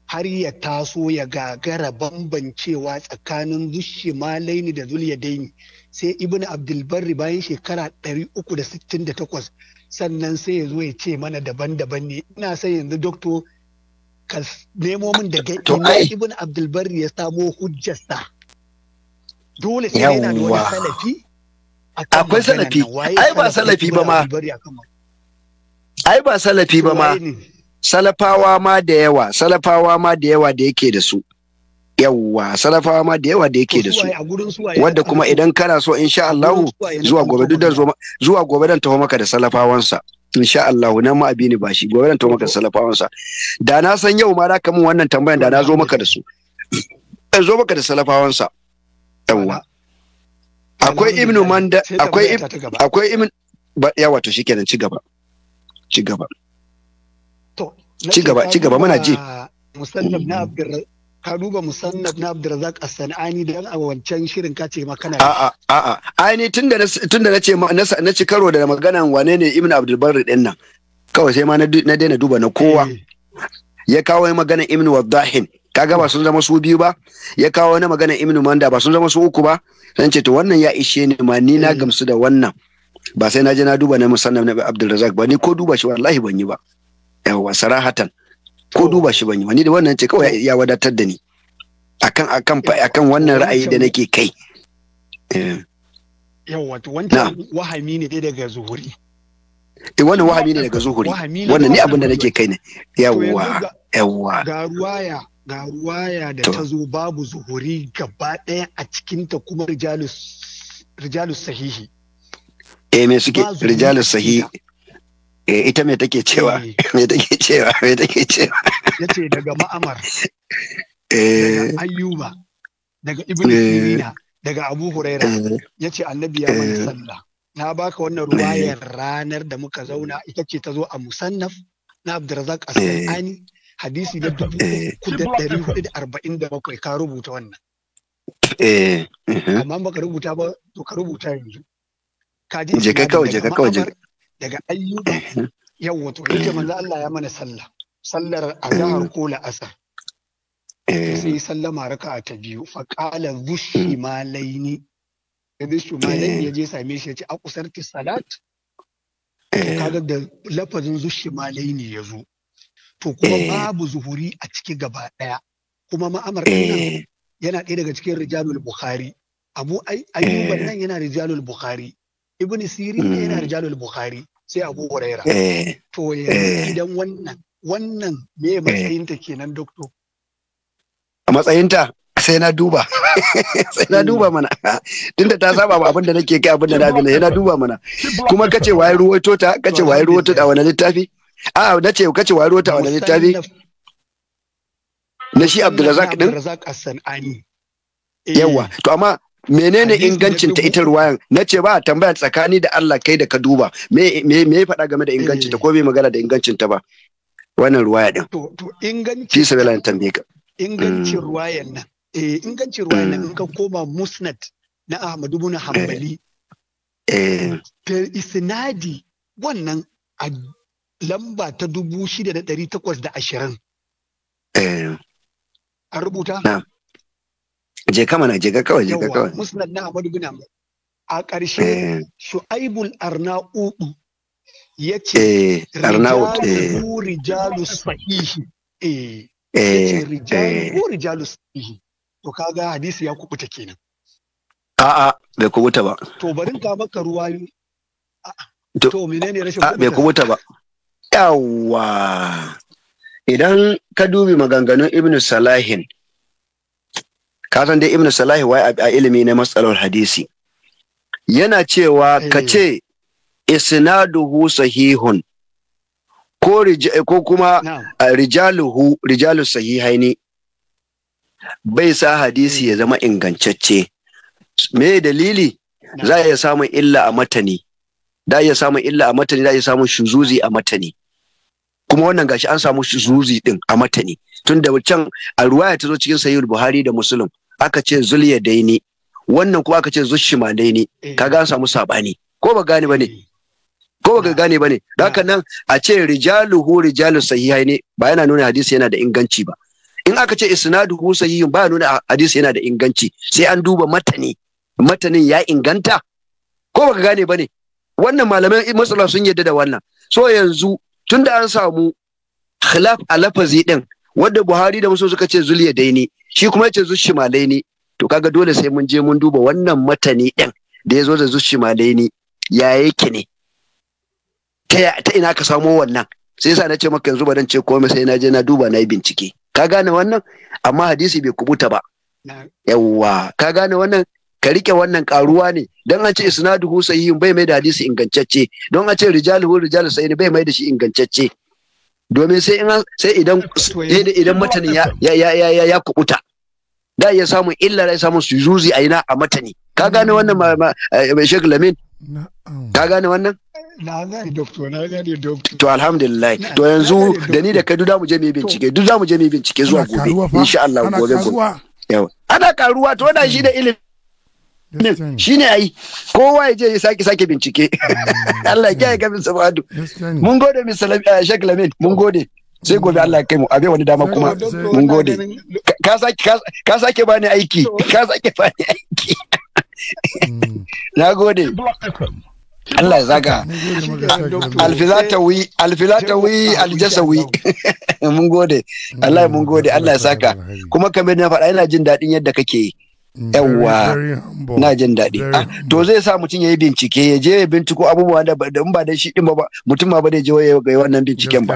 har ya taso ya gagara bambancewa tsakanin zushi malaini da zuliya daini sai ibn abdulbarri bayan shekara 368 sannan sai ya zo ya ce mana daban-daban ne ina sai yanzu doktor ka nemo min daga ina ibn abdulbarri ya samo hujjarsa dole sai yana da salafi akwai salafi ai ba salafi ba ma ai ba salafi ba ma salafawa ma da yawa salafawa ma da yawa da yake da su yawwa salafawa ma da yawa da yake da su wanda kuma idan kana so insha Allah zuwa gobe duk da zuwa gobe dan taho maka da salafawansa insha Allah nan ma abini ba shi gobe dan taho maka da salafawansa da na san yau ma da kamun wannan tambayan da na zo maka da su zo maka da salafawansa yawwa akwai ibnu manda akwai akwai ibn ya wato shikenan ci gaba ci gaba to ci gaba ci gaba muna ji musannaf na abdur ka duba musannaf na razak as-sanani da a wancan shirin ka ce maka na a a a ai ni tunda tunda nace na ci karo da maganan wane ne ibnu abdul barri din nan kawai sai ma na daina duba na kowa eh. ya kawo maganan ibnu wadahin kaga ba sun zama su biyu ba ya kawo wani magana ibnu manda ba sun zama su uku ba san ce to wannan ya ishe ni ma ni na eh. gamsu da wannan ba sai na je na duba na musannaf na razak ba ni ko duba shi wallahi ban yi ba yawa sarahatan ko duba shi ban yi ba ni da wannan ce kawai ya wadatar da ni akan akan akan wannan ra'ayi da nake kai eh. yawa to wanda wahami ne dai daga zuhuri eh wannan wahami ne daga zuhuri wannan ni abin da nake kai ne yawa yawa ga ruwaya ga ruwaya da ta zo babu zuhuri gaba ɗaya a cikinta kuma rijalus sahihi eh me suke rijalus sahihi eh ita me take cewa eh. me take cewa me take cewa yace daga ma'amar eh daga ayyuba daga ibnu eh. sirina daga abu huraira eh. yace annabi ya mai sallah na baka wannan ruwayar ranar da muka zauna ita ce ta zo a musannaf na abdurrazak as-sanani hadisi na eh. dubu uku eh. da ɗari hudu da arba'in da bakwai ka rubuta wannan. Eh, Amma baka rubuta ba to ka rubuta yanzu. Ka ji jika kawai ka kawai je. Daga ayyuka yawwa to yake manzo Allah ya mana sallah. Sallar azhar ko la'asar. Sai sallama a ta biyu fa qala zushi hmm. laini. Yadda shi laini ya je same shi ya ce a kusarti salat. Kaga da lafazin zushi laini ya zo. to kuma eh. babu zuhuri a ciki gaba daya kuma ma'amar eh. yana ɗaya daga cikin rijalul bukhari abu ayyuban eh. nan yana rijalul bukhari ibn sirin ne yana hmm. rijalul bukhari sai abu huraira to idan wannan wannan me matsayinta kenan dokto a matsayinta sai na duba sai na duba mana tunda ta saba ba abin da nake kai abin da na gina na duba mana kuma kace waye ruwaito ta kace waye ruwaito ta wani littafi a'a na ce kace wari wata wani littafi na shi Abdulrazak din eh. yawa to amma menene ingancin ta ita ruwayan na ce ba tambaya tsakani da Allah kai da ka duba me me me faɗa game da eh. ingancin ta ko bai magana da ingancin ta ba wannan ruwaya din to to ingancin shi sabila in tambaye ka ingancin mm. ruwayan nan eh ingancin ruwayan nan mm. in ka koma musnad na Ahmad ibn eh. Hanbali eh isnadi wannan lamba ta dubu shida da ɗari takwas da ashirin. Eh. A rubuta? Na. Je kama na je ga kawai je ga kawai. Musnad na Ahmadu bin Ahmad. A ƙarshe eh. Shu'aibul Arnau'u ya ce eh, Rijalu Rijalu Sahihi. Eh. Eh. Rijalu Rijalu Sahihi. To kaga hadisi ya kubuta kenan. A'a bai kubuta ba. To barin ka maka ruwa. To menene rashin kubuta? Bai kubuta ba. yawwa idan ka dubi maganganun ibn salahin ka san dai ibn salahi wai a ilimi na matsalar hadisi yana cewa ka ce eh. isnaduhu sahihun ko kuma rijaluhu rijalu sahihaini bai sa hadisi eh. ya zama ingantacce me dalili za a iya samun illa a matani da iya samun illa a matani da iya samun shuzuzi a matani kuma wannan gashi an samu zuzi din a matani tun da can a ruwaya ta zo cikin sayyid buhari da muslim aka ce zulya daini wannan kuma aka ce zushima daini eh. kaga an samu sabani ko ba gane bane eh. ko ba gane bane haka nan a ce rijaluhu rijalu sahihai ne ba yana nuna hadisi yana da inganci ba in aka ce isnaduhu sahihun ba nuna hadisi yana da inganci sai an duba matani matanin ya inganta ko ba gane bane wannan malaman masala sun yadda da wannan so yanzu tunda an samu khilaf a lafazi din wanda Buhari da musu suka ce zuliya daini shi kuma ya ce zushimalai ne to kaga dole sai mun je mun duba wannan matani din da ya zo da zushimalai ne ya yake ne ta ina ka samo wannan sai yasa na ce maka yanzu ba dan ce komai sai na je na duba na yi bincike ka gane wannan amma hadisi bai kubuta ba yawwa ka gane wannan ka rike wannan karuwa ne don an ce isnaduhu sahihun bai mai da hadisi ingantacce don an ce rijaluhu rijalu sahihun bai mai da shi ingantacce domin sai sai idan idan matanin ya ya ya ya kubuta da ya samu illa da ya samu suzuzi a ina a matani ka gane wannan eh, mai shek lamin ka gane wannan na gane doctor na gane doctor to alhamdulillah to yanzu da ni da kai duk mu je mu bincike duk mu je mu bincike zuwa gobe insha Allah gobe gobe ana karuwa to da shi da ilimi ne ai kowa ya je ya sake sake bincike mm. Allah ya ga min sabadu mun gode Mr. Eh, Sheikh Lamin mun gode sai gobe Allah ya kai mu abe wani dama kuma mun gode ka sake ka sake bani aiki ka sake bani aiki mm. na gode Allah ya zaga alfilatawi alfilatawi aljasawi mun gode Allah mun gode Allah ya mm. saka kuma kamar na faɗa ina jin daɗin yadda kake yi yawwa na jin daɗi ah, to zai sa mutum ya yi bincike ya je ya binciko abubuwa da ba da shi ɗin ba mutum ma ba da je ya yi wannan binciken ba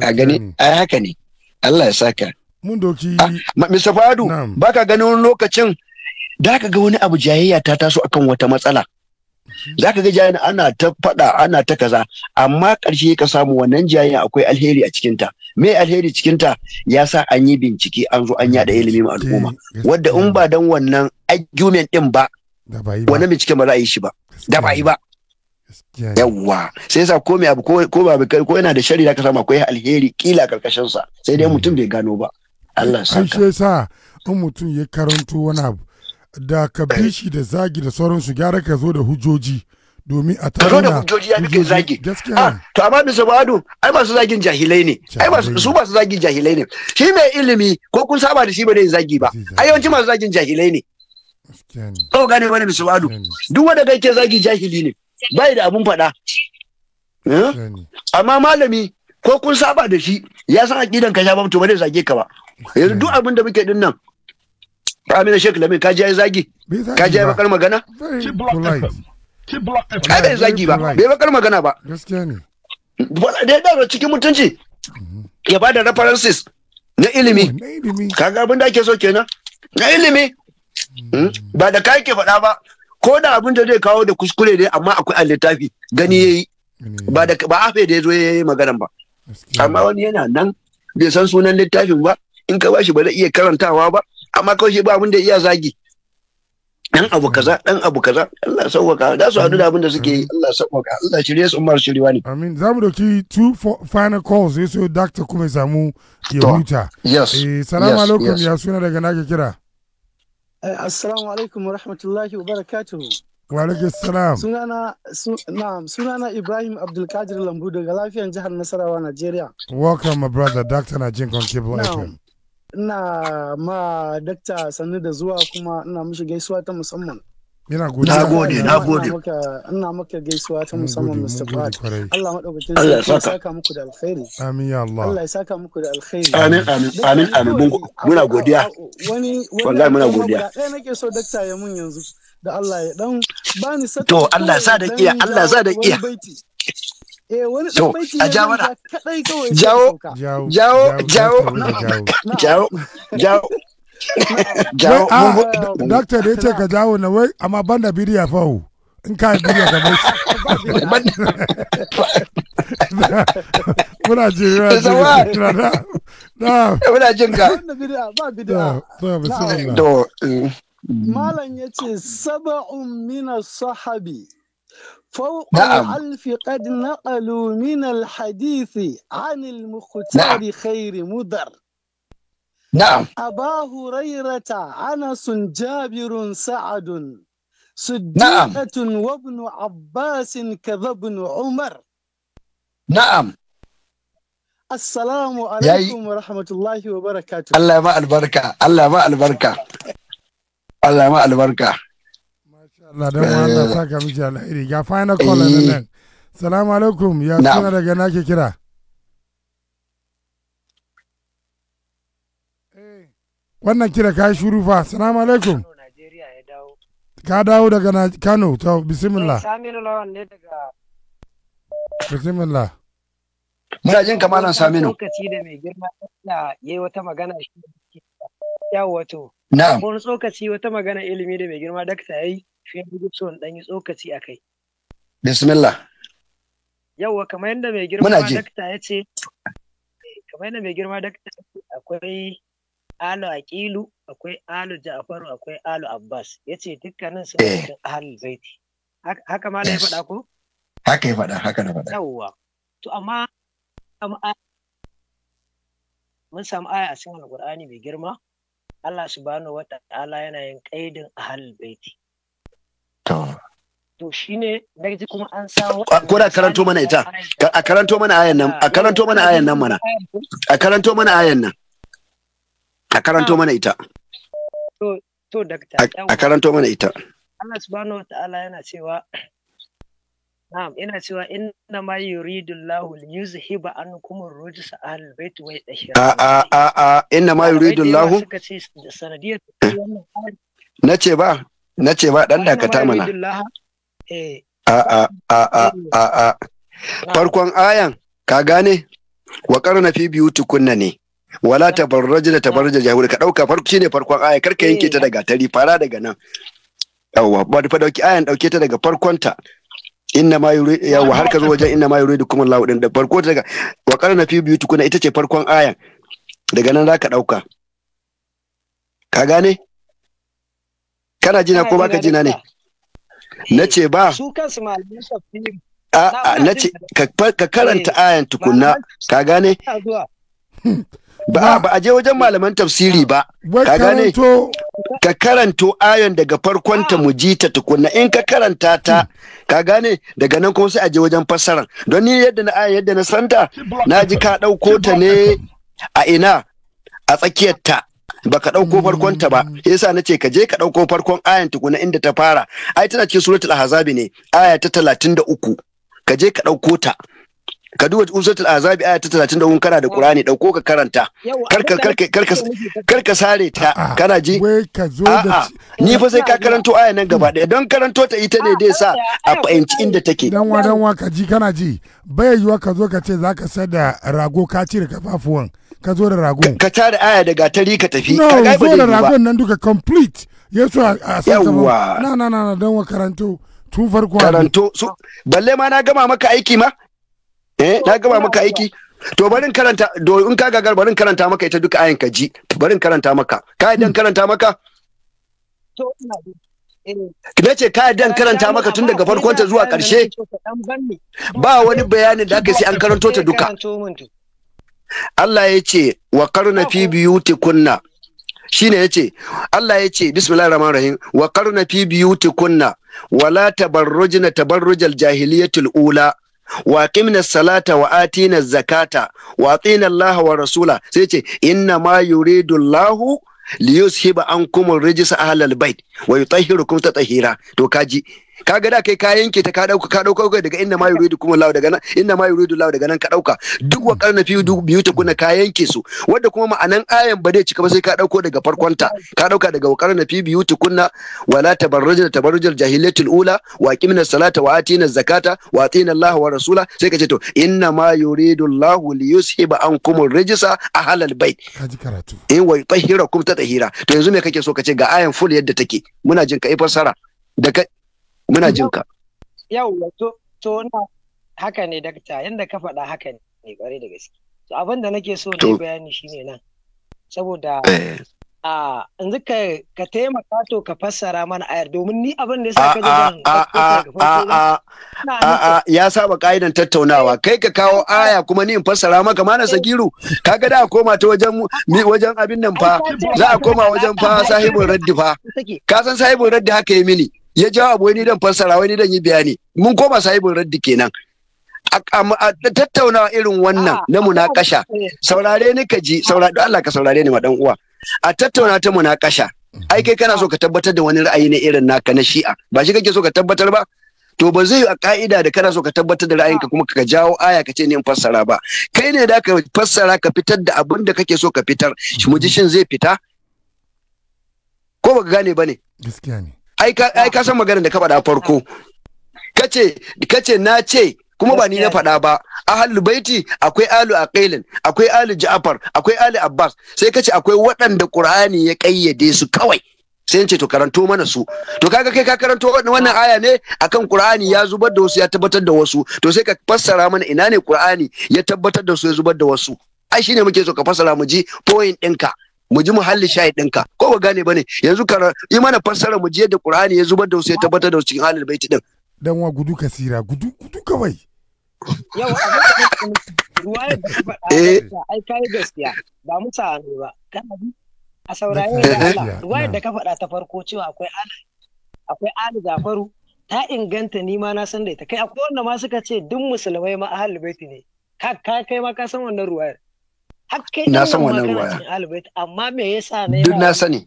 a gani a haka ne Allah ya saka mun doki ah, Mr. Fadu baka ganin wani lokacin da ka ga wani abu jayayya ta taso akan wata matsala zaka ga jayayya ana ta faɗa ana ta kaza amma ƙarshe ka samu wannan jayayya akwai alheri a cikinta me alheri cikinta ya sa an yi bincike an zo an yada ilimi ma al'umma wadda in ba dan wannan argument din ba wani bincike ba za a yi shi ba da ba yi ba yawwa sai yasa ko abu ko ba ko yana da shari ka samu akwai alheri kila karkashin sa sai dai mm. mutum bai gano ba Allah sa ka sa in mutum ya karanto wani abu da ka bi shi da zagi da sauransu gyara ka zo da hujjoji domin a tare da hujjoji ya kake zagi ah, to amma bisa adu, ai masu zagin jahilai ne ai su masu zagin jahilai ne shi mai ilimi ko kun saba da shi ba zai zagi ba ai yawanci masu zagin jahilai ne kawo gane wani bisa ba'adu duk wanda kai ke zagi jahili ne bai da abun faɗa eh? amma malami ko kun saba da shi ya san aqidan ka ya ba to ba zai zage ka ba yanzu duk abin da muke din nan Amina Sheikh Lamin ka je zagi ka ji bakar magana ai bai zagi ba bai bakar magana ba gaskiya ne da yadda cikin mutunci ya ba da references na ilimi kaga abin da ake so kenan na ilimi hmm? ba da kai ke faɗa ba ko da abin da zai kawo da kuskure ne amma akwai a littafi gani yi. ba da ba afe da ya yayi magana ba amma wani yana nan bai san sunan littafin ba in ka bashi ba zai iya karantawa ba amma kawai shi ba abin da iya zagi dan abu kaza dan abu kaza Allah sauwaka da su hadu da abin da suke yi Allah sauwaka Allah shirye su umar shirewa ne amin za mu dauki two final calls sai so doctor kuma ya samu ya huta yes eh salamu alaikum ya suna daga nake kira eh, assalamu alaikum wa rahmatullahi wa barakatuhu wa alaikum salam sunana na'am sunana Ibrahim Abdul Lambu daga lafiyan jihar Nasarawa Najeriya welcome my brother doctor na jin on cable FM ina ma dakta sannu da zuwa kuma ina mishi gaisuwa ta musamman ina gode Na gode, na gode. Ina maka gaisuwa ta musamman Mr. Fuad. Allah madaukakin saka muku da alkhairi. Amin ya Allah. Allah ya saka muku da alkhairi. Amin amin amin amin muna godiya. Wani wallahi muna godiya. Ɗaya nake so dakta ya mun yanzu da Allah ya dan bani To Allah ya sa da iya, Allah ya sa da iya. Eh, a ja mana jawo jawo jawo jawo jawo jawo ah, da yace ka jawo na wai amma da fa in ka ka muna ji eh, muna sahabi فوق نعم. الألف قد نقلوا من الحديث عن المختار نعم. خير مدر نعم أبا هريرة أنس جابر سعد سديقة نعم. وابن عباس كذا ابن عمر نعم السلام عليكم ورحمة الله وبركاته الله ما البركة الله ما البركة الله ما البركة Allah dan eh. miki alheri ga final call nan. Eh. Salamu eh. Wannan kira ka shuru fa. Salamu alaikum. Ka dawo daga Kano to bismillah. Saminu Lawan ne daga Bismillah. Muna jin kamalan Saminu. Lokaci da mai girma ya yi wata magana shi ya wato. Na'am. Wani tsokaci wata magana ilimi da mai girma dakta yayi tafiya da so in dan yi tsokaci a kai. Bismillah. Yawwa kamar yadda mai girma dakta ya ce kamar yadda mai girma dakta akwai Alu Aqilu akwai Alu Ja'faru akwai Alu Abbas ce dukkanin su cikin eh. Ahlul Baiti. Haka ma da ya faɗa ko? Haka ya faɗa, haka na faɗa. Yawwa. To amma mun samu aya a cikin Alƙur'ani mai girma Allah subhanahu wa ta'ala yana yin kaidin ahlul baiti to shine naji kuma an samu ko da karanto mana ita a karanto mana ayan nan a karanto mana ayan nan mana a karanto mana ayan nan a karanto mana ita to to dakta a karanto mana ita Allah subhanahu wa ta'ala yana cewa Na'am ina cewa inna ma yuridu Allahu liyuzhiba ankum ar-rijsa al-bayt wa yadhhira. A a a inna ma yuridu Allahu suka wannan Na ce ba na ce ma dan dakata mana eh. a a a a a farkon ayan ka gane wa karna fi biyu tukunna ne wala tabarraja da tabarraja jahuri ka dauka farko shine farkon aya karka yanke ta eh. daga tari fara daga nan yawwa ba da dauki ayan dauke ta daga farkon ta inna ma yuri yawwa har ka zo wajen inna ma yuri kuma Allah din da farko ta daga wa karna fi biyu tukunna ita ce farkon ayan daga nan zaka dauka ka gane kana jina ko baka jina ne na ce ba su kansu na ce ka karanta eh, ayan tukunna ka gane ba ba a je wajen malaman tafsiri ba ka gane ka karanto ayan daga farkon ta ah. mu ji ta tukunna in ka karanta ta ka gane daga nan kuma sai a je wajen fassara. don ni yadda na ayan yadda na santa na ji ka ɗauko ta ne a ina a tsakiyar ta baka ɗauko farkon ta ba yasa na ce ka je ka ɗauko farkon ayan tukuna inda ta fara ai tana cikin suratul ahzabi ne aya ta talatin da uku ka je ka ɗauko ta ka duba suratul ahzabi aya ta talatin da uku kana da qur'ani ɗauko ka karanta kar ka sare ta kana ji a'a ni fa sai ka karanto aya nan gaba ɗaya don karanto ta ita ne dai sa a fahimci inda take dan wa dan wa ka ji kana ji bai yiwa ka zo ka ce zaka sada rago ka cire kafafuwan ka zo da ragon ka da aya daga tari ka tafi no zo da ragon nan duka complete yesu a sakamakon na na na don wa karanto tun farko karanto so balle ma na gama maka aiki ma eh na gama maka aiki to barin karanta do in ka gagar barin karanta maka ita duka ayin ka ji barin karanta maka ka yi dan karanta maka to ina eh. na ce ka dan karanta maka tun daga farkonta zuwa karshe ba wani bayanin da aka sai an karanto ta duka Allah ya ce wa karna fi shi ne ya ce Allah ya ce bismillahir rahim wa karna fi kunna. wala tabarrujna tabarrujal jahiliyatul ula wa qimna salata wa atina zakata wa atina Allah wa rasula sai ce inna ma yuridu Allahu liyushiba ankum rijsa ahlal bait wa yutahhirukum tatahira to kaji kaga da kai ka yanke ta ka dauka ka dauka daga inna ma yuridu kuma lawa daga nan inda ma yuridu lawa daga nan ka dauka duk wa karna fi biyu ta kuna ka yanke su wanda kuma ma'anan ayan ba zai cika ba sai ka dauko daga farkon ta ka dauka daga wa karna fi biyu ta kunna wala tabarrujna tabarrujal jahilatul ula wa qimna salata wa atina zakata wa atina Allah wa rasula sai ka ce to inna ma yuridu allahu li yushiba ankum rijsa ahlal bait kaji karatu in wa tahira tatahira to yanzu me kake so ka ce ga ayan full yadda take muna jin ka ifar eh, sara da muna jin ka Yau to to na haka ne dakta yanda ka faɗa haka ne kware da gaske to abin da nake so na bayani shine nan saboda eh. a yanzu ka ka taimaka to ka fassara mana ayar domin ni abin da sa ka ji a a ya saba ka'idan tattaunawa kai ka kawo aya kuma ni in fassara maka mana eh. sagiru kaga da a koma ta wajen wajen abin nan fa za a koma wajen fa sahibin raddi fa ka san sahibin raddi haka yi mini ya abu wani dan fassara wani dan yi bayani mun koma sahibin raddi kenan a tattaunawa irin wannan ah, na ah, munakasha ah, eh. saurare ni ka ji saurare Allah ka saurare ni ma dan uwa a tattauna ta munakasha ai kai kana so ka tabbatar da wani ra'ayi ne irin naka na shi'a ba shi kake so ka tabbatar ba to ba zai a ka'ida da kana so ka tabbatar da ra'ayinka kuma ka jawo aya ka ce ni in fassara ba kai ne da ka fassara ka fitar da abin da kake so ka fitar shi mu ji shin zai fita ko baka gane ba gaskiya ne ai ka san maganar da ka faɗa farko kace kace na ce kuma ba ni na faɗa ba ahlul baiti akwai alu aqailin akwai alu ja'far akwai alu abbas sai kace akwai waɗanda qur'ani ya kayyade su kawai sai ce to karanto mana su to kaga kai ka karanto wannan aya ne akan qur'ani ya zubar da wasu ya tabbatar da wasu to sai ka fassara mana ina ne qur'ani ya tabbatar da su ya zubar da wasu ai shine muke so ka fassara mu ji point ɗinka mu ji muhalli shahid ɗinka ko ba gane ba ne yanzu ka yi mana fassara mu je da qur'ani ya zubar da wasu ya tabbatar da wasu cikin halin baiti din dan wa gudu kasira gudu gudu kawai yawa ruwaya da ka faɗa eh. ai kai gaskiya ba mu sa ne ba kana bi a saurayi ruwa ruwaya da ka faɗa ta farko cewa akwai ala akwai ali zafaru ta inganta ni ma na san da ita kai akwai wanda ma suka ce duk musulmai ma ahlul baiti ne ka kai ma ka san wannan ruwayar Hakkai na san wannan waya. Amma me yasa ne? Duk na sani.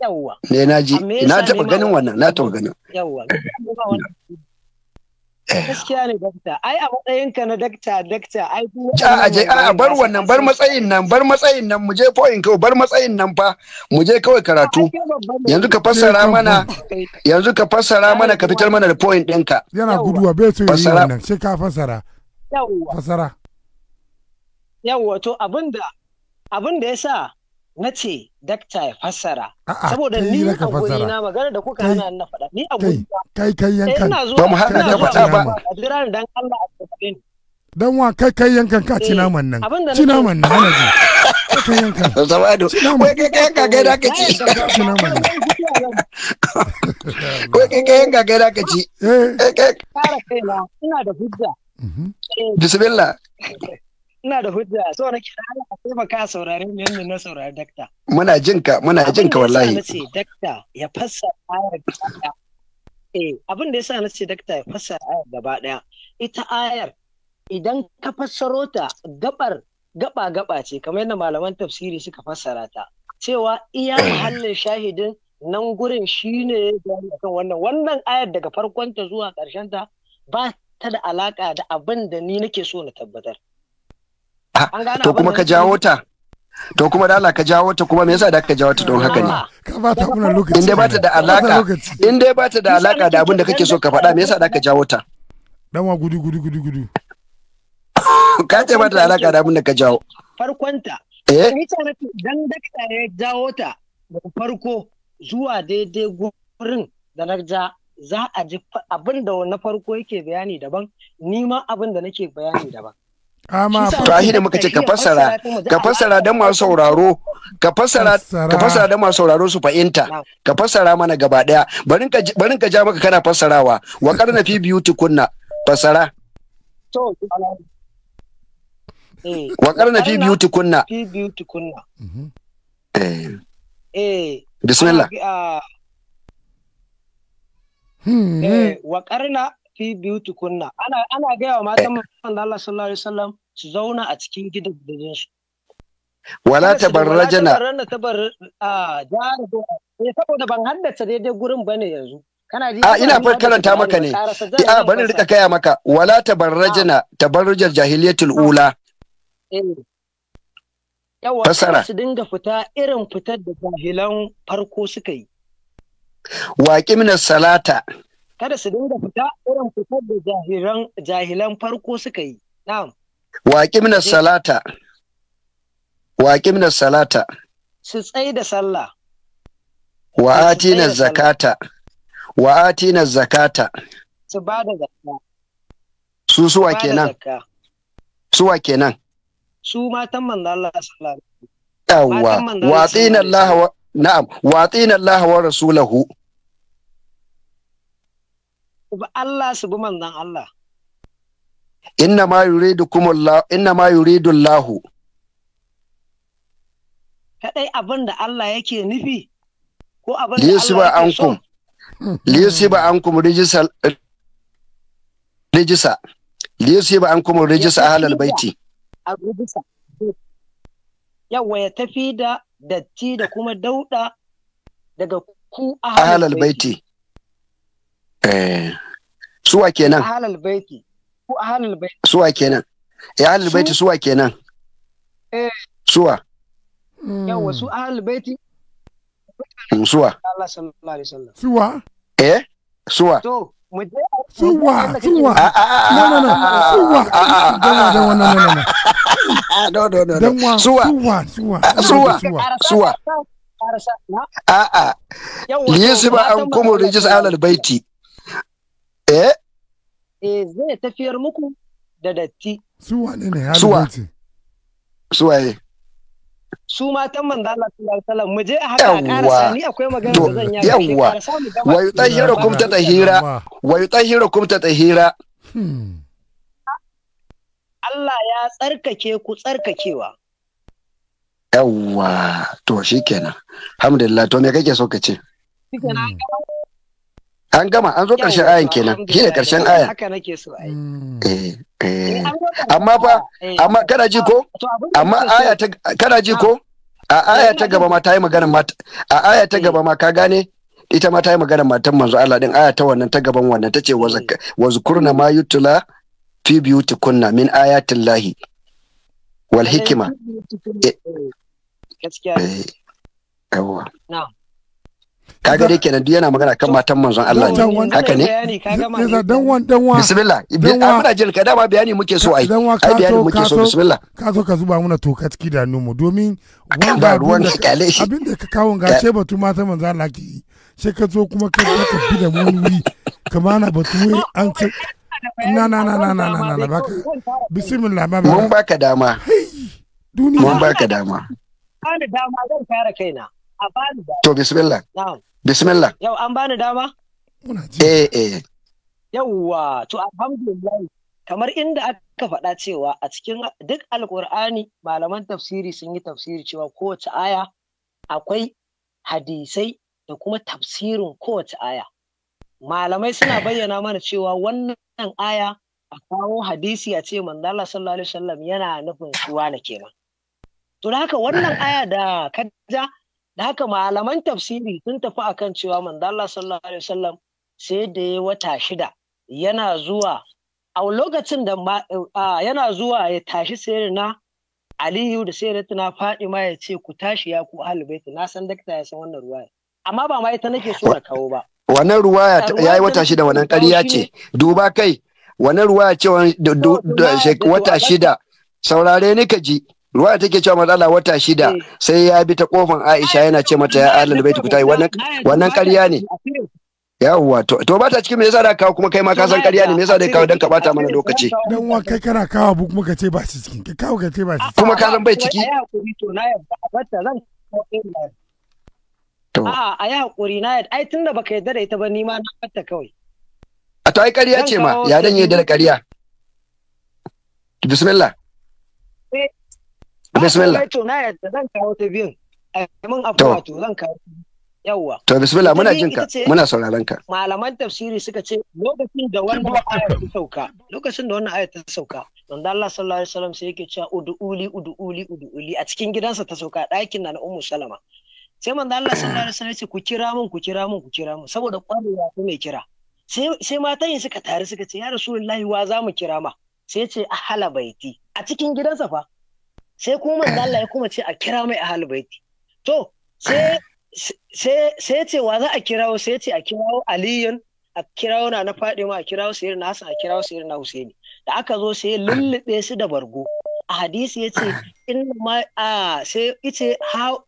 Yawwa. Ne na ji. Na taba ganin wannan, na taba ganin. Yawwa. Eh. Gaskiya ne dakta. Ai a matsayin ka na dakta, dakta. Ai a aje a bar wannan bar matsayin nan, bar matsayin nan mu je foin kawai bar matsayin nan fa mu je kawai karatu. Yanzu ka fassara mana yanzu ka fassara mana ka fitar mana da foin ɗinka. Yana guduwa bai so yi wannan sai ka fassara. Fassara. yawo to abinda abin da ya sa na ce dakta ya fassara saboda ni a guri na magana da kuka hana na faɗa ni a guri kai kai eh, yankan ina zuwa haka da faɗa ba a jira dan Allah a tsakanin dan wa kai kai yankan ka ci eh, naman nan ci naman nan ana ji kai yankan zabado wai kai kai yankan kai da ka ci ci naman nan wai kai kai yankan kai da ka ci eh kai kai ina da hujja mhm. eh. bismillah ina da hujja so na kira a taimaka saurare ne yadda na saurari dakta. Muna jin ka, muna jin ka wallahi. Abin da ya sa na ce dakta ya fassara ayar gaba ɗaya. Eh abin da ya sa na ce dakta ya fassara ayar gaba ɗaya, Ita ayar idan ka fassaro ta gabar gaba gaba ce kamar yadda malaman tafsiri suka fassara ta. Cewa iya mahallin shahidin nan gurin shine kan wannan wannan ayar daga farkonta zuwa ƙarshenta ba ta da alaka da abin da ni nake so na tabbatar. Ah, to kuma ka jawo ta to kuma da Allah ka jawo ta kuma me yasa da ka jawo ta don haka ne ka ba ta kuma lokaci in dai ba ta da alaka inda ba ta da alaka da abin da kake so ka faɗa me yasa da ka jawo ta dan wa gudu gudu gudu gudu ka ce ba ta da alaka da abin da ka jawo farkonta eh dan ka ya jawo ta da farko zuwa daidai gurin da na ja za a ji abin da na farko yake bayani daban ni ma abin da nake bayani daban to ahi da muka ce ka fassara ka fassara dan masu sauraro ka fassara ka fassara dan masu sauraro su fahimta ka fassara mana gaba daya barin ka barin ka ja maka kana fassarawa wa karna fi beauty kunna fassara to eh, wa karna fi beauty kunna fi beauty kunna mm-hmm. eh eh bismillah ah. hmm. eh wa karna fi biyu tukunna ana ana ga yawa matan manzon Allah sallallahu alaihi wasallam su zauna a cikin gidajen su wala tabarrajana a jihar eh saboda ban haddace daidai gurin bane yanzu kana ji a ina fa karanta maka ne eh, a bani rika kaya maka wala tabarrajana ah. tabarrujar jahiliyatul ula eh. yawa su dinga fita irin fitar da jahilan farko suka yi waƙi salata kada su dinga fita irin fitar da jahilan jahilan farko suka yi na'am waqim na salata waqim na salata su tsai da sallah wa atina zakata wa atina zakata su ba da zakka su suwa kenan suwa kenan su matan manzo Allah sallallahu alaihi wasallam yawwa wa atina Allah na'am wa atina Allah wa rasulahu Allah su bi manzan Allah inna ma yuridukum Allah inna ma yuridu Allah kadai abin da Allah yake nufi ko abin da Allah yake so liyusiba ankum rijisa rijisa liyusiba ankum rijisa ahlal baiti A rijisa. yawa ya tafi da datti da kuma dauda daga ku ahlal baiti eh suwa kenan baiti suwa kenan eh ahlul baiti suwa kenan eh. suwa yawa su ahlul baiti mm, suwa Allah sallallahu alaihi wasallam suwa eh suwa to suwa suwa Suwa! Ah, suwa! Suwa! suwa Suwa! Suwa! wannan Suwa! Suwa! Suwa! Suwa! Suwa! Suwa! suwa suwa suwa suwa Suwa! Suwa! an kuma Suwa! Suwa! baiti Eh? eh zai tafiyar muku da datti su wane ne suwa suwaye su matan manzo Allah sallallahu alaihi wasallam mu je a haka ƙara ni akwai magana da zan yi yawwa wa yutahhirukum tatahira wa yutahhirukum tatahira hmm. Allah ya tsarkake ku tsarkakewa yawwa to shikenan alhamdulillah to me kake so ka ce shikenan hmm. an gama an zo ƙarshen ayan kenan shi ne ƙarshen aya? haka nake so ai mm. eh, eh. amma fa eh. amma kana ji ko amma aya ta kana ji ko a ah, aya ta gaba ma ta yi magana mata a aya ta gaba ma ka gane ita ma ta yi magana matan manzo Allah din aya ta wannan ta gaban wannan tace wazkurna ma yutla fi biyutikunna min ayatin lahi wal hikima gaskiya yawa na'am kaga dai kenan duk yana magana kan matan manzon Allah ne haka ne yasa dan wan dan wa bismillah ah, muna jin kada dama bayani muke so ai ai bayani muke so bismillah ka zo ka zuba muna toka ciki da nomo domin wanda ruwan kale shi abinda ka kawo ga ce batu matan manzon Allah ke sai ka zo kuma ka ka bi da wani kamar na batu an ce na na na na na na na baka bismillah ba ba mun baka dama duniya mun baka dama dama zan fara kaina To bismillah. Bismillah. Yau an bani dama? Eh eh. Yawwa, to alhamdulillah. Kamar inda aka faɗa cewa a cikin duk alkur'ani malaman tafsiri sun yi tafsiri cewa kowace aya akwai hadisai da kuma tafsirin kowace aya. Malamai suna bayyana mana cewa wannan aya a kawo hadisi a ce manzala sallallahu alaihi wasallam yana nufin suwa na kenan. To haka wannan aya da kaja da haka malaman tafsiri sun tafi akan cewa manzo Allah sallallahu alaihi wasallam sai da ya wata shida yana zuwa a lokacin da yana zuwa ya tashi na Aliyu da sayyidatuna Fadima ya ce ku tashi ya ku ahlul baiti na san dakta ya san wannan ruwaya amma ba ma ita nake so na kawo ba wannan ruwaya yayi wata shida wannan ƙarya ce duba kai wannan ruwaya ce wata shida saurare ni ka ji ruwa take cewa matsala wata shida eh. sai ya bi ta kofan Aisha yana ce mata ya ahlul baiti ku tayi wannan wannan ƙarya ne yawwa to ba ta cikin me yasa da kawo kuma kai ma ka san ƙarya ne me yasa da kawo dan ka bata mana lokaci dan wa kai kana kawo abu kuma ka ce ba shi cikin kawo ka ce ba shi kuma ka san bai ciki a'a a yi hakuri na yadda ai tunda baka yarda da ita ba ni ma na fatta kawai a to ai ƙarya ce ma ya dan yadda da ƙarya bismillah bismillah to na yadda zan kawo ta biyun mun afuwa to zan kawo yawwa to bismillah muna jin ka muna sauraron ka malaman tafsiri suka ce lokacin da wannan ayar ta sauka lokacin da wannan ayar ta sauka manzo Allah sallallahu alaihi wasallam sai yake cewa ud'uli ud'uli ud'uli a cikin gidansa ta sauka ɗakin na ummu salama sai manzo Allah sallallahu alaihi wasallam ya ce ku kira mun ku kira mun ku kira mun saboda kwarewa ko mai kira sai matan yin suka tare suka ce ya rasulullahi wa za mu kira ma sai ce a hala baiti a cikin gidansa fa sai kuma manzo Allah ya kuma ce a kira mai ahal baiti to sai sai ce wa za a kirawo sai ce a kirawo aliyun a kirawo na na ma a kirawo sayar na hasan a kirawo sayar na husaini da aka zo sai lullube su da bargo a hadisi ya ce in ma a sai ice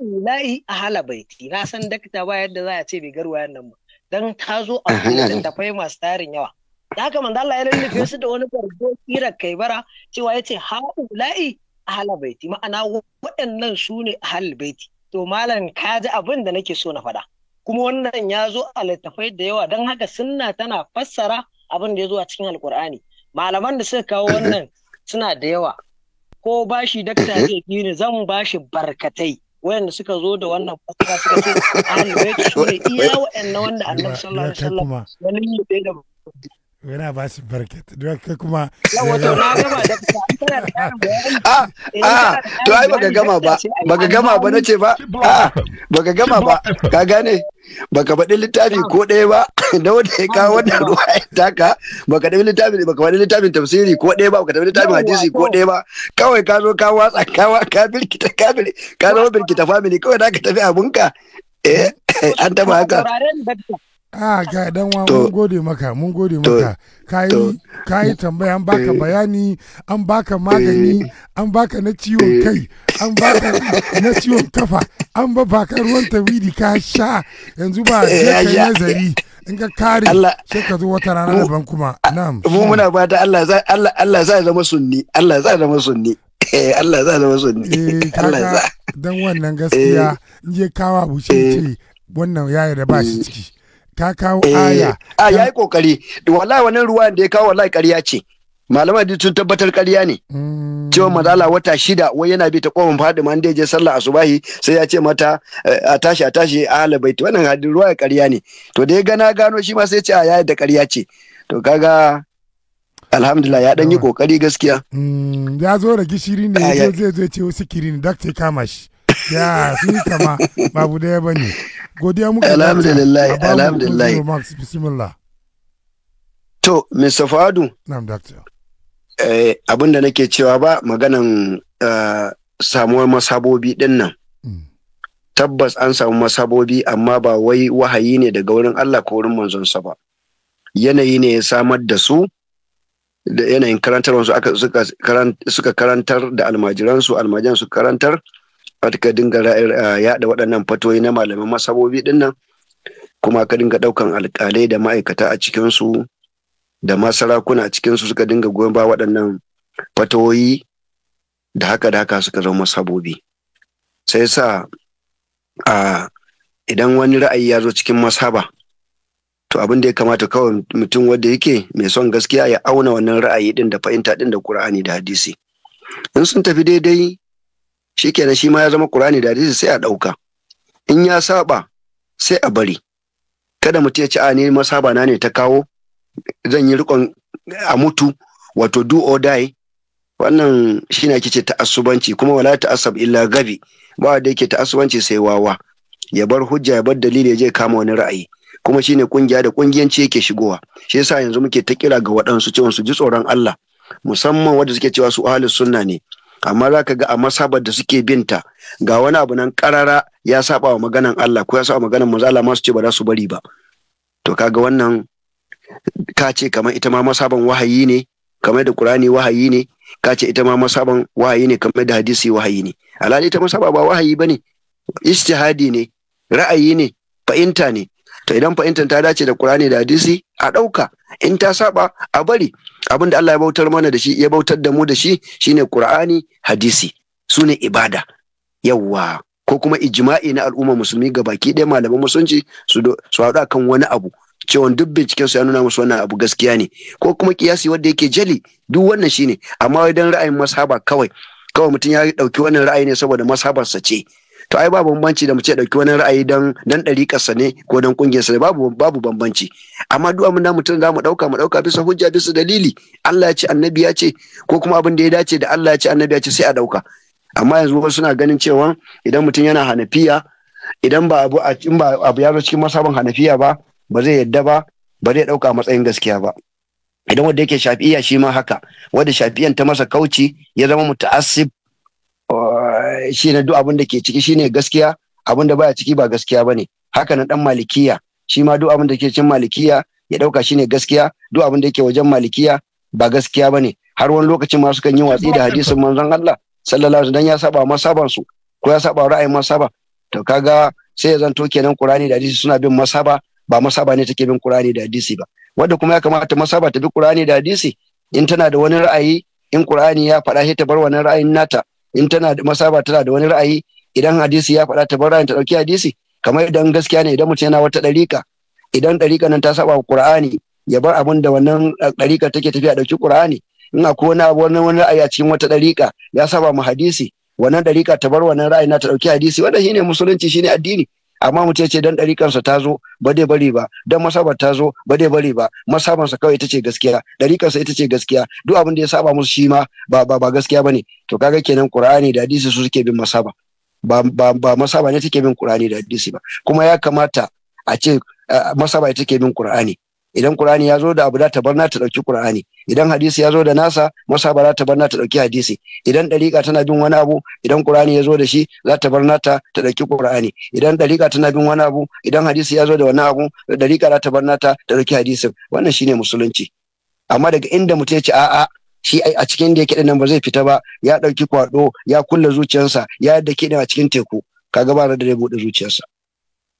ulai a baiti na san dakta ba yadda za a ce bai garwa nan ba dan ta zo a kullum da fai masu tarin yawa da haka manzo Allah ya lullube su da wani bargo kira kaibara cewa yace ce la'i. ahlul baiti ma'ana waɗannan su ne ahlul baiti to malam ka ji abin da nake so na faɗa kuma wannan ya zo a littafai da yawa don haka sunna tana fassara abin da ya zo a cikin alkur'ani malaman da suka kawo wannan suna da yawa ko bashi dakta eh? zai yi ni zan bashi barkatai wayanda suka zo da wannan fassara suka ce ahlul baiti su ne iya waɗannan wanda annabi sallallahu alaihi wasallam wani da yana ba shi barket don ka kuma wato na gama da a a ah, ah, to ai baka gama ba baka gama ba nace ba a ah, baka gama ba ka gane baka faɗi littafi ko ɗaya ba da wanda ya kawo wannan ruwa ya taka baka ka littafin baka faɗi littafin tafsiri ko ɗaya ba baka faɗi littafin hadisi ko ɗaya ba kawai ka zo ka watsa ka ka birkita ka ka zo birkita family kawai da ka tafi abunka eh an taba haka a ah, ga dan wa mun gode maka mun gode maka ka yi tambaya an baka eh, bayani an baka magani eh, an baka na ciwon eh. kai an baka na ciwon kafa an ba baka ruwan tawidi ka sha yanzu ba sai kai nazari in ka kare sai ka zo wata rana daban kuma na'am mu muna fata Allah za Allah Allah za zama sunni Allah za zama sunni Allah za zama sunni Allah za dan wannan gaskiya in je kawa bushe ce wannan yayi da ba shi ciki ka kawo eh, aya a ya yi kokari wallahi wannan ruwan da ya kawo wallahi ƙarya ce malamai da sun tabbatar ƙarya ne mm. cewa mazala wata shida wai yana bi ta kofin da inda je sallah asubahi sai ya ce mata eh, a tashi a tashi a halabai wannan hadin ruwa ƙarya ne to da ya gana gano shi ma sai ce a yayi da ƙarya ce to kaga alhamdulillah ya dan yi kokari ah. gaskiya mm, ya zo da gishiri ne ah, zai zai ce wasu kiri ne dakta ya kama shi ya sun kama babu daya ba ne godiya muka alhamdulillah alhamdulillah max bismillah to mr fadu na'am doctor eh abinda nake cewa ba maganan eh, samuwar masabobi din nan hmm. tabbas an samu masabobi amma ba wai wahayi ne daga wurin Allah ko wurin manzonsa ba yanayi ne ya samar da su da yanayin karantar karantarwarsu suka karantar da almajiransu almajiran su karantar ka dinga yaɗa waɗannan fatoyi na malaman masabobi ɗin kuma ka dinga ɗaukan alƙalai da ma'aikata a cikinsu da masarakuna sarakuna a cikinsu suka dinga goyon ba waɗannan fatoyi da haka da haka suka zama masabobi sai sa a idan wani ra'ayi ya zo cikin masaba to abin da ya kamata kawai mutum wanda yake mai son gaskiya ya auna wannan ra'ayi din da fahimta din da ƙur'ani da hadisi in sun tafi daidai shikenan shi ma ya zama Qur'ani da hadisi sai a ɗauka in ya saba sai a bari kada mutum ya ci a ne masaba na ne ta kawo zan yi rikon a mutu wato do or die wannan ne ake ce ta'assubanci kuma wala ta'assab illa gabi ba da yake ta'assubanci sai wawa ya bar hujja ya bar dalili ya je kama wani ra'ayi kuma shine kungiya da kungiyanci yake shigowa shi yasa yanzu muke ta kira ga waɗansu cewa su ji tsoron Allah musamman wanda suke cewa su ahlus sunna ne amma za ka ga a masabar da suke binta ga wani abu nan karara ya saba wa maganan Allah ko ya saba maganan manzo Allah ma su ce ba za su bari ba to kaga wannan ka ce kamar ita ma masaban wahayi ne kamar da Qur'ani wahayi ne ka ce ita ma masaban wahayi ne kamar da hadisi wahayi ne alhali ita masaba ba wahayi bane ijtihadi ne ra'ayi ne fa'inta ne to idan fa'intan ta dace da Qur'ani da hadisi a ɗauka in ta saba a bari abin da Allah ya bautar mana da shi ya bautar da mu da shi shine Qur'ani hadisi su ne ibada yawa ko kuma ijma'i na al'umma musulmi ga baki ɗaya malaman musulunci su haɗu akan wani abu cewa duk binciken su ya nuna musu wannan abu gaskiya ne ko kuma kiyasi wanda yake jali duk wannan shine amma idan ra'ayin mashaba kawai kawai mutum ya ɗauki wannan ra'ayi ne saboda mashabarsa ce to ai ba bambanci da mu ce dauki wani ra'ayi dan dan ɗariƙarsa ne ko dan ƙungiyarsa sa babu babu bambanci amma duk abin da mutum zamu dauka mu dauka bisa hujja bisa dalili Allah ya ce annabi ya ce ko kuma abin da ya dace da Allah ya ce annabi ya ce sai a dauka amma yanzu wasu suna ganin cewa idan mutum yana hanafiya idan ba abu in ba abu ya zo cikin masabin hanafiya ba ba zai yadda ba ba zai dauka matsayin gaskiya ba idan wanda yake shafi'iya shi ma haka wanda shafi'iyan ta masa kauci ya zama muta'assib shi ne duk abin da ke ciki shine gaskiya abin da baya ciki ba gaskiya bane haka nan dan malikiya shi ma duk abin da ke cin malikiya ya dauka shine gaskiya duk abin da yake wajen malikiya ba gaskiya bane har wani lokaci ma sukan yi watsi da hadisin manzon Allah sallallahu alaihi dan ya saba masaban su ko ya saba ra'ayin masaba to kaga sai ya zanto kenan Qur'ani da hadisi suna bin masaba ba masaba ne take bin Qur'ani da hadisi ba wanda kuma ya kamata masaba ta bi Qur'ani da hadisi in tana da wani ra'ayi in Qur'ani ya faɗa shi ta bar wani ra'ayin nata in tana da masaba tana da wani ra'ayi idan hadisi ya faɗa ta bar ra'ayin ta ɗauki hadisi kamar idan gaskiya ne idan mutum yana wata ɗarika idan ɗarika nan ta saba ƙur'ani ya bar abin da wannan ɗarika take tafiya ɗauki ƙur'ani? in akwai wani abu wani ra'ayi a cikin wata ɗarika ya saba mu hadisi wannan ɗarika ta bar wannan ra'ayi na ta ɗauki hadisi wannan shine musulunci shine addini amma mu ce dan ɗarikansa ta zo ba dai bari ba dan masabar ta zo ba dai bari ba masabansa kawai ita ce gaskiya ɗarikansa ita ce gaskiya duk abin da ya saba musu shi ma ba ba ba gaskiya bane to kaga kenan Qur'ani da hadisi su suke bin masaba ba ba ba masaba ne take bin Qur'ani da hadisi ba kuma ya kamata a ce masaba ita take bin Qur'ani idan qur'ani ya zo da abu za ta barna ta dauki qur'ani idan hadisi ya zo da nasa masaba za ta barna ta dauki hadisi idan dariqa tana bin wani abu idan qur'ani ya zo da shi za ta barna ta ta dauki qur'ani idan dariqa tana bin wani abu idan hadisi ya zo da wani abu dariqa za ta barna ta ta dauki hadisi. wannan shine musulunci amma daga inda mutum ya ce a'a shi a cikin da yake nan ba zai fita ba ya ɗauki kwaɗo ya kulle zuciyarsa ya yadda kiɗin a cikin teku kaga ba da ya buɗe zuciyarsa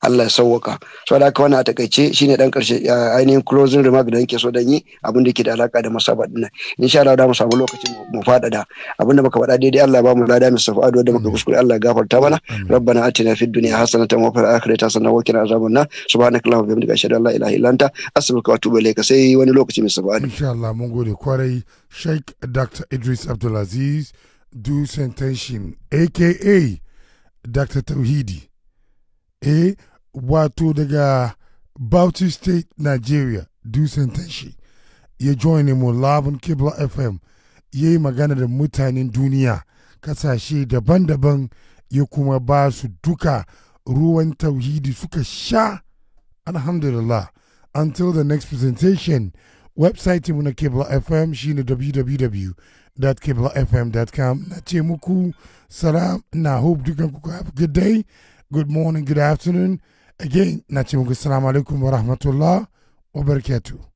Allah ya sauwaka so da haka wani a takaice shine dan karshe ainihin closing remark da yake so dan yi abin da yake da alaka da masaba din nan insha Allah da mu samu lokaci mu da abin da muka faɗa daidai Allah ba mu lada mu safa ado da muka kuskure Allah ya gafarta mana rabbana atina fid dunya hasanatan wa fil akhirati hasanatan wa qina azaban nar subhanakallahumma wa bihamdika ashhadu an la ilaha illa anta astaghfiruka wa atubu ilayka sai wani lokaci mu safa ado insha Allah mun gode kwarai Sheikh Dr Idris Abdulaziz Du sentencing aka Dr Tauhidi eh wato daga Bauchi State, Nigeria, dusan tashi, ya joine mu labin Kibla FM, ya yi magana da mutanen duniya, kasashe daban-daban ya kuma ba su duka ruwan tauhidi suka sha, alhamdulillah. Until the next presentation, website mu na Kibla FM shine www.kiblafm.com. Na ce muku, salam, na hope dukan kuka have a good day, good morning, good afternoon. again na ce muku salamu alaikum wa rahmatullah wa barakatuh